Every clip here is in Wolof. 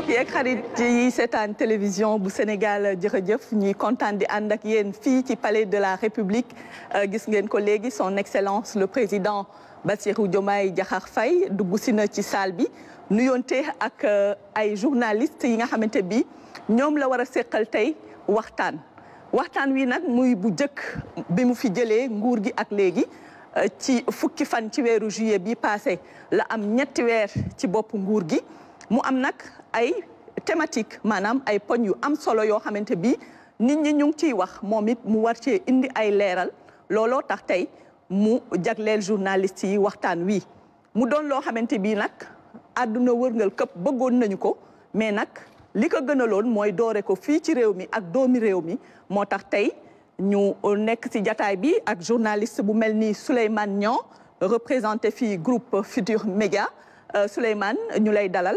mbokk yeeg xarit yi seetaan télévision bu Sénégal content de, kontaan di ànd ak yéen fii ci palais de la République euh, gis ngeen ko léegi son excellence le président Bassirou Diomaye Diakhar Faye dugg si na ci salle bi nuyonte ak euh, ay journalistes yi nga xamanté bi ñom la wara sékkal tay waxtaan waxtaan wi nak muy bu jëkk bi mu fi jëlee nguur gi ak légui euh, ci fukki fan ci wéru juillet bi passé la am ñetti wér ci bop nguur gi mu am nak ay thématique maanaam ay poñ yu am solo yoo xamante bi nit ñi ñu ngi ciy wax moom it mu war cee indi ay leeral looloo tax tey mu jagleel journaliste yi waxtaan wi mu doon loo xamante bi nag àdduna wërngal këpp bëggoon nañu ko mais nag li ko gënaloon mooy doore ko fii ci réew mi ak doomi réew mi moo tax tey ñu nekk ci jataay bi ak journaliste bu mel ni Souleymane Niang représenté fii groupe Futur Média euh, Souleymane ñu lay dalal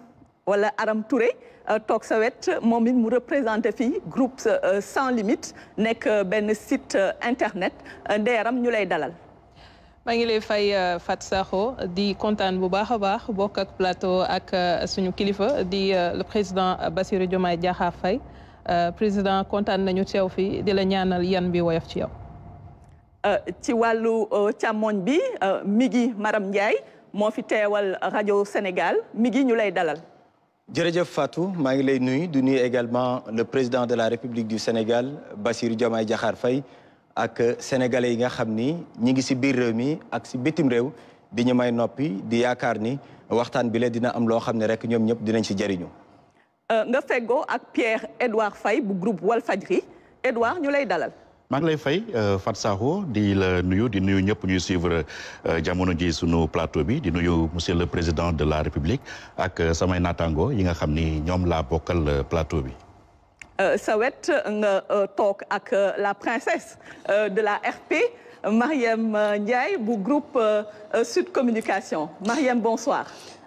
wala Aram Touré euh, toog sa wet moom it mu représenté fii groupe euh, sans limite nekk euh, benn site internet ndeeram ñu lay dalal. maa ngi lay fay Fat Sakho di kontaan bu baax a baax bokk ak plateau ak suñu kilifa di le président Bassirou Diomaye Diakhar Faye président kontaan nañu teew fii di la ñaanal yan bi woyof ci yow. ci wàllu càmmoñ bi Migui Maram Ndiaye moo fi teewal rajo Sénégal Migui ñu lay dalal. jërëjëf Fatou maa ngi lay nuyu du également le président de la République du Sénégal Bassirou Diomaye Diakhar Faye ak sénégalais yi nga xam ni ñi ngi si biir réew de ak si de réew di ñu may noppi di yaakaar ni waxtaan bi la dina am Nous xam ne rek dinañ euh, nga ak Pierre Edouard Faye bu groupe Walfadjri Edouard ñu lay dalal. maa lay fay Fat Sakho di la nuyu di nuyu ñëpp ñuy suivre jamono ji sunu plateau bi di nuyu monsieur le président de la république ak samay naataango yi nga xam ni ñoom laa plateau bi. sa nga toog ak la princesse de la RP Mariam Ndiaye bu groupe Sud Communication Mariam bonsoir.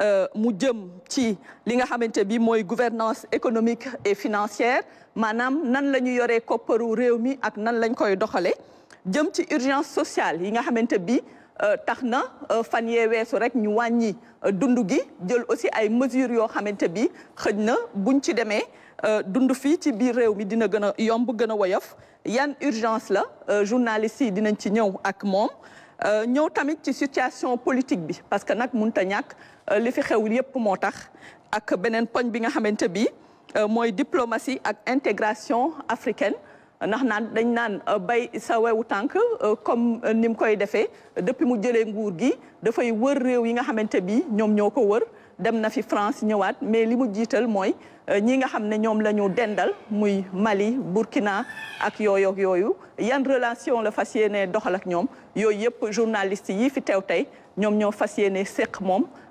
Euh, mu qui, ci li nga gouvernance économique et financière manam nan la ñu yoree kopparu ak nan lañ koy doxale ci urgence sociale yi nga xamante bi euh, tax na euh, fan yee rek ñu gi jël aussi ay mesures yo xamante bi xëj na buñ ci demee dund ci dina yomb yan urgence la journaliste yi dinañ ci ñëw ak mom, ñëw tamit ci situation politique bi parce que nak mënut euh, li fi xew yëpp moo ak benen poñ bi nga xamante bi euh, diplomatie ak intégration africaine ndax naan dañ naan euh, bay sa wewu comme nim koy defee depuis mu jëlee nguur gi fay wër rew yi nga xamante bi ñoom ñoo wër dem na fi France ñëwaat mais li mu jiital mooy ñi nga xamné ñom lañu la dendal muy Mali Burkina ak yooyu ak yand yan relation la fas doxal ak ñom yoy yëpp journaliste yi fi tew tay ñom ñoo fas sék mom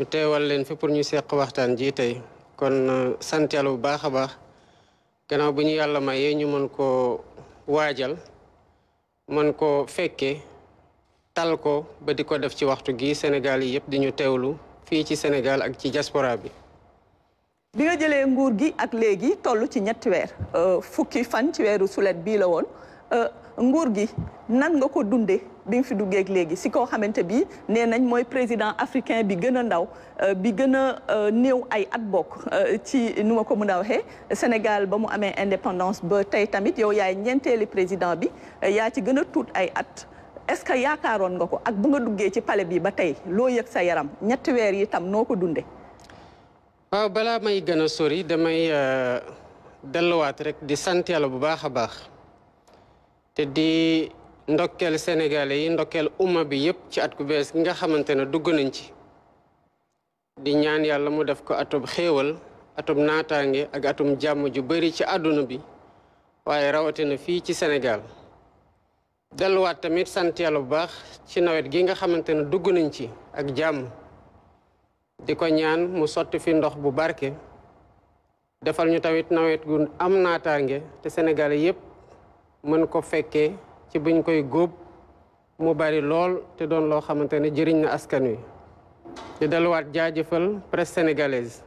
ñu teewal leen fi pour ñu seq waxtaan ji tey kon euh, sant yàlla bu baax a baax gannaaw bu ñu yàlla mayee ñu mën koo waajal mën koo fekkee tal ko ba di ko def ci waxtu gi Sénégal yi yëpp di ñu teewlu fii ci Sénégal ak ci jaspora bi. bi nga nguur gi ak léegi toll ci ñetti weer euh, fukki fan ci weeru sulet bii la woon euh, nguur gi nan nga ko dundee bi nga fi duggeeg léegi si koo xamante bi nee nañ mooy président africain bi gën a ndaw euh, bi gën a euh, néew ay at bokk euh, ci nu ma ko mën a waxee Sénégal ba mu amee indépendance ba tey tamit yow yaay ñeenteeli président bi yaa ci gën a tuut ay at est-ce que yaakaaroon nga ko ak bu nga duggee ci pale bi ba tey loo yëg sa yaram ñetti weer yi tam noo ko dundee. waaw balaa may gën a sori damay delluwaat rek di sant yàlla bu baax a baax. te di ndokkeel sénégalais yi ndokkeel umma bi yépp ci at ku bees gi nga xamante ne dugg nañ ci di ñaan yàlla mu def ko atub xéewal atum naataange ak atum jàmm ju bari ci àdduna bi waaye rawatina fii ci Sénégal delluwaat tamit sant bu baax ci nawet gi nga xamante ne dugg nañ ci ak jàmm di ko ñaan mu sotti fi ndox bu barke defal ñu tamit nawet gu am naataange te Sénégalais yépp mën ko fekkee ci buñ koy góob mu bari lool te doon loo xamante ne jëriñ na askan wi di delluwaat jaajëfal presse sénégalaise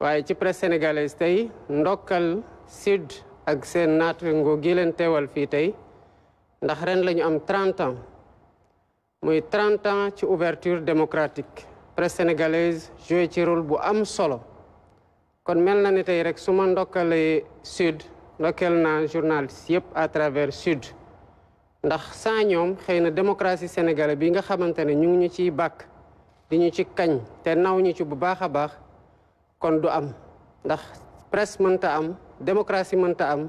waaye ci presse sénégalaise tey ndokkal sud ak seen naataango gi leen teewal fii tey ndax ren lañu am 30 ans muy trente ans ci ouverture démocratique presse sénégalaise joué ci rôle bu am solo kon mel na ni tey rek su ma ndokkalee sud ndokkeel naa journaliste yëpp à travers sud ndax sans ñoom xëy na démocratie sénégalaise bi nga xamante ne ñu ngi ñu ciy bàkk di ñu ci kañ te naw ñu ci bu baax a baax kon du am ndax presse mënta am démocratie mënta am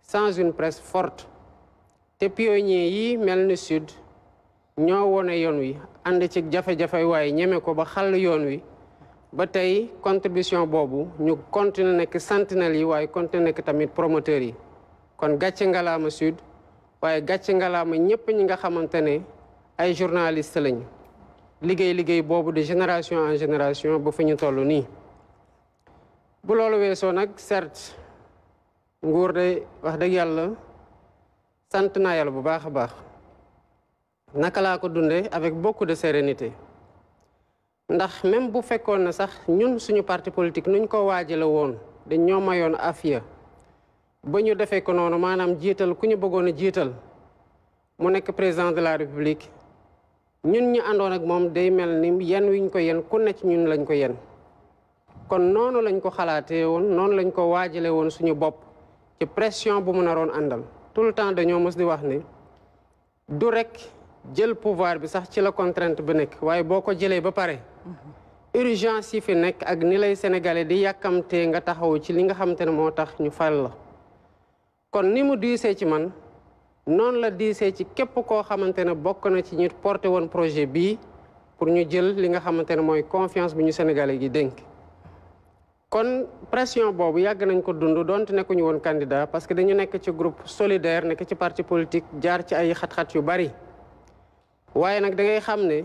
sans une presse forte te pionniers yi mel ni sud ñoo wone yoon wi ànd ci jafe-jafe waaye ñeme ko ba xàll yoon wi ba tey contribution boobu ñu continuer nekk sentinelle yi waaye continuer nekk tamit promoteur yi kon gàcce ngalaama sud waaye gàcc ngalaama ñëpp ñi nga xamante ne ay journaliste lañ liggéey liggéey boobu de génération en génération ba fi ñu toll nii. bu loolu weesoo nag certes nguur de wax dëgg yàlla sant naa yàlla bu baax a baax naka laa ko dundee avec bokk de sérénité. ndax même bu fekkoon na sax ñun suñu parti politique nuñ ko waajale woon dañ ñoo mayoon afiya ba ñu defee ko noonu maanaam jiital ku ñu bëggoon a jiital mu nekk président de la république ñun ñu àndoon ak moom day mel ni yen wiñ ko yen ku na ci ñun lañ ko yen kon noonu lañ ko xalaatee woon noonu lañ ko waajale woon suñu bopp ci pression bu mu naroon àndal tout le temps dañoo mës di wax ni du rek jël pouvoir bi sax ci la contrainte bi nekk waaye boo ko jëlee ba pare urgence yi fi nekk ak ni lay sénégalais di yàkkamtee nga taxaw ci li nga xamante te ne moo tax ñu fal la kon ni mu diisee ci man noonu la diisee ci képp koo xamante ne bokk na ci ñu porté woon projet bii pour ñu jël li nga xamante ne mooy confiance bu ñu sénégalais gi dénk kon pression boobu yàgg nañ ko dund donte nekkuñu woon candidat parce que dañu nekk ci groupe solidaire nekk ci parti politique jaar ci ay xat-xat yu bari waaye nag da xam ne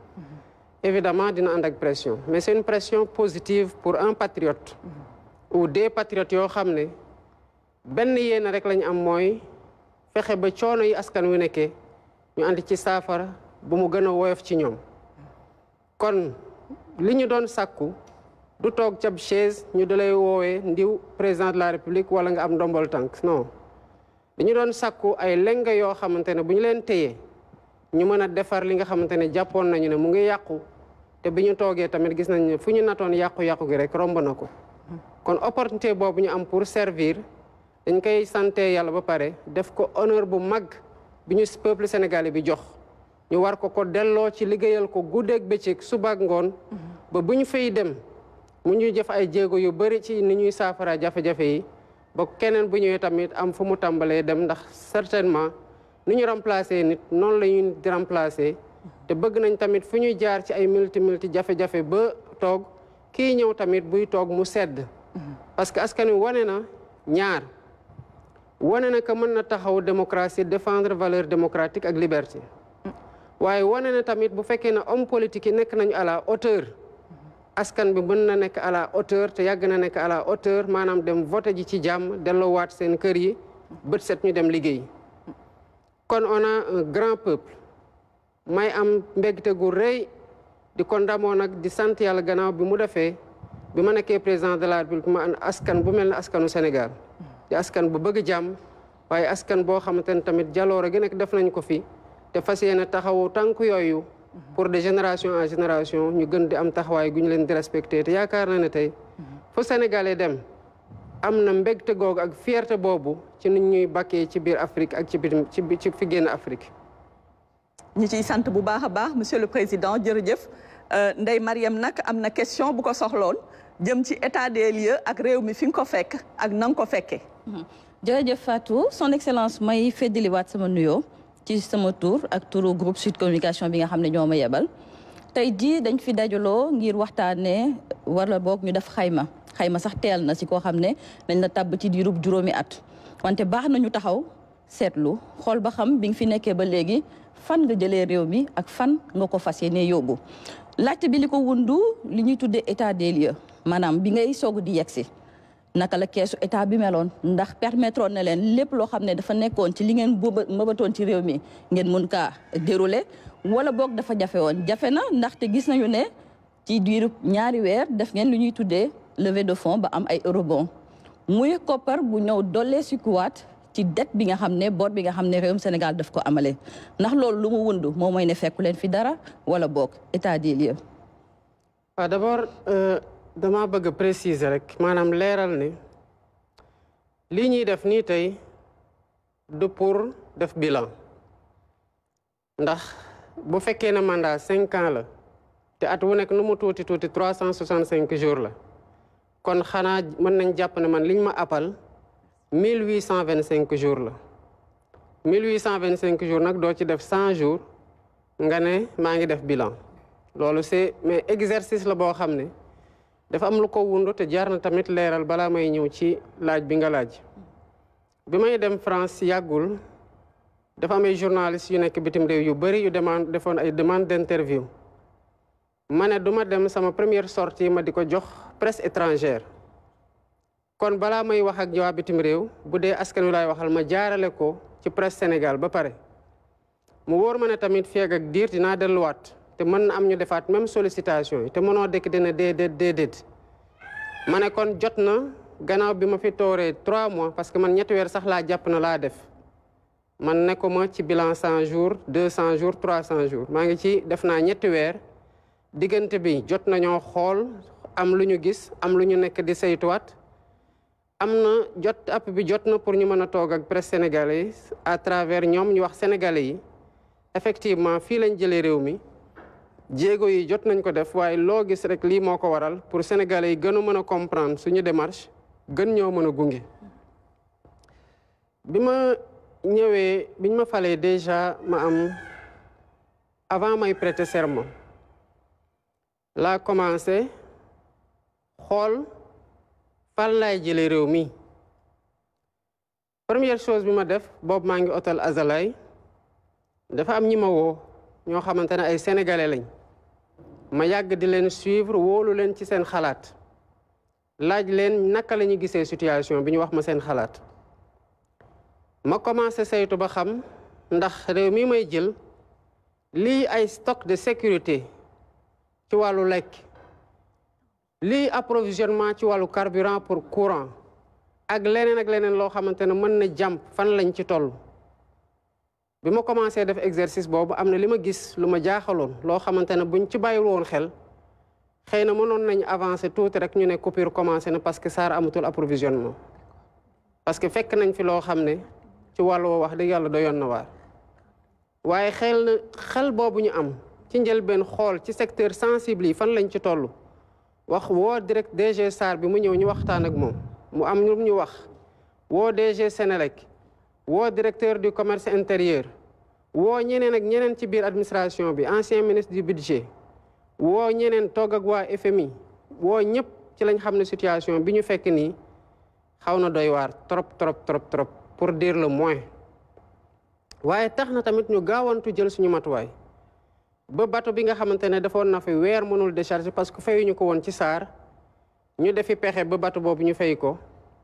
évidemment dina ànd ak pression mais c'est une pression positive pour un patriote mhm. ou des patriotes yoo xam ne benn yéen rek lañu am mooy fexe ba coono yi askan wi nekkee ñu ànd ci saafara bu mu gën a woyof ci ñoom kon li ñu doon sakku du toog cab chaise ñu dalay woowee ndiw président de la république wala nga am ndombal tànk non li ñu doon sàkku ay leng yoo xamante ne bu ñu leen teyee ñu mën a defar li nga xamante ne jàppoon nañu ne mu ngi yàqu te bi ñu toogee tamit gis nañ fu ñu natoon yàqu-yàqu gi rek romb na ko kon opportunité boobu ñu am pour servir dañ koy sante yàlla ba pare def ko honneur bu mag bi ñu peuple sénégalais bi jox ñu war ko ko delloo ci liggéeyal ko guddeeg bëccëg suba ak ngoon ba bu ñu fay dem mu ñuy jëf ay jéego yu bëri ci ni ñuy saafara jafe-jafe yi ba keneen bu ñëwee tamit am fu mu tàmbalee dem ndax certainement ni ñu remplacer nit noonu la ñuy remplacer te bëgg nañ tamit fu ñuy jaar ci ay multi multi jafe-jafe ba toog ki ñëw tamit buy toog mu sedd. parce que askan wi wane na ñaar wane na que mën na taxaw démocratie défendre valeur démocratique ak liberté. waaye wane na tamit bu fekkee ne homme politique yi nekk nañu à la hauteur. askan bi mën na nekk à la hauteur te yàgg na nekk à la hauteur maanaam dem voté ji ci jàmm delloowaat seen kër yi bët set ñu dem liggéey. kon on grand peuple. may am mbégte gu rëy di ko ndamoo nag di sant yàlla gannaaw bi mu defee bi ma nekkee président de la république ma askan bu mel ne askanu Sénégal askan bu bëgg jàmm waaye askan boo xamante ne tamit jaloore gi nekk def nañ ko fi te fas yéene taxawu tànk yooyu pour de génération génération ñu gën di am taxawaay gu leen di respecté te yaakaar na ne tey fu Sénégalais dem am na mbégte googu ak fierté boobu ci nit ñuy bakkee ci biir Afrique ak ci biir ci fi génn Afrique ñu ciy sant bu baax baax monsieur le président jërëjëf euh, Ndeye Mariam nag am question bu ko soxloon jëm ci état des lieux ak réew mi fi nga ko fekk ak na ko fekkee. Mhm. jërëjëf Fatou son excellence may feddaliwaat sama nuyoo ci sama tour ak turu groupe Sud Communication bi nga xam ne ñoo ma yebal tey jii dañ fi dajaloo ngir waxtaanee wala boog ñu def xayma xayma sax teel na si koo xam ne nañ la ci diirub juróomi at wante baax na ñu taxaw seetlu xool ba xam bi nga fi nekkee ba léegi. fan nga jëlee réew mi ak fan nga ko fas yéene yóbbu laajte bi li ko wundu li ñuy tuddee état des lieux maanaam bi ngay soogu di yegsi naka la keesu état bi meloon ndax permettre na leen lépp loo xam ne dafa nekkoon ci li ngeen mëbatoon ci réew mi ngeen mun kaa dérouler wala boog dafa jafewoon jafe na ndaxte gis nañu ne ci diiru ñaari weer def ngeen lu ñuy tuddee levée de fond ba am ay eurobond muy koppar bu ñëw dollee si kuwaat ci dette bi nga xamné ne bi nga xamné réewum Sénégal daf ko amale nax loolu lu mu wundu moom mooy ne fekku leen fi dara wala bok état des lieux. waaw d'abord euh dama bëgg préciser rek manam léral né li ñi def ni tay du pour def bilan ndax bu fekkee na mandat 5 ans la té at wu nek numu mu tuuti 365 jours la kon xana mën nañ japp ne man liñ ma appal. mille huit cent vingt cinq jours la mille huit cent vingt cinq jours nag doo ci def cent jours nga ne maa ngi def bilan loolu c'est mais exercice la boo xam ne dafa am lu ko wundu te jaar na tamit leeral balaa may ñëw ci laaj bi nga laaj bi may dem France yàggul dafa am ay journalistes yu nekk bitim de yu bëri yu demande defoon ay demande d'interview ma ne du ma dem sama première sortie ma di ko jox presse étrangère kon balaa may wax ak waa bitim réew bu dee askan wi laay waxal ma jaarale ko ci presse Sénégal ba pare mu wóor ma ne tamit feeg ak diir dinaa delluwaat te mën na am ñu defaat même sollicitation yi te mënoo dëkk dina déedéet déedéet ma ne kon jot na gannaaw bi ma fi tooree trois mois parce que man ñetti weer sax laa jàpp na laa def man nekkuma ci bilan cent jours deux cent jours trois cent jours maa ngi ci def naa ñetti weer diggante bi jot nañoo xool am lu ñu gis am lu ñu nekk di saytuwaat am na jot app bi jot na pour ñu mën a toog ak presse sénégalais à travers ñoom ñu wax sénégalais yi effectivement fii lañ jëlee réew mi jéego yi jot nañ ko def waaye loo gis rek lii moo ko waral pour sénégalais yi gën mën a comprendre suñu démarche gën ñoo mën a gunge. bi ma ñëwee biñ ma falee déjà ma am avant may prêter serment laa commencé xool. fan laay jëlee réew mi première chose bi ma def boobu maa ngi hôtel Azalay dafa am ñi ma ñoo xamante ne ay sénégalais lañ ma yàgg di leen suivre woolu leen ci seen xalaat laaj leen naka la ñu gisee situation bi ñu wax ma seen xalaat ma commencé saytu ba xam ndax réew mi may jël lii ay stock de sécurité ci wàllu lekk lii approvisionnement ci wàllu carburant pour courant ak leneen ak leneen loo xamante ne mën na jàmp fan lañ ci toll bi ma commencé def exercice boobu am na li ma gis lu ma jaaxaloon loo xamante ne buñ ci bàyyiwul woon xel xëy na mënoon nañ avancer tuuti rek ñu ne coupure commencé na parce que SAR amatul approvisionnement parce que fekk nañ fi loo xam ne ci wàllu wax dëgg yàlla doyoon na waar waaye xel na xel boobu ñu am ci njëlbeen xool ci secteur sensible yi fan lañ ci toll wax woo direct DG SAR bi mu ñëw ñu waxtaan ak moom mu am lu ñu wax woo DG Sénélec woo directeur du commerce intérieur woo ñeneen ak ñeneen ci biir administration bi ancien ministre du budget woo ñeneen togg ak waa FMI woo ñëpp ci lañ xam ne situation bi ñu fekk nii xaw na doy waar trop trop trop trop pour dire le moins waaye tax na tamit ñu gaawantu jël suñu matuwaay ba bateau bi nga xamantene defoon na fi weer mënul décharger parce que fayuñu ñuko won ci SAR ñu defi pexé ba bateau bobu ñu fay ko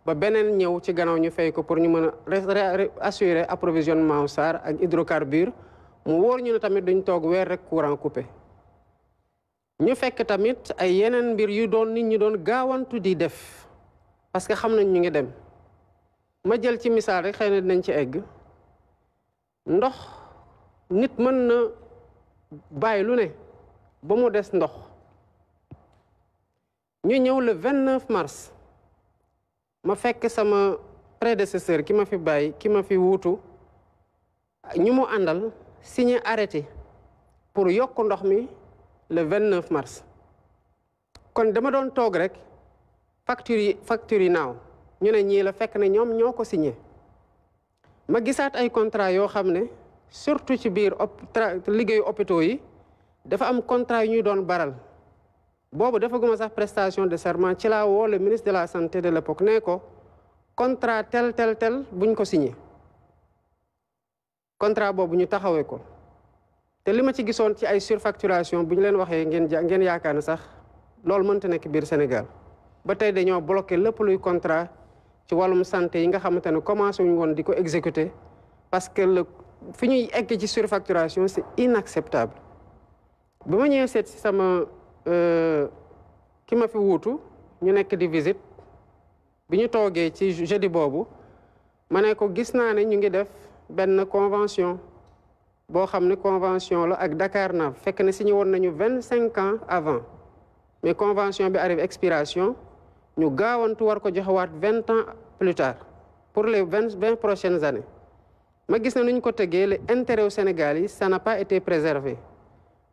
ba benen ñew ci gannaaw ñu fay ko pour ñu mëna a assurer approvisionnement au SAR ak hydrocarbure mu wor ñu tamit duñ tok weer rek courant coupé ñu fekk tamit ay yenen bir yu doon nit ñi doon gawantu di def parce que xamnañ ñu ngi dem ma jël ci misal rek xeyna dinañ ci egg ndox nit mën na bàyyi lu ne ba mu des ndox ñu ñëw le vingt neuf mars ma fekk sama prédécesseur ki ma fi bàyyi ki ma fi wuutu ñu mu àndal signé arrêté pour yokk ndox mi le vingt neuf mars kon dama doon toog rek factures yi factures yi naaw ñu ne ñii la fekk ne ñoom ñoo ko signé ma gisaat ay contrat yoo xam ne surtout ci biir liggéeyu hôpitaux yi dafa am contrat yu ñuy doon baral boobu dafa guma sax prestation de serment ci laa woo le ministre de la santé de l'époque nee ko contrat tel tel tel buñ ko signé contrat boobu ñu taxawee ko te li ma ci gisoon ci ay surfacturation bu ñu leen waxee ngeen ja yaakaar ne sax loolu mënta nekk biir Sénégal ba tey dañoo bloqué lépp luy contrat ci wàllum santé yi nga xamante ne commencé wuñu woon di ko exécuter parce que le que la surfacturation, c'est inacceptable. Si je suis qui m'a fait Woutou, nous avons des visites. Nous avons fait des jeudi Bobo. Je suis allé à une convention. Je suis convention avec Dakar. Nous avons signé 25 ans avant. Mais la convention arrive à expiration. Nous avons fait 20 ans plus tard. Pour les 20 prochaines années ma gis que nuñ ko l'intérêt le Sénégal ça n'a pas été préservé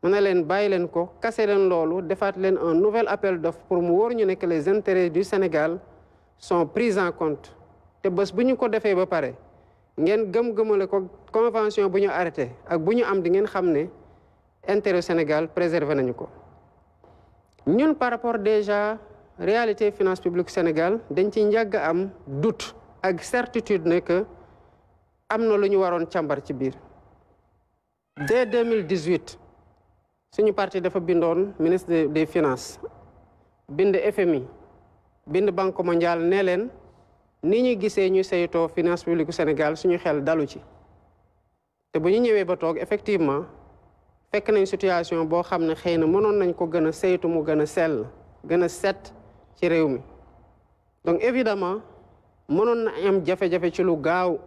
On a leen bàyyi leen ko kase leen un nouvel appel d'offres pour nous dire que les intérêts du Sénégal sont pris en compte Et si nous ko defee ba pare N'gén gëm-gëmale ko convention bu arrêtée. arrêté ak bu am di ngeen xam ne intérêt Sénégal préservé nañu ko par rapport déjà réalité finance publique Sénégal nous avons des am doute ak certitude que am na lu ñu waroon càmbar ci biir dès 2018 suñu parti dafa bindoon ministre des finance bind FMI bind banque mondiale nee leen ni ñuy gisee ñu saytoo finance publique Sénégal suñu xel dalu ci te bu ñu ñëwee ba toog effectivement fekk nañ situation boo xam ne xëy na mënoon nañ ko gën a saytu mu gën a sell gën a set ci réew mi donc évidemment mënoon na am jafe-jafe ci lu gaaw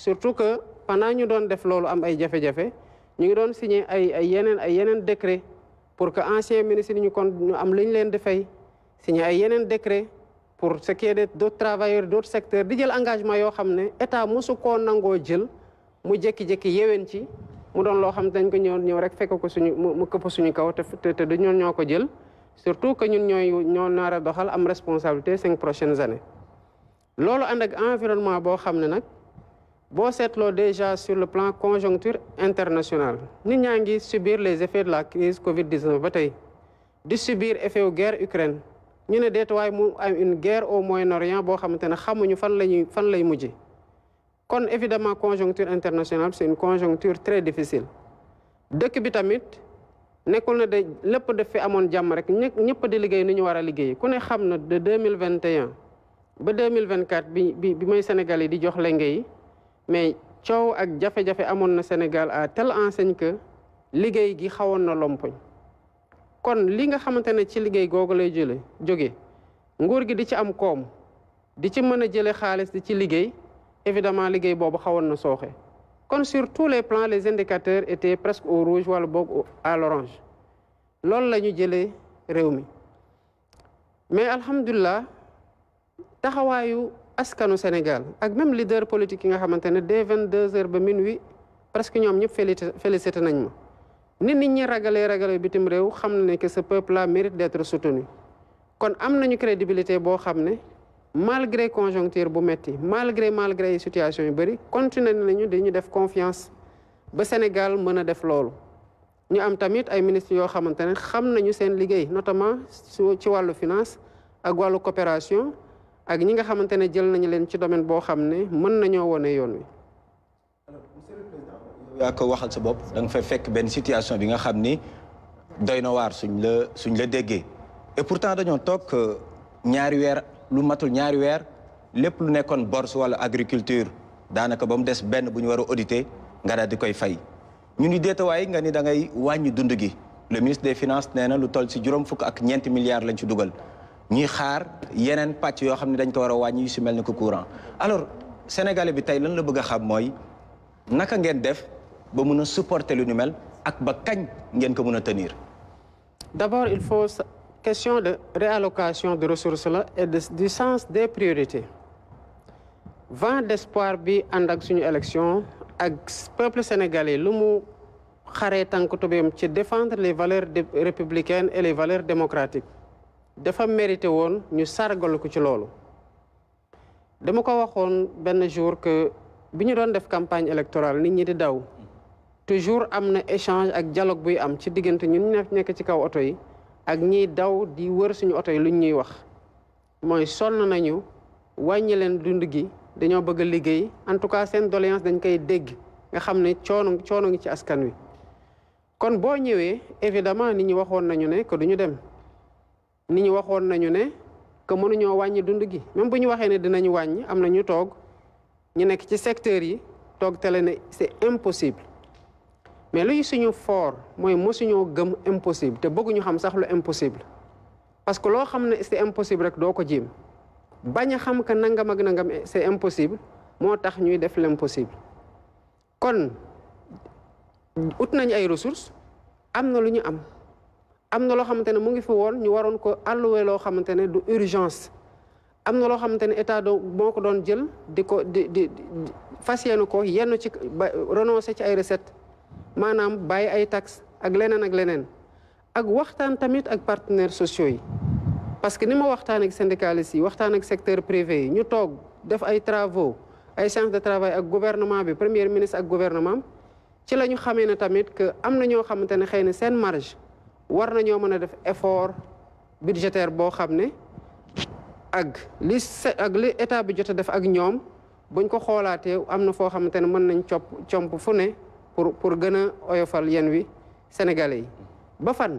surtout que pendant ñu doon def loolu am ay jafe-jafe ñu ngi doon signé ay ay yeneen ay yeneen décret pour que ancien ministre ñu kon ñu am li ñu leen di fay signé ay yeneen décret pour ce qui de des d' autres travailleurs di jël engagement yoo xam ne état mosu koo nangoo jël mu jékki-jékki yéwén ci mu doon loo xam ne dañ ko ñëw ñëw rek fekk ko suñu mu këpp suñu kaw te te du ñoon ñoo ko jël surtout que ñun ñooy ñoo nar a doxal am responsabilité cinq prochaines années loolu ànd ak boo xam ne nag boo seetloo déjà sur le plan conjoncture internationale Nous, ngi subir les effets de la crise Covid-19 ba di subir effet de guerre Ukraine Nous avons une guerre au Moyen-Orient Nous xamante ne xamuñu fan lañuy fan lay mujj kon évidemment conjoncture internationale c'est une conjoncture très difficile dëkk bi tamit nekkul na de lépp daf fi amoon jàmm rek ñëpp di liggéey ni ñu war a liggéey ku ne de 2021 ba 2024 bi bi bi mooy Sénégal di jox mais coow ak jafe-jafe amoon na Sénégal à telle enseigne que liggéey gi xawoon na lompoñ kon li nga xamante ne ci liggéey googu lay jële jóge nguur gi di ci am koom di ci mën a jële xaalis di ci liggéey évidemment liggéey boobu xawoon na sooxe kon sur tous les plans les indicateurs étaient presque au rouge wala boog à l'orange loolu la ñu jëlee réew mi mais alhamdulilah taxawaayu askanu Sénégal ak même leader politique yi nga xamantene dès 22 minuit presque que ce peuple là mérite d'être soutenu kon am nañu crédibilité malgré conjoncture bu malgré malgré situation yu nous continuer nañu confiance ba Sénégal nous def Nous ñu am tamit ay ministres yo xam notamment ci finance ak coopération ak ñi nga xamante ne jël nañu leen ci domaine boo xam ne mën nañoo wone yoon wi. yaa waxal sa bopp da nga fay fekk benn situation bi nga xam ni doy na waar suñ la suñ la déggee et pourtant dañoo toog euh, ñaari weer lu matul ñaari weer lépp lu nekkoon borse wala agriculture daanaka ba mu des benn bu ñu war a auditer nga daal di koy fay ñu ni deetawaay nga ni dangay wàññi dund gi le ministre des finances nee na lu toll si juróom fukk ak ñeenti milliards lañ ci dugal. Nous xaar yeneen pàcc yoo xam dañ ko wara a wàññi yu si ko courant alors sénégalais bi tay lan la bëgg xam moy naka ngeen def ba mëna supporter lu ñu mel ak ba kañ ngeen ko mëna tenir. d'abord il faut question de réallocation de ressources là et du sens des priorités vent d'espoir bi and ak suñu élection ak peuple sénégalais lu mu xaré tànk tobeum ci défendre les valeurs républicaines et les valeurs démocratiques. dafa mérité woon ñu sargal ko ci loolu dama ko waxoon benn jour que bi ñu doon def campagne électorale nit ñi di daw toujours am na échange ak jaloog buy am ci diggante ñun nekk ci kaw oto yi ak ñiy daw di wër suñu oto yi luñ ñuy wax mooy sol na nañu wàññi leen dund gi dañoo bëgg liggéey en tout cas seen doléance dañ koy dégg nga xam ne coono coono ngi ci askan wi kon boo ñëwee évidemment nit ñi waxoon nañu ne que duñu dem ni ñi waxoon nañu ne que mënuñoo wàññi dund gi même bu ñu waxee ne dinañu wàññi am na ñu toog ñu nekk ci secteur yi toog tele ne c'est impossible mais luy suñu fort mooy mosuñoo gëm impossible te bëgguñu xam sax lu impossible parce que loo xam ne c'est impossible rek doo ko jéem bañ a xam que nangam ak nangam c'est impossible moo tax ñuy def l'impossible kon ut nañ ay ressources am na lu ñu am am na loo xamante ne mu ngi fi woon ñu waroon ko alloué loo xamante ne du urgence am na loo xamante ne état do moo ko doon jël di ko di di fas yéene ko yenn ci ba renoncé ci ay recettes maanaam bàyyi ay tax ak leneen ak leneen ak waxtaan tamit ak partenaires sociaux yi. parce que ni ma waxtaan ak syndicalistes yi waxtaan ak secteur privé yi ñu toog def ay travaux ay séances de travail ak gouvernement bi premier ministre ak gouvernement ci la ñu xamee ne tamit que am na ñoo xamante ne xëy na seen marge. war nañoo mën a def effort budgétaire boo xam ne ak li état bi jot a def ak ñoom buñ ko xoolaatee am na foo xamante ne mën nañ cop comp fu ne pour pour gën a oyofal yéen wi sénégalais yi ba fan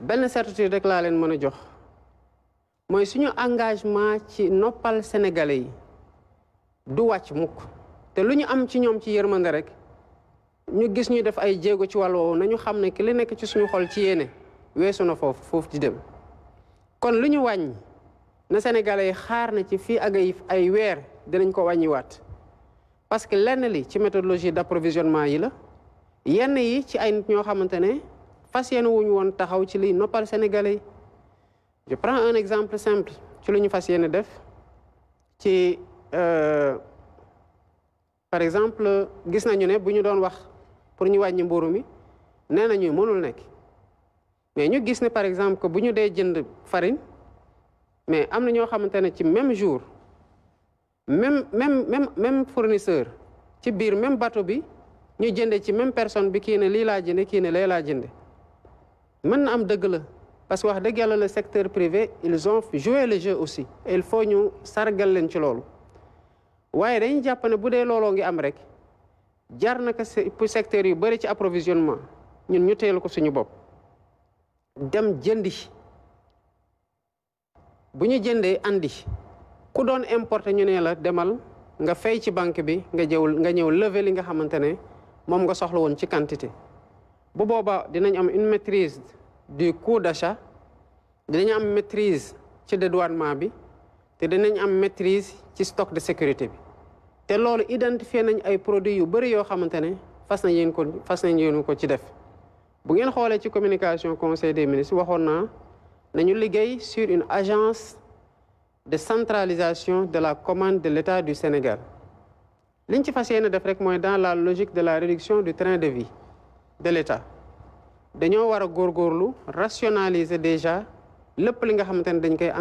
benn certitude rek laa leen mën a jox mooy suñu engagement ci noppal sénégalais yi du wàcc mukk te lu ñu am ci ñoom ci yërmande rek ñu gis ñuy def ay jéego ci wàll nañu xam ne ki li nekk ci suñu xol ci yéene weesu na foofu foofu di dem kon lu ñu wàññi na Sénégalais yi xaar na ci fii ak ay weer dinañ ko wàññiwaat parce que lenn li ci méthodologie d'approvisionnement yi la yenn yi ci ay nit ñoo xamante ne fas yéene wuñu woon taxaw ci liy noppal Sénégalais yi je prends un exemple simple ci lu ñu fas yéene def ci euh, par exemple gis nañu ne bu ñu doon wax pour ñu wàññi mburu mi nee nañu mënul mais ñu gis par exemple que bu des gens jënd farine mais am nous ñoo xamante ci même jour même même même même fournisseur ci bir même bateau bi ñu jënde ci même personne bi kii ne lii laa jënde kii ne lee laa na am dëgg la parce que wax dëgg le secteur privé ils ont joué le jeu aussi il faut ñu sargal leen ci loolu rien dañuy jàpp ne bu dee looloo ngi am rek jar na ko secteur yu bëri ci approvisionnement ñun ñu teel ko suñu bopp dem jëndi bu ñu jëndee andi ku doon importer ñu nee la demal nga fay ci banque bi nga jëwul nga ñëw lever li nga xamante ne moom nga soxla woon ci quantité bu boobaa dinañ am une maîtrise du coût d'achat dinañ am maîtrise ci dédouanement bi te dinañ am maîtrise ci stock de sécurité bi te loolu identifié les produits qui sont été xamante ne fas nañ yéen ko fas nañ ko conseil des ministres nous avons nañu sur une agence de centralisation de la commande de l'État du Sénégal liñ ci fas def dans la logique de la réduction du train de vie de l'État Nous avons rationaliser déjà les li nga xamante dañ koy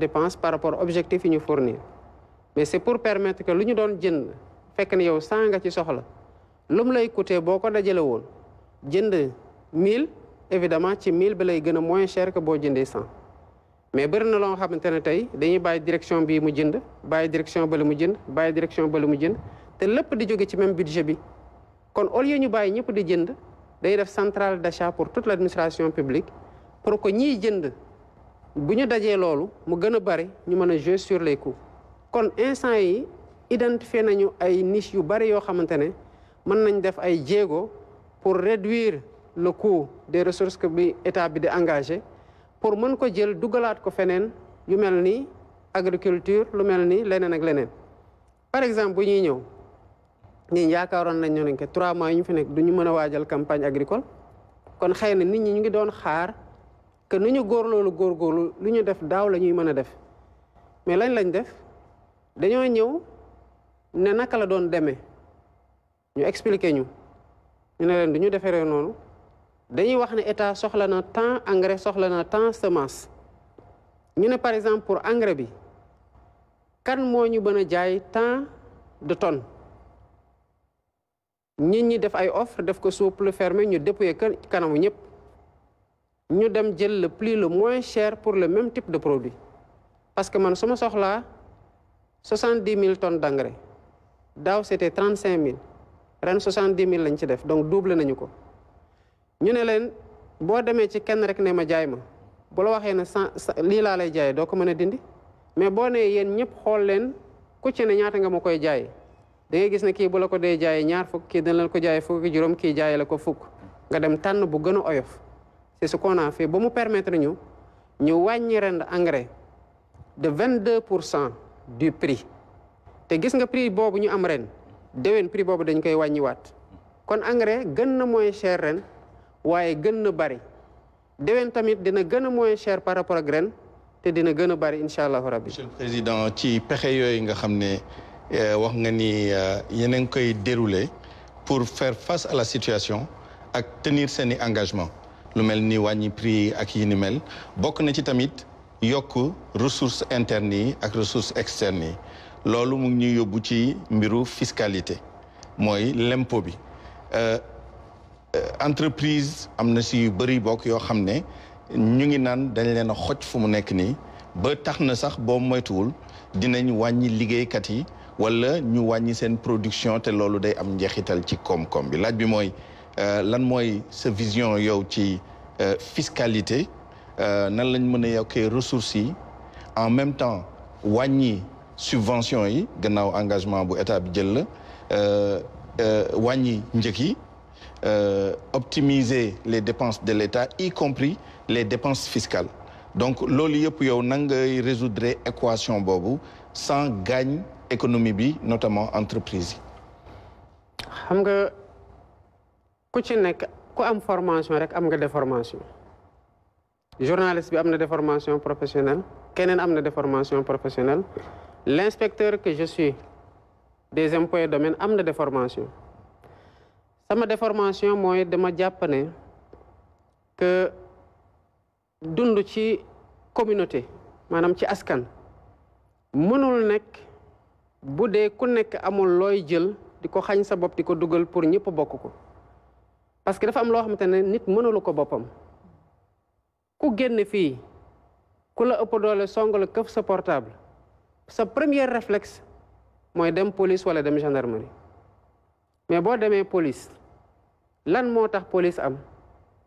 les par rapport objectifs que ñu fournir mais c'est pour permettre ke lu ñu doon jënd fekk ne yow cent nga ci soxla lu lay coûter boo ko dajalee woon jënd mille évidemment ci mille bi lay gën a moins cher que boo jëndee cent mais bëri na loo xamante ne tey dañuy bàyyi direction bii mu jënd bàyyi direction bale mu jënd bàyyi direction bale mu jënd te lépp di jóge ci même budget bi kon au lieu ñu bàyyi ñëpp di jënd day def centrale d'achat pour toute l'administration publique pour ko ñiy jënd bu ñu dajee loolu mu gën a bari ñu mën a jouer sur kon instant yi identifié nañu ay niche yu bari yoo xamante ne mën nañ def ay jéego pour réduire le coût des ressources que bi état bi de engagé pour mën ko jël dugalaat ko feneen yu mel nii agriculture lu mel ni leneen ak leneen par exemple bu ñuy ñëw ñun yaakaaroon nañ ne nañ ne trois mois yu ñu fi nekk du ñu mën a waajal campagne agricole kon xëy na nit ñi ñu ngi doon xaar que nu ñu góor góorgóorlu lu ñu def daaw la ñuy mën a def mais lañ lañ def. dañoo ñëw ne naka la doon demee ñu expliquer ñu ñu ne leen duñu ñu deferee noonu dañuy wax ne état soxla na tant engrais soxla na tant semence ñu ne par exemple pour engrais bi kan moo ñu mën a jaay tant de tonne nit ñi def ay offre def ko sous plus fermé ñu kan kanamu ñëpp ñu dem jël le plus le moins cher pour le même type de produit parce que man suma soxlaa soixante-dix mille tonnes d' daaw c' était trente cinq mille ren soixante-dix mille lañ ci def donc double nañu ko ñu ne leen boo demee ci kenn rek ne ma jaay ma bu la waxee ne cent lii laa lay jaayee doo ko mën a dindi mais boo nee yéen ñëpp xool leen ku ci ne ñaata nga ma koy jaay da gis ne kii bu la ko dee jaayee ñaar fukk kii dina la ko jaayee fukk juróom kii jaayee la ko fukk nga dem tànn bu gën a oyof c'est ce qu'on a ba mu permettre ñu ñu wàññi ren engrais de vingt deux pour cent du prix te gis nga prix bobu ñu am ren déwén prix bobu dañ koy wàññiwaat kon engrais gën na moins cher ren waaye gën na bari déwén tamit dina gën a moins cher par rapport ak ren te dina gën bari inshallah rabbi. monsieur le président ci pexé yoy nga xamné eh, wax nga ni eh, yéen a koy dérouler pour faire face à la situation ak tenir seeni engagement lu mel ni wàññi prix ak yini mel bokk na ci tamit. yokk ressource internes yi ak ressources externes yi loolu mu ngi ñuy yóbbu ci mbiru fiscalité mooy lempo bi euh, euh, entreprise am na si yu bëri bokk yoo xam ne ñu ngi naan dañ leen a xoj fu mu nekk nii ba tax na sax boo moytuwul dinañ wàññi liggéeykat yi wala ñu wàññi seen production te loolu day am njeexital ci koom-koom bi laaj bi mooy euh, lan mooy sa vision yow ci fiscalité Euh, nan lañ mëna ressources yi en même temps wañi subventions yi gannaaw engagement bu état bi jël la euh, euh, wañi yi optimiser les dépenses de l'État y compris les dépenses fiscales donc loolu yëpp yow nan ngay résoudre équation bobu sans gagne économie bi notamment entreprise xam nga ku ci nek ku am formation rek am nga déformation journaliste bi am na déformation professionnelle keneen am na déformation professionnelle l'inspecteur que je suis des impôts et domaines am na déformation sama déformation mooy dama jàppane ne que dund ci communauté maanaam ci askan mënul nekk bu dee ku nekk amul looy jël di ko xañ sa bopp di ko dugal pour ñëpp bokk ko parce que dafa am loo xamante ne nit mënulu ko boppam ku génn fii ku la ëpp doole song la këf sa portable sa premier réflexe mooy dem police wala dem gendarmerie mais boo demee police lan moo tax police am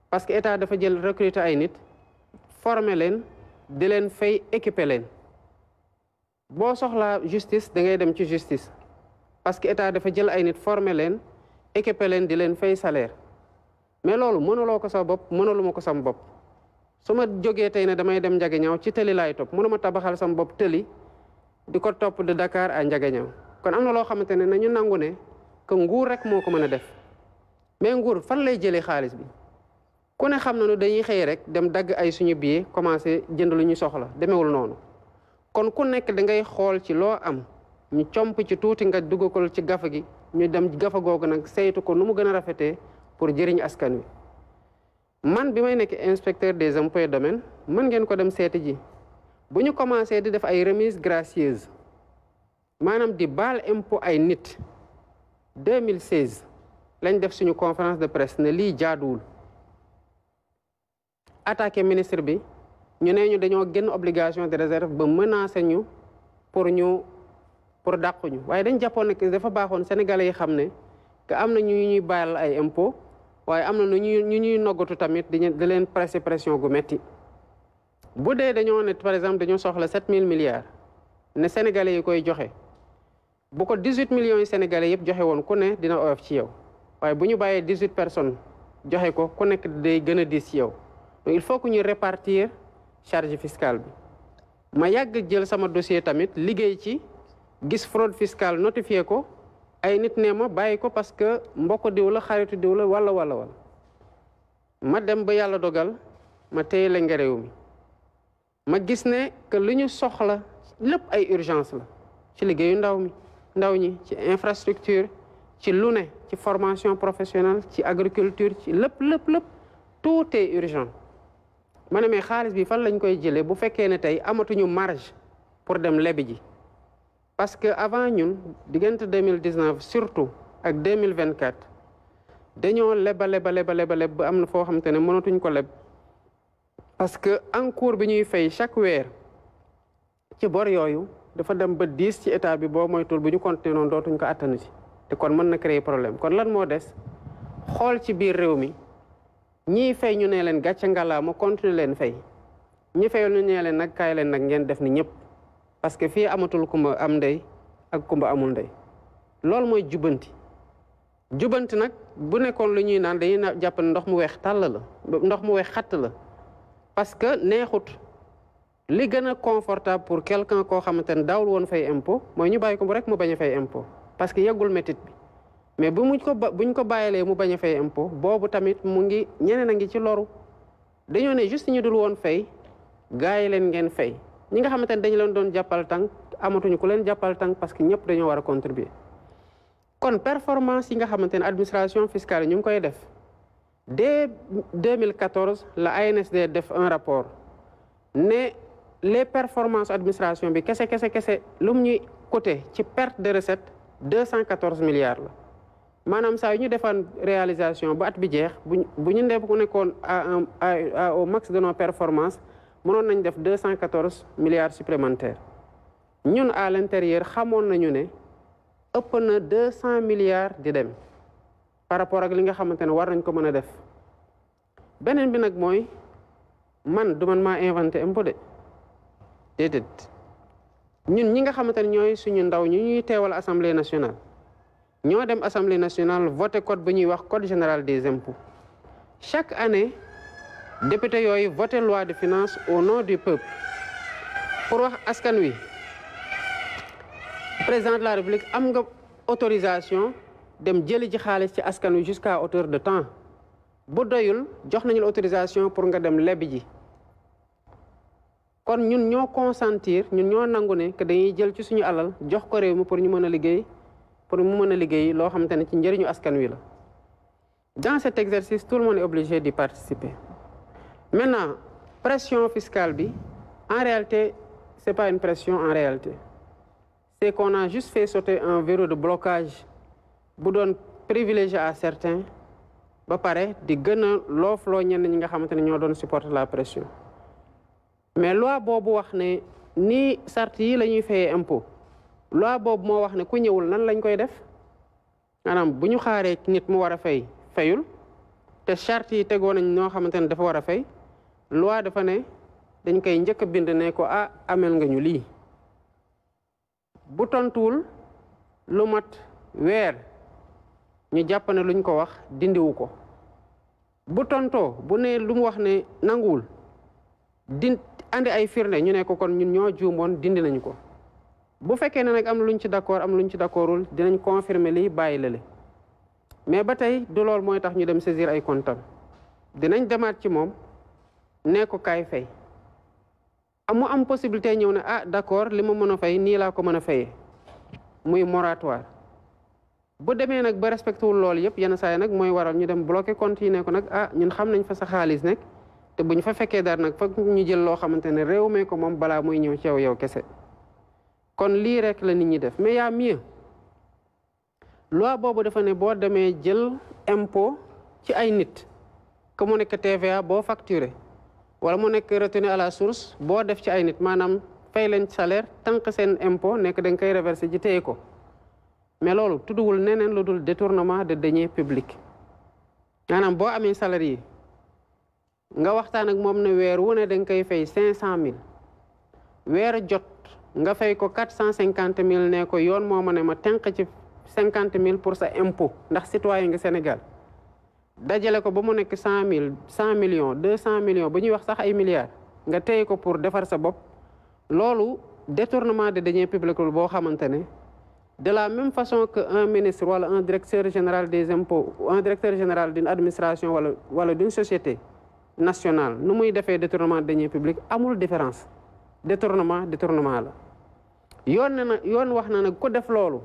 parce que état dafa jël recruter ay nit former leen di leen fay équiper leen boo soxlaa justice da ngay dem ci justice parce que état dafa jël ay nit former leen équiper leen di leen fay salaire mais loolu mënuloo sa bopp mënuluma ko sam bopp su ma jógee tey ne damay dem Ndiaganiao ci tëli laay topp mënuma tabaxal sama bopp tëli di ko topp de Dakar à Ndiaganiao kon am na loo xamante ne nañu nangu ne que nguur rek moo ko mën a def mais nguur fan lay jëlee xaalis bi ku ne xam na ne dañuy xëy rek dem dagg ay suñu billet commencé jënd lu ñu soxla demewul noonu kon ku nekk da ngay xool ci loo am ñu comp ci tuuti nga dugg ko ci gafa gi ñu dem gafa googu nag saytu ko nu mu gën a rafetee pour jëriñ askan wi. man bi may nekk inspecteur des impôts et domaines mën ngeen ko dem seeti ji bu ñu commencé di def ay remise gracieuse maanaam di baal impôt ay nit 2016 lañ def suñu conférence de presse ne lii jaaduwul attaqué ministre bi ñu ne ñu dañoo génn obligation de réserve ba menacé ñu pour ñu pour dàquñu waaye dañ jàppoon ne dafa baaxoon sénégalais yi xam ne que am na ñu ñuy baal ay impôt Nous avons besoin de pression gu métti bu 7 par exemple nous soxla 7000 milliards les sénégalais yi koy joxe 18 millions de sénégalais yëpp joxe connus, ku ne dina nous ci 18 personnes nous ko ku nekk day gën a donc il faut que ñu répartir charge fiscale bi ma yàgg jël sama dossier tamit liggéey ci gis fraude fiscale notifié ay ne bayiko parce que mbokk diw la xaritu wala wala wala ma dem ba dogal ma téye la mi ma que lu soxla lépp urgence la ci ndaw mi ndaw ñi ci infrastructure ci lu ne formation professionnelle tout est urgent Je ne mais bi fan lañ koy marge pour dem lebi parce que avant ñun diggante deux mille dix neuf surtout ak deux mille vingt quatre dañoo leba leba leba leba leb ba am na foo xamante ne mënatuñ ko leb parce que encours bi ñuy fay chaque weer ci bor yooyu dafa dem ba diis ci état bi boo moytul bu ñu continué noonu dootuñ ko attanu ci te kon mën na créer problème kon lan moo des xool ci biir réew mi ñiy fay ñu nee leen gàcce ngalaama continuer leen fay ñi fayul ñu ne leen nag kaay leen nag ngeen def ni ñëpp. parce que fii amatul kumba am ndey ak kumba amul ndey loolu mooy jubbanti jubbanti nag bu nekkoon lu ñuy naan dañuy jàpp ne ndox mu weex tàll la ndox mu weex xatt la parce que neexut li gën a confortable pour quelqu'un koo xamante ne daawul woon fay impôt mooy ñu bàyyi ko rek mu bañ a fay impôt parce que yeggul métit bi mais bu mu ko buñ ko bàyyilee mu bañ a fay impôt boobu tamit mu ngi ñeneen a ngi ci loru dañoo ne juste ñu dul woon fay gaay leen ngeen fay ñi nga xamante ne dañu leen doon jàppal tànk amatuñu ku leen jàppal tànk parce que ñëpp dañoo war a contribuer kon performance yi nga xamante ne administration fiscale ñu ngi koy def dès 2014 la ANSD def un rapport ne les performance administration bi kese kese kese lu mu ñuy côté ci perte de recette 214 milliards la maanaam saa yu ñu defaan réalisation ba at bi jeex bu ñu bu ñu nekkoon à au max de nos performances mënoon nañu def deux cent quatorze milliards supplémentaires ñun à l'intérieur xamoon nañu ne ëpp na deux cent milliards di dem par rapport ak li nga xamante ne war nañ ko mën a def beneen bi nag mooy man du man maa inventé impôt de ñun ñi nga xamante ne ñooy suñu ndaw ñu ñuy teewal assemblée nationale ñoo dem assemblée nationale voté code ba ñuy wax code général des impôts chaque année député yooyu voté loi de finance au non du peuple pour wax askan wi président de la république am nga autorisation dem jëli ji xaalis ci askan wi jusqu'à hauteur de temps bu doyul jox nañu la autorisation pour nga dem leb ji kon ñun ñoo consentir ñun ñoo nangu ne que dañuy jël ci suñu alal jox ko réew mi pour ñu mën a liggéey pour mu mën a liggéey loo xamante ne ci njëriñu askan wi la dans cet exercice tout le monde est obligé participer maintenant pression fiscale bi en réalité c'est pas une pression en réalité c'est qu'on a juste fait sauter un verrou de blocage bu donne privilège à certains ba paraît di gën a loofloo ñenn ñi nga ne doon supporter la pression mais loi boobu wax ne ni sart yi la impôt loi boobu dit wax ne ku ñëwul nan lañ koy def maanaam bu ñu xaaree nit mu war a fay fayul te charte yi nañ dafa loi dafa ne dañ koy njëkk a bind ne ko ah ameel nga ñu lii bu tontuwul lu mat weer ñu jàpp ne luñ ko wax dindiwu ko bu tontoo bu ne lu mu wax ne nanguwul din andi ay firnde ñu ne ko kon ñun ñoo juumoon dindi nañ ko bu fekkee ne nag am luñ ci d'accord am luñ ci d'accordul dinañ confirmer lii bàyyi lale mais ba tey du lool mooy tax ñu dem saisir ay comptes dinañ demaat ci moom nee ko kaay fay amu ah, am possibilité ñëw ne ah d'accord li ma mën a fay nii laa ko mën a fayee muy moratoire bu demee nag ba respecté wul loolu yëpp yenn saa nag mooy waral ñu dem bloqué compte ko nag ah ñun xam nañ fa sa xaalis nekk te bu ñu fa fekkee dara nag fa ñu jël loo xamante ne réew mee ko moom balaa muy ñëw ci yow kese kon lii rek la nit ñi def mais yaa mieux loi boobu dafa ne boo demee jël impo ci ay nit comme mu nekk TVA boo facturer wala mu nekk retenue à la source boo def ci ay nit maanam fay leen salaire tànq seen impôt nekk da nga koy reversé ji téye ko mais loolu tudduwul neneen lu dul détournement de deniers publics maanaam boo amee salaire yi nga waxtaan ak moom ne weer wu ne da nga koy fay cinq cent mille weer jot nga fay ko quatre cent cinquante mille ne ko yoon moo ma ne ma tenq ci cinquante mille pour sa impôt ndax citoyen nga Sénégal dajale ko ba mu nekk cent mille cent millions deux cent millions ba ñuy wax sax ay milliards nga tey ko pour defar sa bopp loolu détournement de deniers publics lu boo xamante ne de la même façon que un ministre wala un directeur général des impôts ou un directeur général d'une administration wala wala d'une société nationale nu muy defee détournement de deniers publics amul différence détournement détournement la yoon ne na yoon wax na nag ko def loolu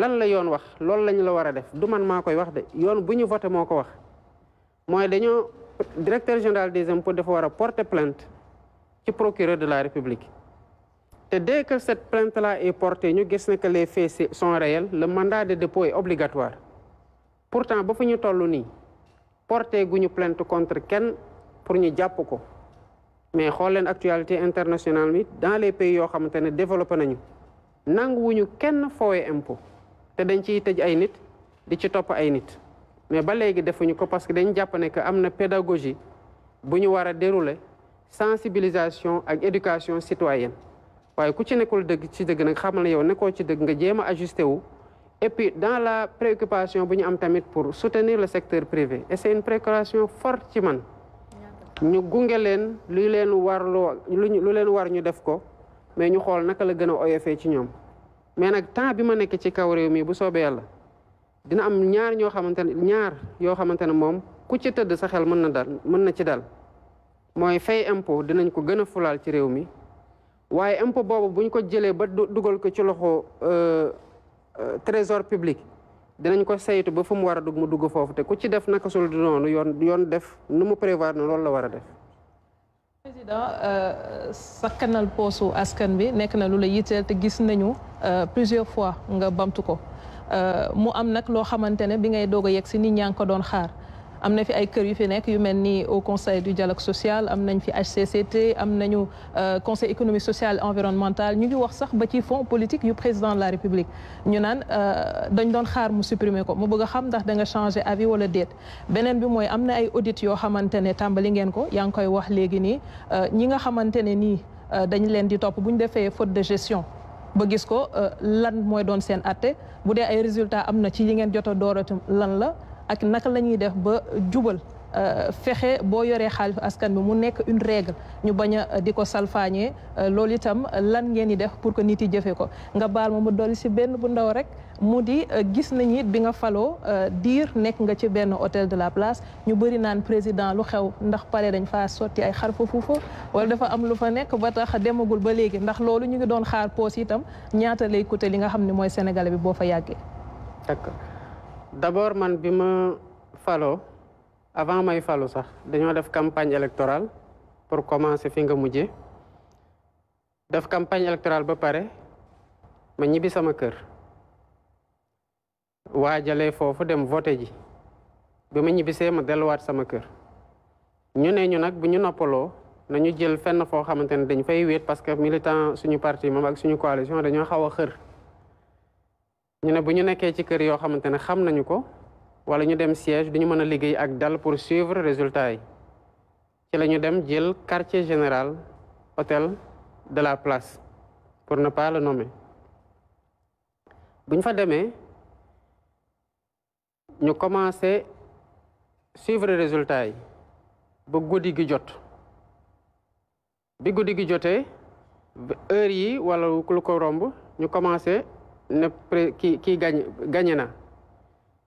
lan la yoon wax loolu lañ la war a def du man maa koy wax de yoon bu ñu voté moo ko wax mooy dañoo directeur général des impôts dafa war a porter plainte ci procureur de la république te dès que cette plainte là est portée ñu gis na que les faits sont réels le mandat de dépôt est obligatoire pourtant ba fu ñu toll porter une plainte contre kenn pour ñu jàpp ko mais xool leen actualité internationale bi dans les pays yoo xamante ne développé nañu nanguwuñu kenn foowe impôt te dañ ciy tëj ay nit di ci topp ay nit mais ba léegi defuñu ko parce que dañ jàpp ne que am na pédagogie bu ñu war a sensibilisation ak éducation citoyenne waaye ku ci nekkul dëgg ci dëgg nag xam xamal yow nekkoo ci dëgg nga jéem a ajusté wu et puis dans la préoccupation bu ñu am tamit pour soutenir le secteur privé et c'est une préoccupation forte ci man ñu gunge leen luy leen war loo lu leen war ñu def ko mais ñu xool naka la gën a oyofee ci ñoom mais nag temps bi ma nekk ci kaw réew mii bu soobee yàlla dina am ñaar ñoo xamante ne ñaar yoo xamante ne moom ku ci tëdd sa xel mën na dal mën na ci dal mooy fay impôt dinañ ko gën a fulaal ci réew mi waaye impôt boobu buñ ko jëlee ba dugal ko ci loxo euh, euh, trésor public dinañ ko saytu ba fu mu war a dugg mu dugg foofu te ku ci def naka sul noonu yoon yoon def nu mu prévoir na loolu la war a def président euh, sakkanal poosu askan bi nekk na lu la yitteel te gis nañu euh, plusieurs fois nga bamtu ko euh, mu am nag loo xamante ne bi ngay doog a yegg si nit ñaa ngi ko doon xaar am na fi ay kër yu fi nekk yu mel ni au conseil du dialogue social am nañ fi HCCT am nañu euh, conseil économie sociale environnemental ñu ngi wax sax ba ci fonds politique yu président de la république ñu naan euh, dañ doon xaar mu supprimer ko mu bëgg a xam ndax da nga changer avis wala déet beneen bi mooy am na ay audit yoo xamante ne tàmbali ngeen ko yaa ngi koy wax léegi nii euh, ñi nga xamante ne nii dañ leen di topp bu ñu defee faute de gestion ba gis ko lan mooy doon seen atte bu dee ay résultats am na ci yi ngeen jot dooratu lan la ak naka la ñuy def ba jubal euh, fexe boo yoree xaalis askan bi mu nekk une règle ñu bañ a di ko salfaañee euh, loolu itam lan ngeen di def pour que nit yi jëfe ko nga baal ma mu dolli si benn bu ndaw rek mu di euh, gis nañu it bi nga faloo diir nekk nga ci benn hôtel de la place ñu bëri naan président lu xew ndax pare dañ fa sotti ay xar fa fuufa wala dafa am lu fa nekk ba tax demagul ba léegi ndax loolu ñu ngi doon xaar poos itam ñaata lay coûter li nga xam ni mooy sénégalais boo fa yàggee d'abord man bima falo avant may falo sax dañu def campagne électorale pour commencer fi nga mujjé def campagne électorale ba pare ma ñibi sama kër wajalé fofu dem voter ji ñibisé ma delu ma sama kër ñu né ñu nak bu ñu noppaloo nañu jël fenn fo xamante dañ fay wéet parce que militant suñu parti mom ak suñu coalition dañu xawa xër ñu ne bu ñu nekkee ci kër yoo xamante ne xam nañu ko wala ñu dem siège duñu mën a liggéey ak dal pour suivre résultat yi ci la ñu dem jël quartier général hôtel de la place pour ne pas le nommer fa demee ñu commencé suivre résultat yi ba guddi gi jot bi guddi gi jotee heure yi wala lu ko romb ñu commencé ne pré kii kii gañ gañe na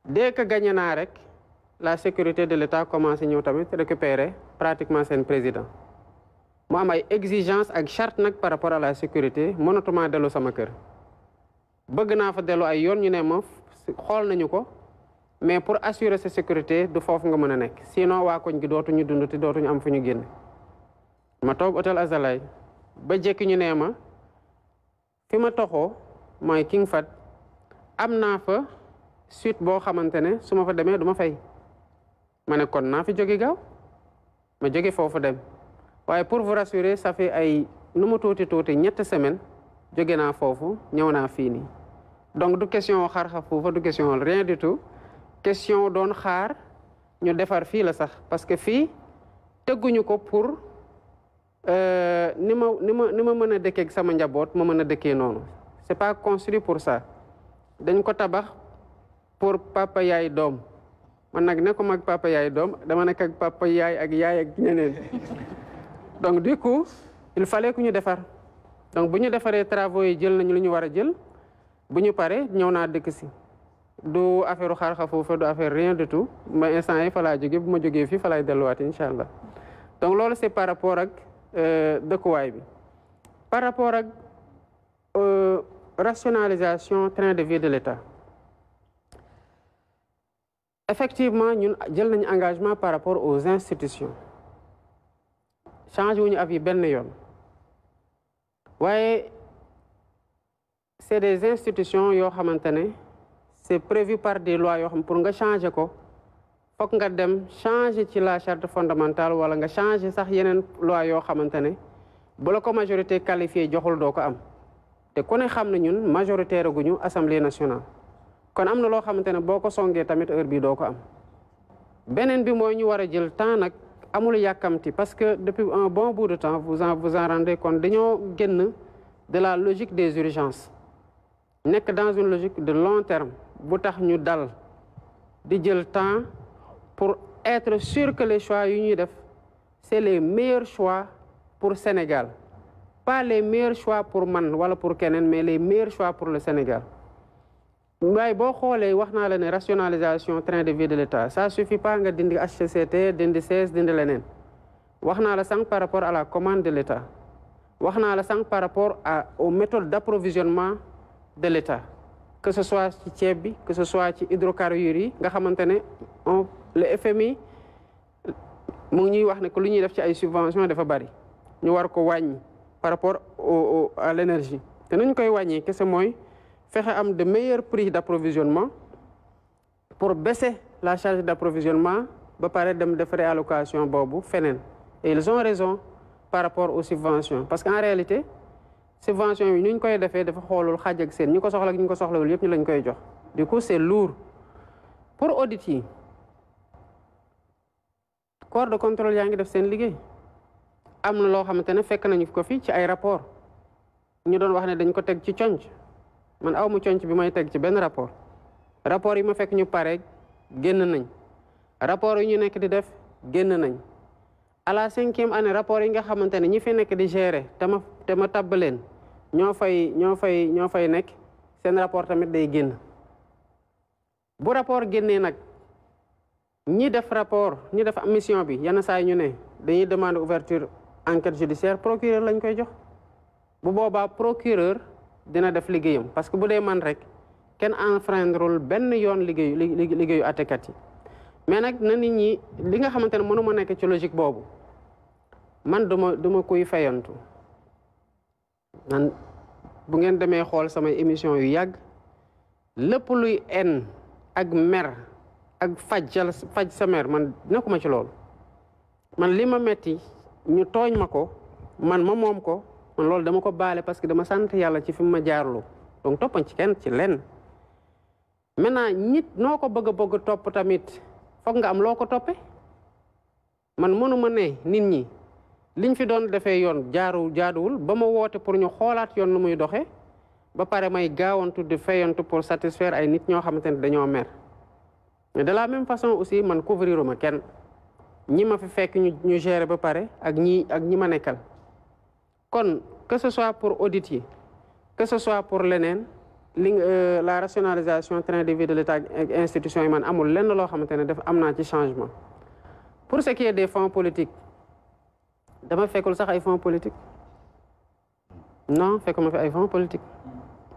dès que gañe naa rek la sécurité de l'État commencé ñëw tamit récupérer pratiquement seen président mu am ay exigence ak charte nag par rapport à la sécurité mënatuma dellu sama kër bëgg naa fa dellu ay yoon ñu ne ma xool nañu ko mais pour assurer sa sécurité du foofu nga mën a nekk sinon waa koñ gi dootuñu dund te dootuñu am fu ñu génn ma toog hôtel Azalay ba jekki ñu nee ma fi ma toxoo mooy King Fahd am naa fa suite boo xamante ne su ma fa demee du ma fay ma ne kon naa fi jóge gaaw ma jóge foofu dem waaye pour vous rassurer ay nu mu tuuti tuuti ñetti semaine jóge naa foofu ñëw naa fii nii donc du question xaar-xar foofa du question rien du tout question doon xaar ñu defar fii la sax parce que fii tëgguñu ko pour euh, ni ma ni ma ni ma mën a dëkkee sama njaboot ma mën a dëkkee noonu c'est pas construit pour sa dañ ko tabax pour papa yaay doom man nag ko mag papa yaay doom dama nekk ak papa yaay ak yaay ak ñeneen donc du coup il fallait que ñu defar donc bu ñu defaree travaux yi jël nañu lu ñu war a jël bu ñu paree ñëw naa dëkk si du affaire xaar xa foofu du affaire rien de tout ma instant yi fa jóge bu ma jógee fii fa laay delluwaat incha allah donc loolu c'est par rapport ak euh, dëkkuwaay bi par rapport ak euh, rationalisation train de vie de l'État effectivement ñun jël nañ engagement par rapport aux institutions change wuñu ab benn yoon waaye c'est des institutions yoo xamante ne c'est prévu par des loi yoo xam pour nga changer ko foog nga dem changer ci la charte fondamentale wala nga changer sax yeneen loi yoo xamante ne bu ko majorité qualifiée joxul doo ko am te ku ne xam ne ñun majoritaire assemblée nationale kon am na loo xamante de boo et songee tamit heure bii doo ko am beneen bi mooy temps parce que depuis un bon bout de temps vous vous en rendez compte nous avons de la logique des urgences sommes dans une logique de long terme Nous avons ñu dal temps pour être sûr que les choix yu c'est les meilleurs choix pour le Sénégal pas les meilleurs choix pour moi ou pour Kenen, mais les meilleurs choix pour le Sénégal waaye boo xoolee wax la rationalisation rationalisation train de vie de l'État ça suffit pas nga dindi HCCT dindi CES dindi leneen wax naa la par rapport à la commande de l'État wax naa la par rapport à aux méthodes d'approvisionnement de l'État que ce soit sur ceeb que ce soit sur hydrocarbures yi nga le FMI mu ngi ñuy wax FABARI. que lu ñuy def ci ay subventions dafa bari ñu war par rapport au à l'énergie Nous, nous koy que c'est moi faire am de meilleurs prix d'approvisionnement pour baisser la charge d'approvisionnement ba pare dem faire allocation bobu fenen et ils ont raison par rapport aux subventions parce qu'en réalité subvention yi nous koy défé dafa xoolul xaaj ak seen ñu Nous, soxla ak soxla ko soxlawul ñu lañ koy jox du coup c'est lourd pour audit yi corps de contrôle yaa de def seen liguey amna lo loo fekk nañu ko fi ci ay rapport ñu doon wax ne dañ ko teg ci cionj man awmu cionj bi may teg ci ben rapport rapport yi ma fekk ñu paré genn nañ rapport yi ñu nekk di def genn nañ à la 5e année rapport yi nga xamantene ñi fi nekk di gérer te ma te ma tàbb ño fay ño fay ño fay nekk seen rapport tamit day genn bu rapport genné nak ñi def rapport ñi def mission bi yana say ñu né dañuy demander ouverture enquête judiciaire procureur lañ koy jox bu boba procureur dina def liggéeyam parce que boudé man rek ken enfreindrul benn yoon liggéeyu liggéeyu attekat yi mais nak na nit ñi li nga xamantene ne mënuma nek ci logique bobu man duma duma koy fayantu nan bu ngeen démé xol sama émission yu yag lepp luy en ak mer ak fajjal faj sa mer man nekkuma ci lool man lima metti ñu tooñ ma ko man ma moom ko man loolu dama ko baale parce que dama sant yàlla ci fi mu ma jaarlu donc toppañ ci kenn ci lenn maintenant nit noo ko bëgg a bëgg topp tamit foog nga am loo ko toppe man mënuma ne nit ñi liñ fi doon defee yoon jaaru jaaduwul ba ma woote pour ñu xoolaat yoon lu muy doxee ba pare may gaawantu di fayantu pour satisfaire ay nit ñoo xamante ne dañoo mer mais de la même façon aussi man couvriruma kenn ñi ma fi fekk ñu ñu gérer ba pare ak ñi ak ñi ma nekkal kon que ce soit pour audit que ce soit pour leneen li euh, la rationalisation train de vie de l'État et institution yi man amul lenn loo xamante def ci changement pour ce qui est des fonds politiques dama fekkul sax ay fonds politiques non fekkuma fi ay fonds politiques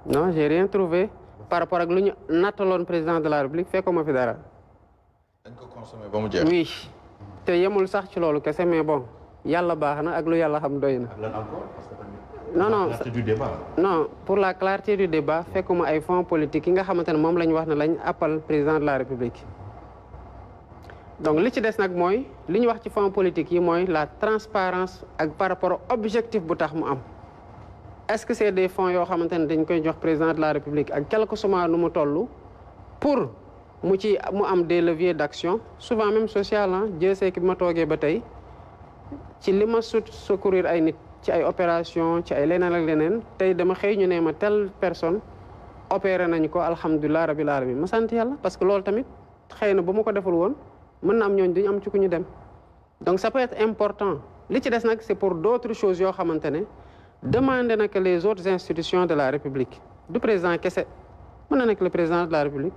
non j'ai rien trouvé par rapport ak lu ñu le président de la République fekkuma fi dara dañ ko consommé ba mu jeex oui te yemul sax ci loolu kese mais bon yàlla baax na ak lu yàlla xam doy na. non non non pour la clarté du débat fekkuma ay fonds politiques yi nga xamante ne moom la wax ne lañ appel président de la république. donc li ci des nag mooy li ñu wax ci fonds politique yi mooy la transparence ak par rapport objectif bu tax mu am est ce que c' est des fonds yoo xamante ne dañ koy jox président de la république ak quelque suma nu mu toll pour mu ci mu am des leviers d'action souvent même social Hein? Dieu sait que je ma toogee ba Si ci li ma sut secourir ay nit ci ay opération ci ay leneen ak leneen tey dama xëy ñu ne ma telle personne opéré nañ ko alhamdulilah rabil alamin ma sant yalla parce que lool tamit xeyna na bu ma ko deful won mën na am ñooñ duñ am ci kuñu dem donc ça peut être important li ci dess nak c'est pour d'autres choses yo xamante demander nak les autres institutions de la république du président kese mën na nekk le président de la république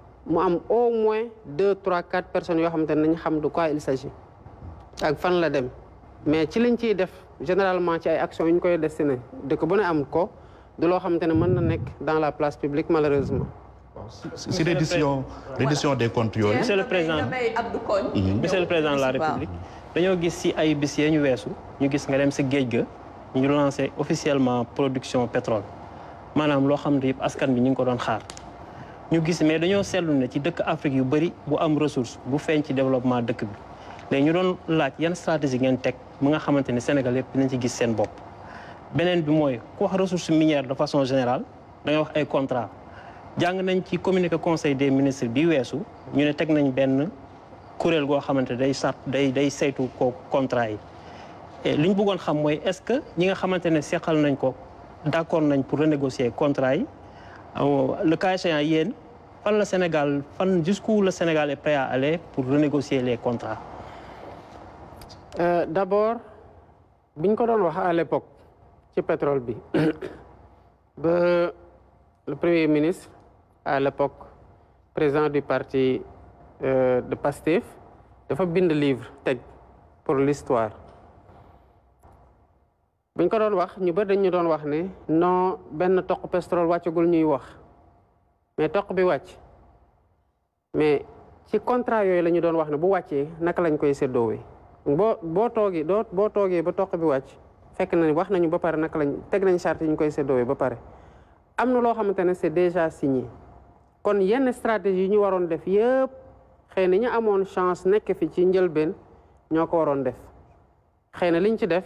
mu am au moins deux trois quatre personnes yoo xamante ne nañ xam de quoi il s'agit ak fan la dem mais ci lañ ciy def généralement ci ay actions yu ñu koy destiné dëkk bu ne am ko du loo xamante ne mën na nekk dans la place publique malheureusement. si reddition reddition des comptes yooyu. monsieur le président mhm. monsieur le président de la république. dañoo gis si ay bis yee ñu weesu. ñu gis nga dem si géej ga. ñu lancé officiellement production pétrole maanaam loo xam ne yëpp askan bi ñu ngi ko doon xaar. ñu gis mais dañoo seetlu ne ci dëkk Afrique yu bëri bu am ressource bu feeñ ci développement dëkk bi léegi ñu doon laaj yenn stratégie ngeen teg mu nga xamante ne Sénégal yëpp nañ ci gis seen bopp. beneen bi mooy ku wax ressource minière de façon générale da wax ay contrat jàng nañ ci communiqué conseil des ministre bi weesu ñu ne teg nañ benn kuréel goo xamante day sat day day saytu ko contrat yi. li ñu buggoon xam mooy est-ce que ñi nga xamante ne seqal nañ ko d'accord nañ pour renégocier contrat yi. le cas échéant Yen, fan le Sénégal jusqu'où le Sénégal est prêt à aller pour renégocier les contrats. Euh, d'abord, à l'époque, le premier ministre à l'époque, président du parti euh, de Pastef fait un livre pour l'histoire buñ ko doon wax ñu bëri dañ ñu doon wax ne non benn toq pétrole wàccagul ñuy wax mais toq bi wàcc mais ci contrat yooyu la ñu doon wax ne bu wàccee naka lañ koy séddoowee boo boo toogee doo boo toogee ba toq bi wàcc fekk na wax nañu ba pare naka lañ teg nañ charte yi ñu koy séddoowee ba pare am na loo xamante ne c'est déjà signé kon yenn stratégie yi ñu waroon def yëpp xëy na ñu amoon chance nekk fi ci njëlbeen ñoo ko waroon def xëy na liñ ci def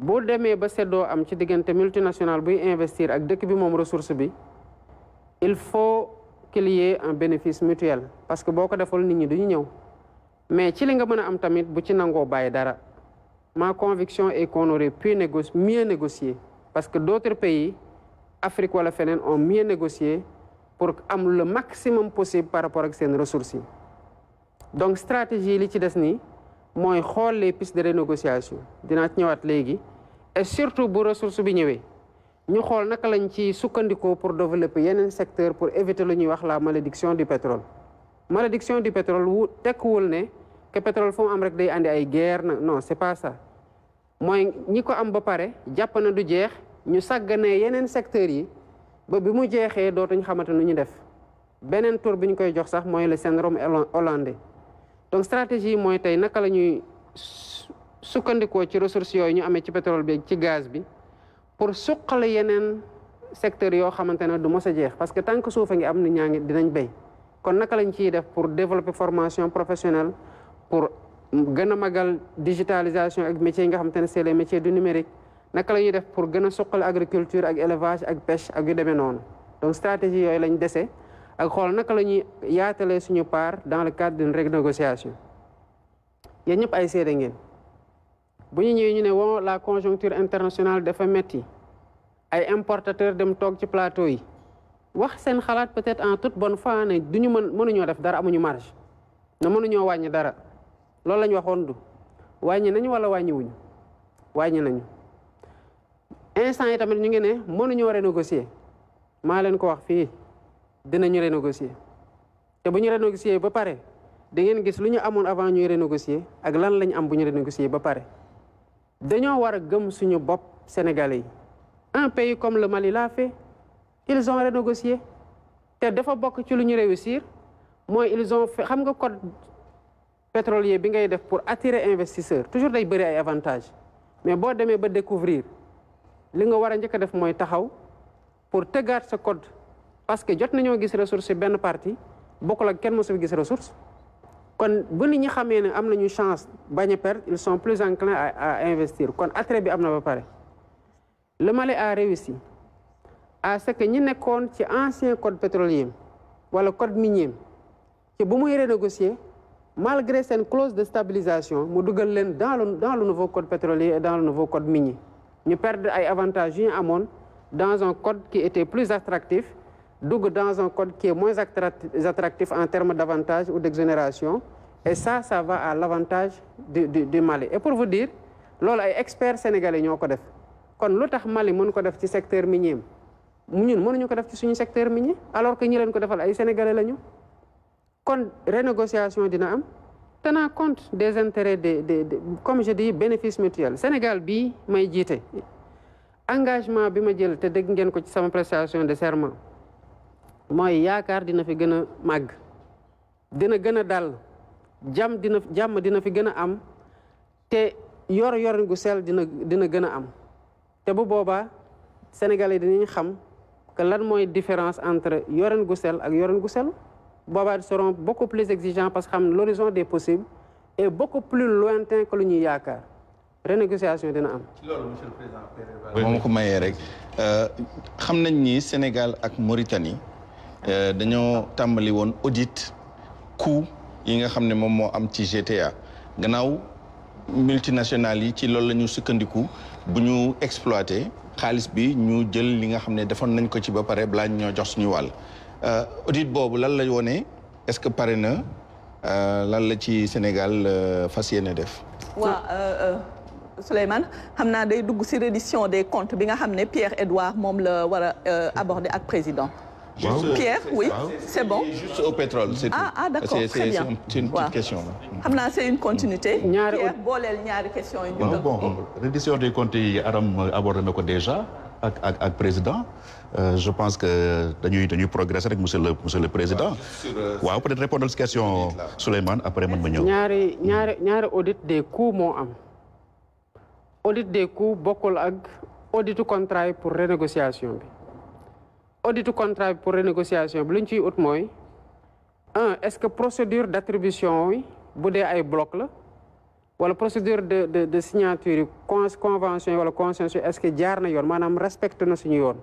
Si démé ba sédo am ci diggante multinational buy investir ak dëkk bi mom ressource bi il faut qu'il y ait un bénéfice mutuel parce que boko de nit ñi duñu ñëw mais ci li nga mëna am tamit bu ci dara ma conviction est qu'on aurait pu négocier mieux négocier parce que d'autres pays Afrique wala fenen ont mieux négocié pour am le maximum possible par rapport à ces ressources donc stratégie li ci dess mooy xool les pistes de renégociation dinaa ci ñëwaat léegi et surtout bu ressource bi ñëwee ñu xool naka lañ ci sukkandikoo pour développer yeneen secteur pour éviter lu ñuy wax la malédiction du pétrole malédiction du pétrole wu tekkiwul ne que pétrole fu mu am rek day andi ay guerre na non c'est pas ça mooy ñi ko am ba pare jàpp na du jeex ñu sàgganee yeneen secteurs yi ba bi mu jeexee dootuñu xamante nu ñu def beneen tur bi ñu koy jox sax mooy le syndrome hollandais donc stratégie mooy tey naka la ñuy sukkandikoo ci ressources yooyu ñu amee ci pétrole bi ci gaz bi pour suqale yeneen secteurs yoo xamante ne du mos a jeex parce que tant que suuf ngi am ni ñaa ngi dinañ béy kon naka lañ ciy def pour développer formation professionnelle pour gën a magal digitalisation ak métiers yi nga xamante ne c'est les métiers du numérique naka la ñuy def pour gën a suqale agriculture ak élevage ak pêche ak yu demee noonu donc stratégie yooyu lañ ak xool naka la ñuy yaatalee suñu part dans le cadre d'une renégociation yéen ñëpp ay seede ngeen bu ñu ñëwee ñu ne woo la conjoncture internationale dafa metti ay importateurs dem toog ci plateau yi wax seen xalaat peut-être en toute bonne foi ne duñu mën mënuñoo def dara amuñu marge na mënuñoo wàññi dara loolu lañ waxoon du wàññi nañu wala wàññiwuñ wàññi nañu instant yi tamit ñu ngi ne mënuñoo renégocier maa leen ko wax fii dinañu renégocier te bu ñu renégocier ba pare da ngeen gis lu ñu amoon avant ñuy renégocier ak lan lañ am bu ñu renégocier ba pare dañoo war a gëm suñu bopp sénégalais yi un pays comme le Mali l'a fait ils ont renégocié te dafa bokk ci lu ñu réussir mooy ils son fait xam nga code pétrolier bi ngay def pour attirer investisseur toujours day bëri ay avantages mais boo demee ba découvrir li nga war a njëkk a def mooy taxaw pour tëggaat sa code parce que jot nañu gis ressource ben bien parti bokkul ak kenn mosu fi gis ressource kon bu nit ñi xamé né am nañu chance baña perdre ils sont plus enclins à investir kon attrait bi amna ba paré le Mali a réussi à ce que ñi nekkoon ci ancien code pétrolier wala code minier ci bu muy renégocier malgré cette clause de stabilisation mu duggal leen dans le dans le nouveau code pétrolier et dans le nouveau code minier ñu perdre ay avantages dans un code qui était plus attractif donc dans un code qui est moins attractif en termes d'avantages ou d'exonération et ça ça va à l'avantage du Mali et pour vous dire l'on ay experts sénégalais ñoo au def kon le Mali mënu ko def ci secteur minier ñun mënuñu ko def ci secteur minier alors que nous, leen ko defal ay sénégalais Quand la renégociation dina am tenant compte des intérêts des des comme je dis bénéfices mutuels. Le Sénégal bi may dit engagement bi ma jël te dégg ngeen ko ci prestation de serment. mooy yaakaar dina fi gën a màgg dina gën a dal jàmm dina jàmm dina fi gën a am te yor yorin gu sell dina dina gën a am te bu boobaa sénégalais dinañ xam que lan mooy différence entre yorin gu sell ak yorin gu sell boobaa ils seront beaucoup plus exigeants parce que xam ne l'horizon des possibles est beaucoup plus lointain que lu ñuy yaakaar renégociation dina am. ci loolu monsieur le président. mayee rek euh, xam nañ ni Sénégal ak Mauritanie. Euh, dañoo tàmbali woon audit coût yi nga xam ne moom moo am ci GTA gannaaw multinational yi ci loolu la ñu sukkandiku bu ñu exploité xaalis bi ñu jël li nga xam ne defoon nañ ko ci ba pare balaa ñoo jox suñu wàll euh, audit boobu lan la wone est-ce que pare na euh, lan la ci Sénégal fas yéene def. waaw Souleymane xam naa day dugg ci reddition des comptes bi nga xam ne Pierre Edouard moom la war a aborder ak président. Pierre, oui, c'est bon. Juste au pétrole, c'est ah, tout. Ah, ah d'accord, très bien. C'est une, petite question. c'est une continuité. Mm. Pierre booleel ñaari question yi. question bon reddition des comptes yi Aram abordé déjà avec avec président. Euh, je pense que nous avons progresser avec monsieur le monsieur le président. Wow, euh, peut-être répondre cette question Souleymane après mon ma ñëw. ñaari ñaari ñaari audit des coûts moo am. audit des coûts beaucoup ak du contrat pour renégociation auditu contrat bi pour renégociation bi lu ñu ciy ut mooy un est-ce que procédure d'attribution bi bu dee ay bloc la wala procédure de de de signature yi convention wala consensus est-ce que jaar na yoon maanaam respecté na suñu yoon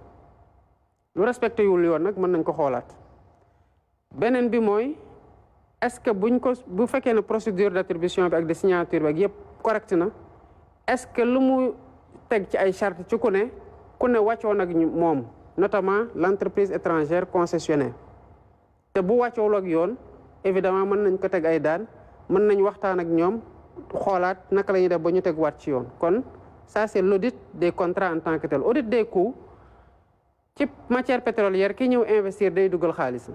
lu respecté wul yoon nag mën nañ ko xoolaat beneen bi mooy est-ce que buñ ko bu fekkee ne procédure d'attribution bi ak de signature bi ak yëpp correct na est-ce que lu mu teg ci ay charte ci ku ne ku ne wàccoon ak moom notamment l'entreprise étrangère concessionnaire te bu des yoon évidemment vous nañ ko teg ay daan mën nañ waxtaan ak ñoom xoolaat naka lañu def ba ñu tegwaat ci yoon kon ça c'est l'audit des contrats en tant que tel audit des coûts ci matière pétrolière ki ñëw investir day dugal xaalis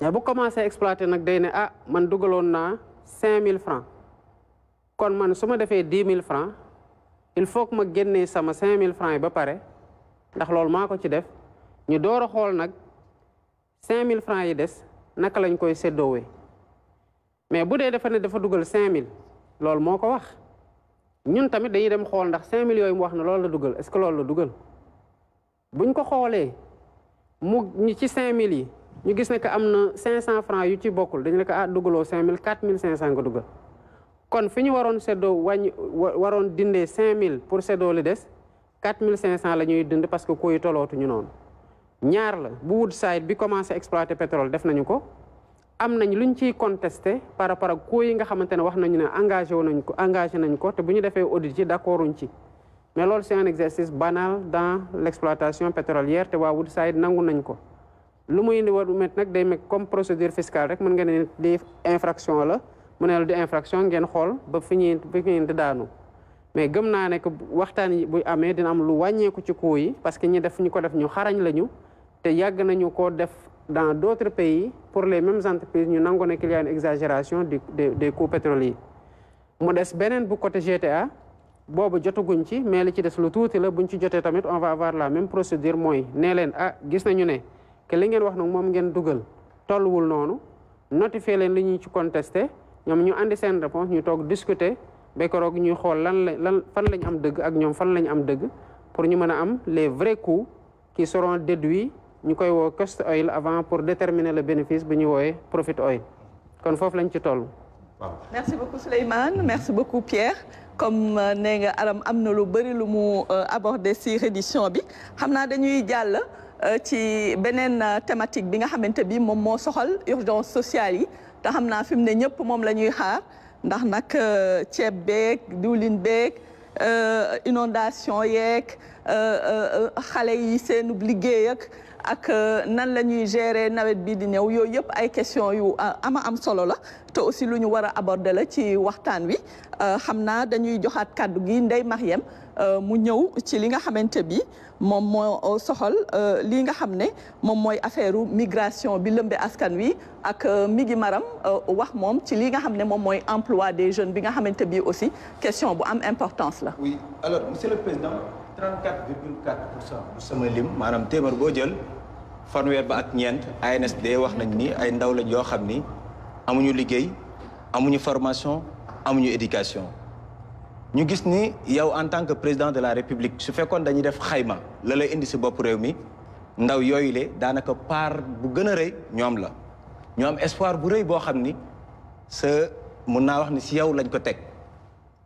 vous bu commencé exploiter nag day ne ah man dugaloon naa cinq mille francs kon man su ma defee dix francs il faut que ma génnee sama cinq mille francs yi ba pare ndax loolu maa ko ci def ñu door a xool nag cinq mille francs yi des naka lañ koy séddoowee mais bu dee dafa ne dafa dugal cinq mille loolu moo ko wax ñun tamit dañuy dem xool ndax cinq mille yooyu mu wax ne lool la dugal est-ce que loolu la dugal buñ ko xoolee mu ñu ci cinq mille yi ñu gis ne am na cinq cent francs yu ci bokkul dañu ne ko ah cinq mille quatre mille cinq cent nga kon fi ñu waroon séddoo wàññi waroon dindee cinq mille pour séddoo li des 4500 la ñuy dund parce que koo yi tolootuñu noonu ñaar la bu Woodside bi commencé exploiter pétrole def nañu ko am nañ luñ ciy contester par rapport ak koo yi nga xamante ne wax nañu ne engagé wu nañ ko engagé nañ ko te bu ñu defee audit ci d'accorduñ ci mais loolu c'est un exercice banal dans l'exploitation pétrolière te waa Woodside nangu nañ ko lu muy indi war met nag day meg comme procédure fiscale rek mën nga ne di infraction la mu ne la di infraction ngeen xool ba fi ñuy fi ñuy daanu mais gëm naa ne que waxtaan yi bu amee dina am lu wàññeeku ci coût yi parce que ñi def ñu def ñu xarañ lañu te yàgg nañu ko def dans d' autres pays pour les mêmes entreprises ñu nangu ne qu'il y a une exagération du des coûts pétroliers mu des beneen bu côté GTA boobu jotaguñ ci mais li ci des lu tuuti la buñ ci jotee tamit on va la même procédure mooy nee leen ah gis nañu ne que li ngeen wax nag moom ngeen dugal tolluwul noonu notifier leen li ñu ci contesté ñoom ñu andi seen réponse ñu toog discuter béykoroog ñuy xol lan lan fan lañ am deug ak ñom fan lañ am deug pour ñu mëna am les vrais coûts qui seront déduits ñu wo cost oil avant pour déterminer le bénéfice bu ñu woyé profit oil kon foofu lañ ci toll merci beaucoup Souleymane merci beaucoup Pierre comme euh, nee nga alam amna lu bari lu mu euh, aborder ci reddition bi xamna dañuy jall euh, ci benen thématique bi nga xamanté bi mom mo soxal urgence sociale yi te xam naa ñëpp mom lañuy xaar ndax nag euh, ceeb beeg diwlin beeg euh, inondation yeeg euh, xale yi seenub liggéey ak ak euh, nan lañuy ñuy gérer nawet bi di ñëw yooyu yep ay question yu euh, ama am solo la te aussi luñu wara aborder la ci waxtaan wi euh, xam naa dañuy joxat kaddu gi Ndeye Marième mu ñew ci li nga xamanté bi moom moo soxal li nga xamné mom moy affaireu migration bi lëmbe askan wi ak Migi Maram wax mom ci li nga xamné mom moy emploi des jeunes bi nga xamanté bi aussi question bu am importance la. oui alors monsieur le président. bu sama lim maanaam téeméer boo jël fanweer ba ak ñeent ANSD wax nañ ni ay ndaw lañ yoo xam ni amuñu liggéey amuñu formation amuñu éducation ñu gis ni yow en tant que président de la république su fekkoon dañuy def xayma la indi si bopp réew mi ndaw yooyu le daanaka part bu gën a rëy ñoom la ñu am espoir bu rëy boo xam ni sa mun naa wax ni si yow lañ ko teg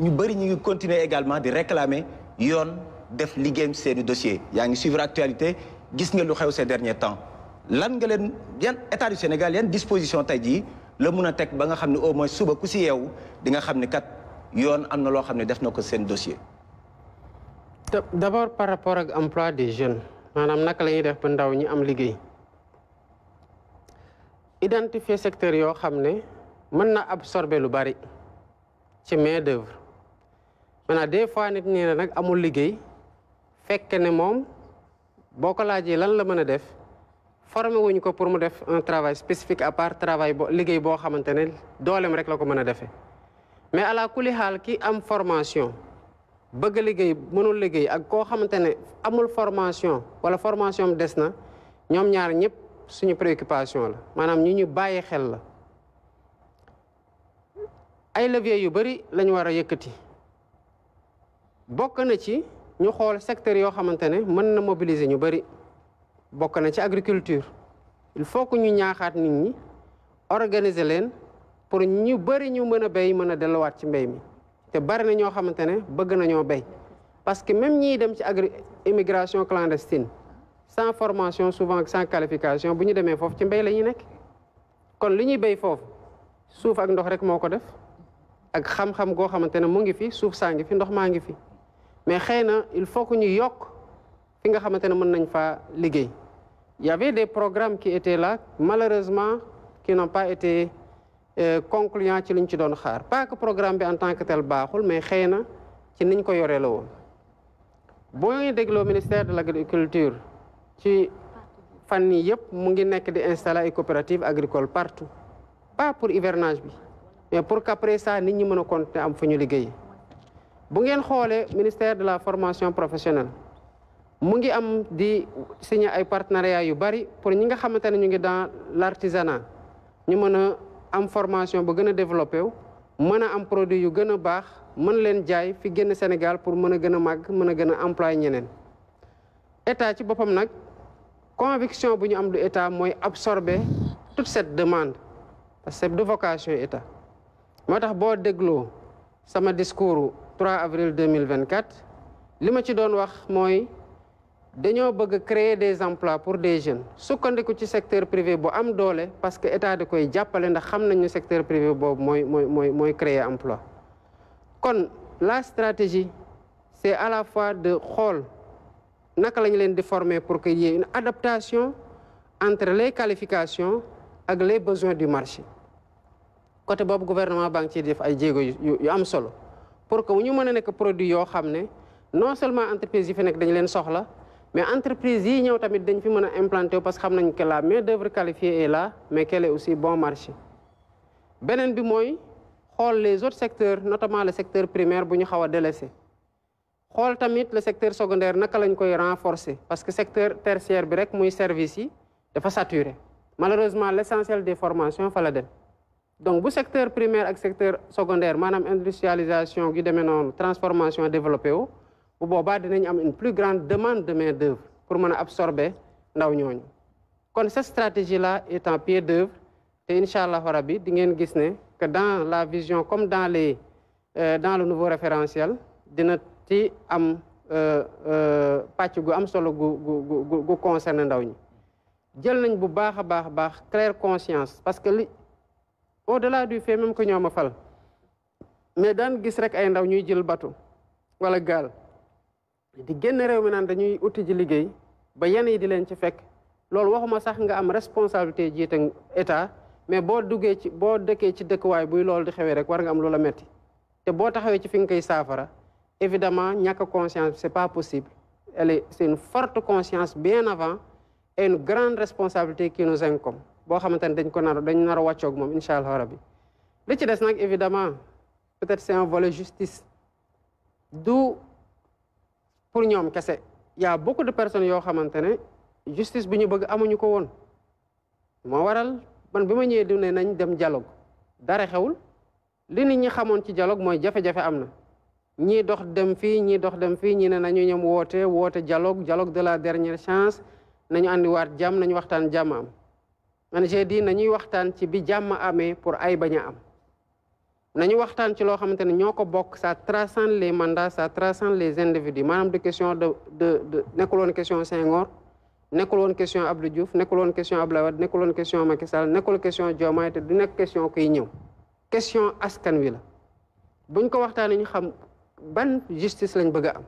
ñu bëri ñu ngi continuer également di réclamer yoon def liggéeyam le dossier yaa ngi suivre actualité gis nga lu xew ces derniers temps lan nga leen état du Sénégal yan disposition tey jii la le a ba nga xam au moins suba ku ci yeewu di nga xam kat yoon amna lo loo ne def nako ko seen dossier. d'abord par rapport ak emploi des jeunes manam nak lañu def ba ndaw ñi am liguey identifier secteur yo xamné mëna absorber lu bari ci main d'œuvre maintenant des fois nit ñi ne nag amul liggéey fekk ne moom boo ko laajee lan la mën a def formé wuñ ko pour mu def un travail spécifique à part travail bo liggéey boo xamante ne dooleem rek la ko mën a defee mais ala kuli xaal ki am formation bëgg liggéey mënul liggéey ak koo xamante ne amul formation wala formation des na ñoom ñaar ñëpp suñu préoccupation la maanaam ñi ñu bàyyi xel la ay levier yu bëri lañu war a yëkkati bokk na ci ñu xool secteur yoo xamante ne mën na mobiliser ñu bëri bokk na ci agriculture il faut que ñu ñaaxaat nit ñi organiser leen pour ñu bëri ñu mën a béy mën a delluwaat ci mbéy mi te bari na ñoo xamante ne bëgg nañoo béy parce que même ñiy dem ci agri immigration clandestine sans formation souvent sans qualification bu ñu demee foofu ci mbéy la ñuy nekk kon li ñuy béy foofu suuf ak ndox rek moo ko def ak xam-xam goo xamante ne mu ngi fi suuf saa ngi fi ndox maa ngi fi mais il faut que nous yokk fi Il y avait des programmes qui étaient là malheureusement qui n'ont pas été euh, concluants pas que programme en tant que tel mais il ci niñ ko yoré Si vous avez ngi ministère de l'agriculture ci fanni yépp mu ngi installer coopératives agricoles partout pas pour l'hivernage, mais pour qu'après ça nous ñi mëna continuer am bu ngeen xolé ministère de la formation professionnelle mu ngi am di signé ay partenariat yu bari pour ñi nga xamantene ñu ngi dans l'artisanat ñu mëna am formation bu gëna a développé wu am produit yu gëna bax baax mën leen jaay fi génn Sénégal pour mëna gëna mag mëna gëna mën employé ñeneen état ci bopam nak conviction bu ñu am du état moy absorber toute cette demande parce que c'est de vocation état motax bo boo sama discours 3 avril 2024 que je ci doon wax que nous bëgg créer des emplois pour des jeunes sukkandiku le secteur privé bu am parce que état da koy jappalé ndax xam nañu secteur privé pour créer emploi kon la stratégie c'est à la fois de xol naka former pour qu'il y ait une adaptation entre les qualifications et les besoins du marché côté le gouvernement a ci def ay jéego yu am solo pour que nous puissions produire, produit non seulement les entreprises qui sont dañu mais les yi ñëw tamit dañ fi parce que xam que la main d'œuvre qualifiée est là mais qu'elle est aussi bon marché Benen bi moy les autres secteurs notamment le secteur primaire buñu xawa xaw tamit le secteur secondaire naka lañ koy renforcer parce que le secteur tertiaire bi rek muy service yi dafa saturé malheureusement l'essentiel des formations fa la donc le secteur primaire et le secteur secondaire l'industrialisation industrialisation transformation et wu il boobaa une plus grande demande de main d'œuvre pour absorber ndaw ñooñu kon cette stratégie là est en pied d'œuvre Et, Inch'Allah, vous di que dans la vision comme dans euh, le nouveau référentiel il ci am euh, euh, pàcc gu am solo gu gu gu gu concerné ndaw ñi jël claire conscience parce que au delà du fait même ko ñoo ma fal mais daan gis rek ay ndaw ñuy jël batu wala gaal di génn réew mi naan dañuy uti ji liggéey ba yenn yi di leen ci fekk loolu waxuma sax nga am responsabilité jiite état mais boo duggee ci boo dëkkee ci dëkkuwaay buy loolu di xewee rek war nga am lu la metti te boo taxawee ci fi nga koy saafara évidemment ñàkk conscience c'est pas possible elle est forte conscience bien avant et une grande responsabilité qui nous incombe boo xamante ne dañ ko nar dañ nar a wàccoog moom incha allah bi li ci des nag évidemment peut-être c'est un volet justice du pour ñoom kese yaa a beaucoup de personnes yoo xamante ne justice bi ñu bëgg amuñu ko woon moo waral ban bi ma ñëwee du ne nañ dem dialogue dara xewul li nit ñi xamoon ci jaloog mooy jafe-jafe am na ñii dox dem fii ñii dox dem fii ñi ne nañu ñoom woote woote dialogue dialogue de la dernière chance nañu àndiwaat jàmm nañu waxtaan jàmm man j'ai dit nañuy waxtaan ci bi jàmm amee pour ay baña a am nañu waxtaan ci loo xamante ne ñoo ko bokk ça transcende les mandats ça transcende les individus maanaam de question de de de nekkul woon question Senghor nekkul woon question Abdou Diouf nekkul woon question Abdoulaye Wade nekkul woon question Macky Sall nekkul question Diomaye te du nekk question kuy ñëw question askan wi la buñ ko waxtaanee ñu xam ban justice lañ bëgg a am.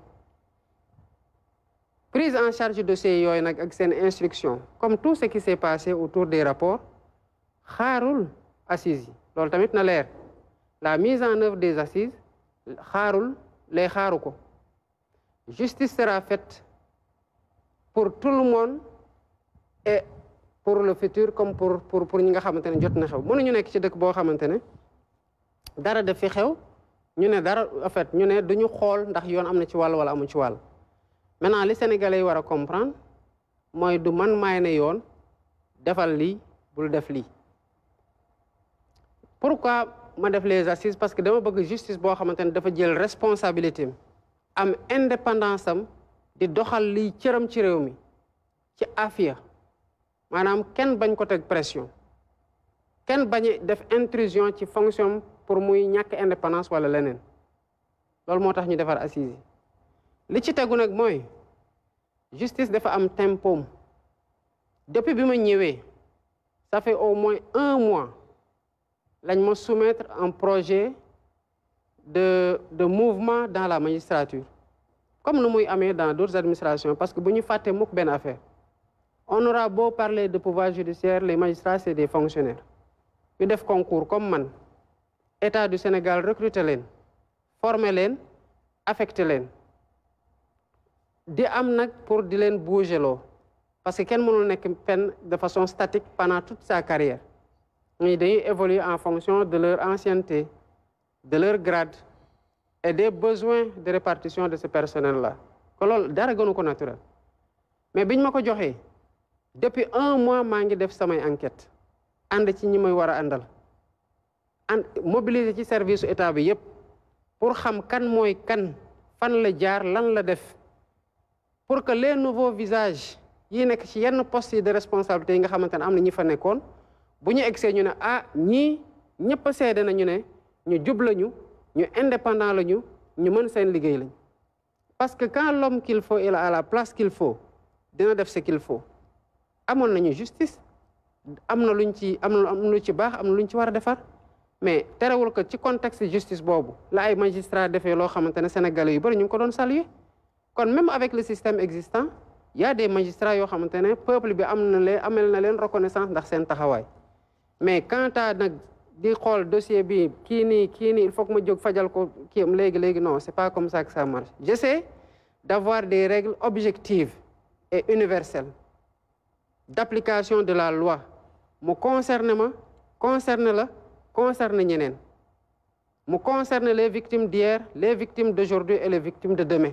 prise en charge de ces yoyes ak ses instructions, comme tout ce qui s'est passé autour des rapports xaarul assises yi loolu tamit na leer la mise en œuvre des assises xaarul les xaaru justice sera faite pour tout le monde et pour le futur comme pour pour pour ñi nga xamante jot na xew ñu nekk ci dëkk bo xamantene dara daf fi xew ñu né dara en fait ñu né duñu xol ndax yoon amna ci wala amu ci wal maintenant li sénégalais yi war a comprendre mooy du man maay ne yoon defal lii bul def lii pourquoi ma def les assises parce que dama bëgg justice boo xamante ne dafa jël responsabilité am indépendance am di doxal lii cëram ci réew mi ci afia maanaam kenn bañ ko teg pression kenn bañ def intrusion ci fonction pour muy ñàkk indépendance wala leneen loolu moo tax ñu defar assises li ci tegu nag mooy justice de am tempo depuis je suis ça fait au moins un mois lañ soumettre un projet de mouvement dans la magistrature comme nous muy dans d'autres administrations parce que nous faté fàtte mukk on aura beau parler de pouvoir judiciaire les magistrats c'est des fonctionnaires ñu def concours comme man état du Sénégal recrute les former les, affecte les di am nak pour di bouger lo parce que ken ne nek pen de façon statique pendant toute sa carrière mais dañuy évoluer en fonction de leur ancienneté de leur grade et des besoins de répartition de ce personnel là ko lol dara gënu ko naturel mais biñ mako joxé depuis un mois ma ngi def samay enquête and ci ñi may wara andal mobiliser ci service état bi yépp pour xam kan mooy kan fan la jaar lan la def pour que les nouveaux visages yi nekk ci yenn postes yi de responsabilité yi nga xamante ne am na ñi fa nekkoon bu ñu egsee ñu ne ah ñii ñëpp a seede ñu ne ñu jub lañu ñu indépendant lañu ñu mën seen liggéey lañ parce que quand l'homme qu'il faut il a la place qu'il faut dina def ce qu'il amoon nañu justice am na luñ ci am na lu ci baax am na luñ ci war a defar mais terewul que ci contexte justice boobu la ay magistrat defee loo xamante ne sénégalais yu bëri ñu ko doon saluer Quand même avec le système existant il y a des magistrats qui ont le peuple bi am na amel na reconnaissance ndax mais quand à a di dossier bi kii il faut que je me fajal ko kii am non c'est pas comme ça que ça marche j'essaie d'avoir des règles objectives et universelles d'application de la loi Je concerne concerné concerne la concerne ñeneen concerne les victimes d'hier les victimes d'aujourd'hui et les victimes de demain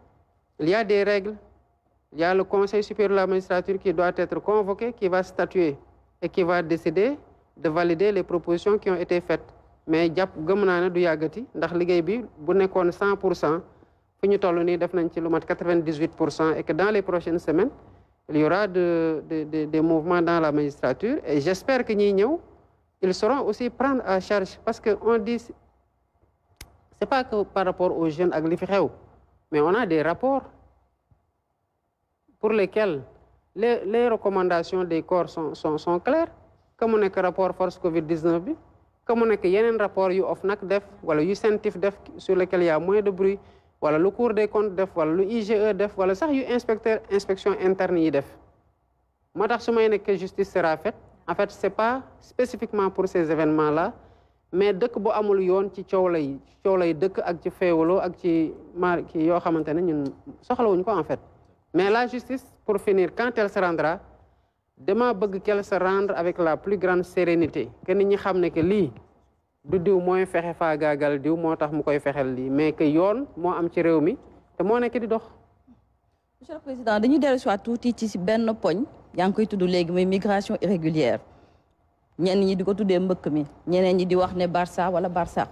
Il y a des règles. Il y a le Conseil supérieur de la magistrature qui doit être convoqué, qui va statuer et qui va décider de valider les propositions qui ont été faites. mais il y a du Yagati ndax bi bu et que dans les prochaines semaines il y aura de des mouvements dans la magistrature et j'espère que nous, ils seront aussi prendre à charge parce que on dit c'est pas que par rapport aux jeunes ak mais on a des rapports pour lesquels les, recommandations des corps sont, claires. Comme on est que rapport force COVID-19, comme on est que y a un rapport yu OFNAC def, voilà, yu CENTIF def, sur lequel il y a moins de bruit, voilà, le cours des comptes def, voilà, le IGE def, voilà, ça, yu inspecteur, inspection interne yi def. Moi, que justice sera faite, en fait, ce n'est pas spécifiquement pour ces événements-là, mais dëkk bu amul yoon ci coow lay coow dëkk ak ci féewaloo ak ci mar ki yoo xamante ne ñun soxlawuñ ko en fait mais la justice pour finir quand elle se rendra dama bëgg qu'elle se rendre avec la plus grande sérénité que nit ñi xam ne que lii du diw mooy fexe faagaagal diw moo tax mu koy fexel lii mais que yoon moo am ci réew mi te moo nekk di dox monsieur le président dañuy dellu si waat tuuti ci benn poñ yaa ngi koy tudd léegi muy migration irrégulière ñenn ñi di ko tuddee mbëkk mi ñeneen ñi di wax ne barsa wala barsa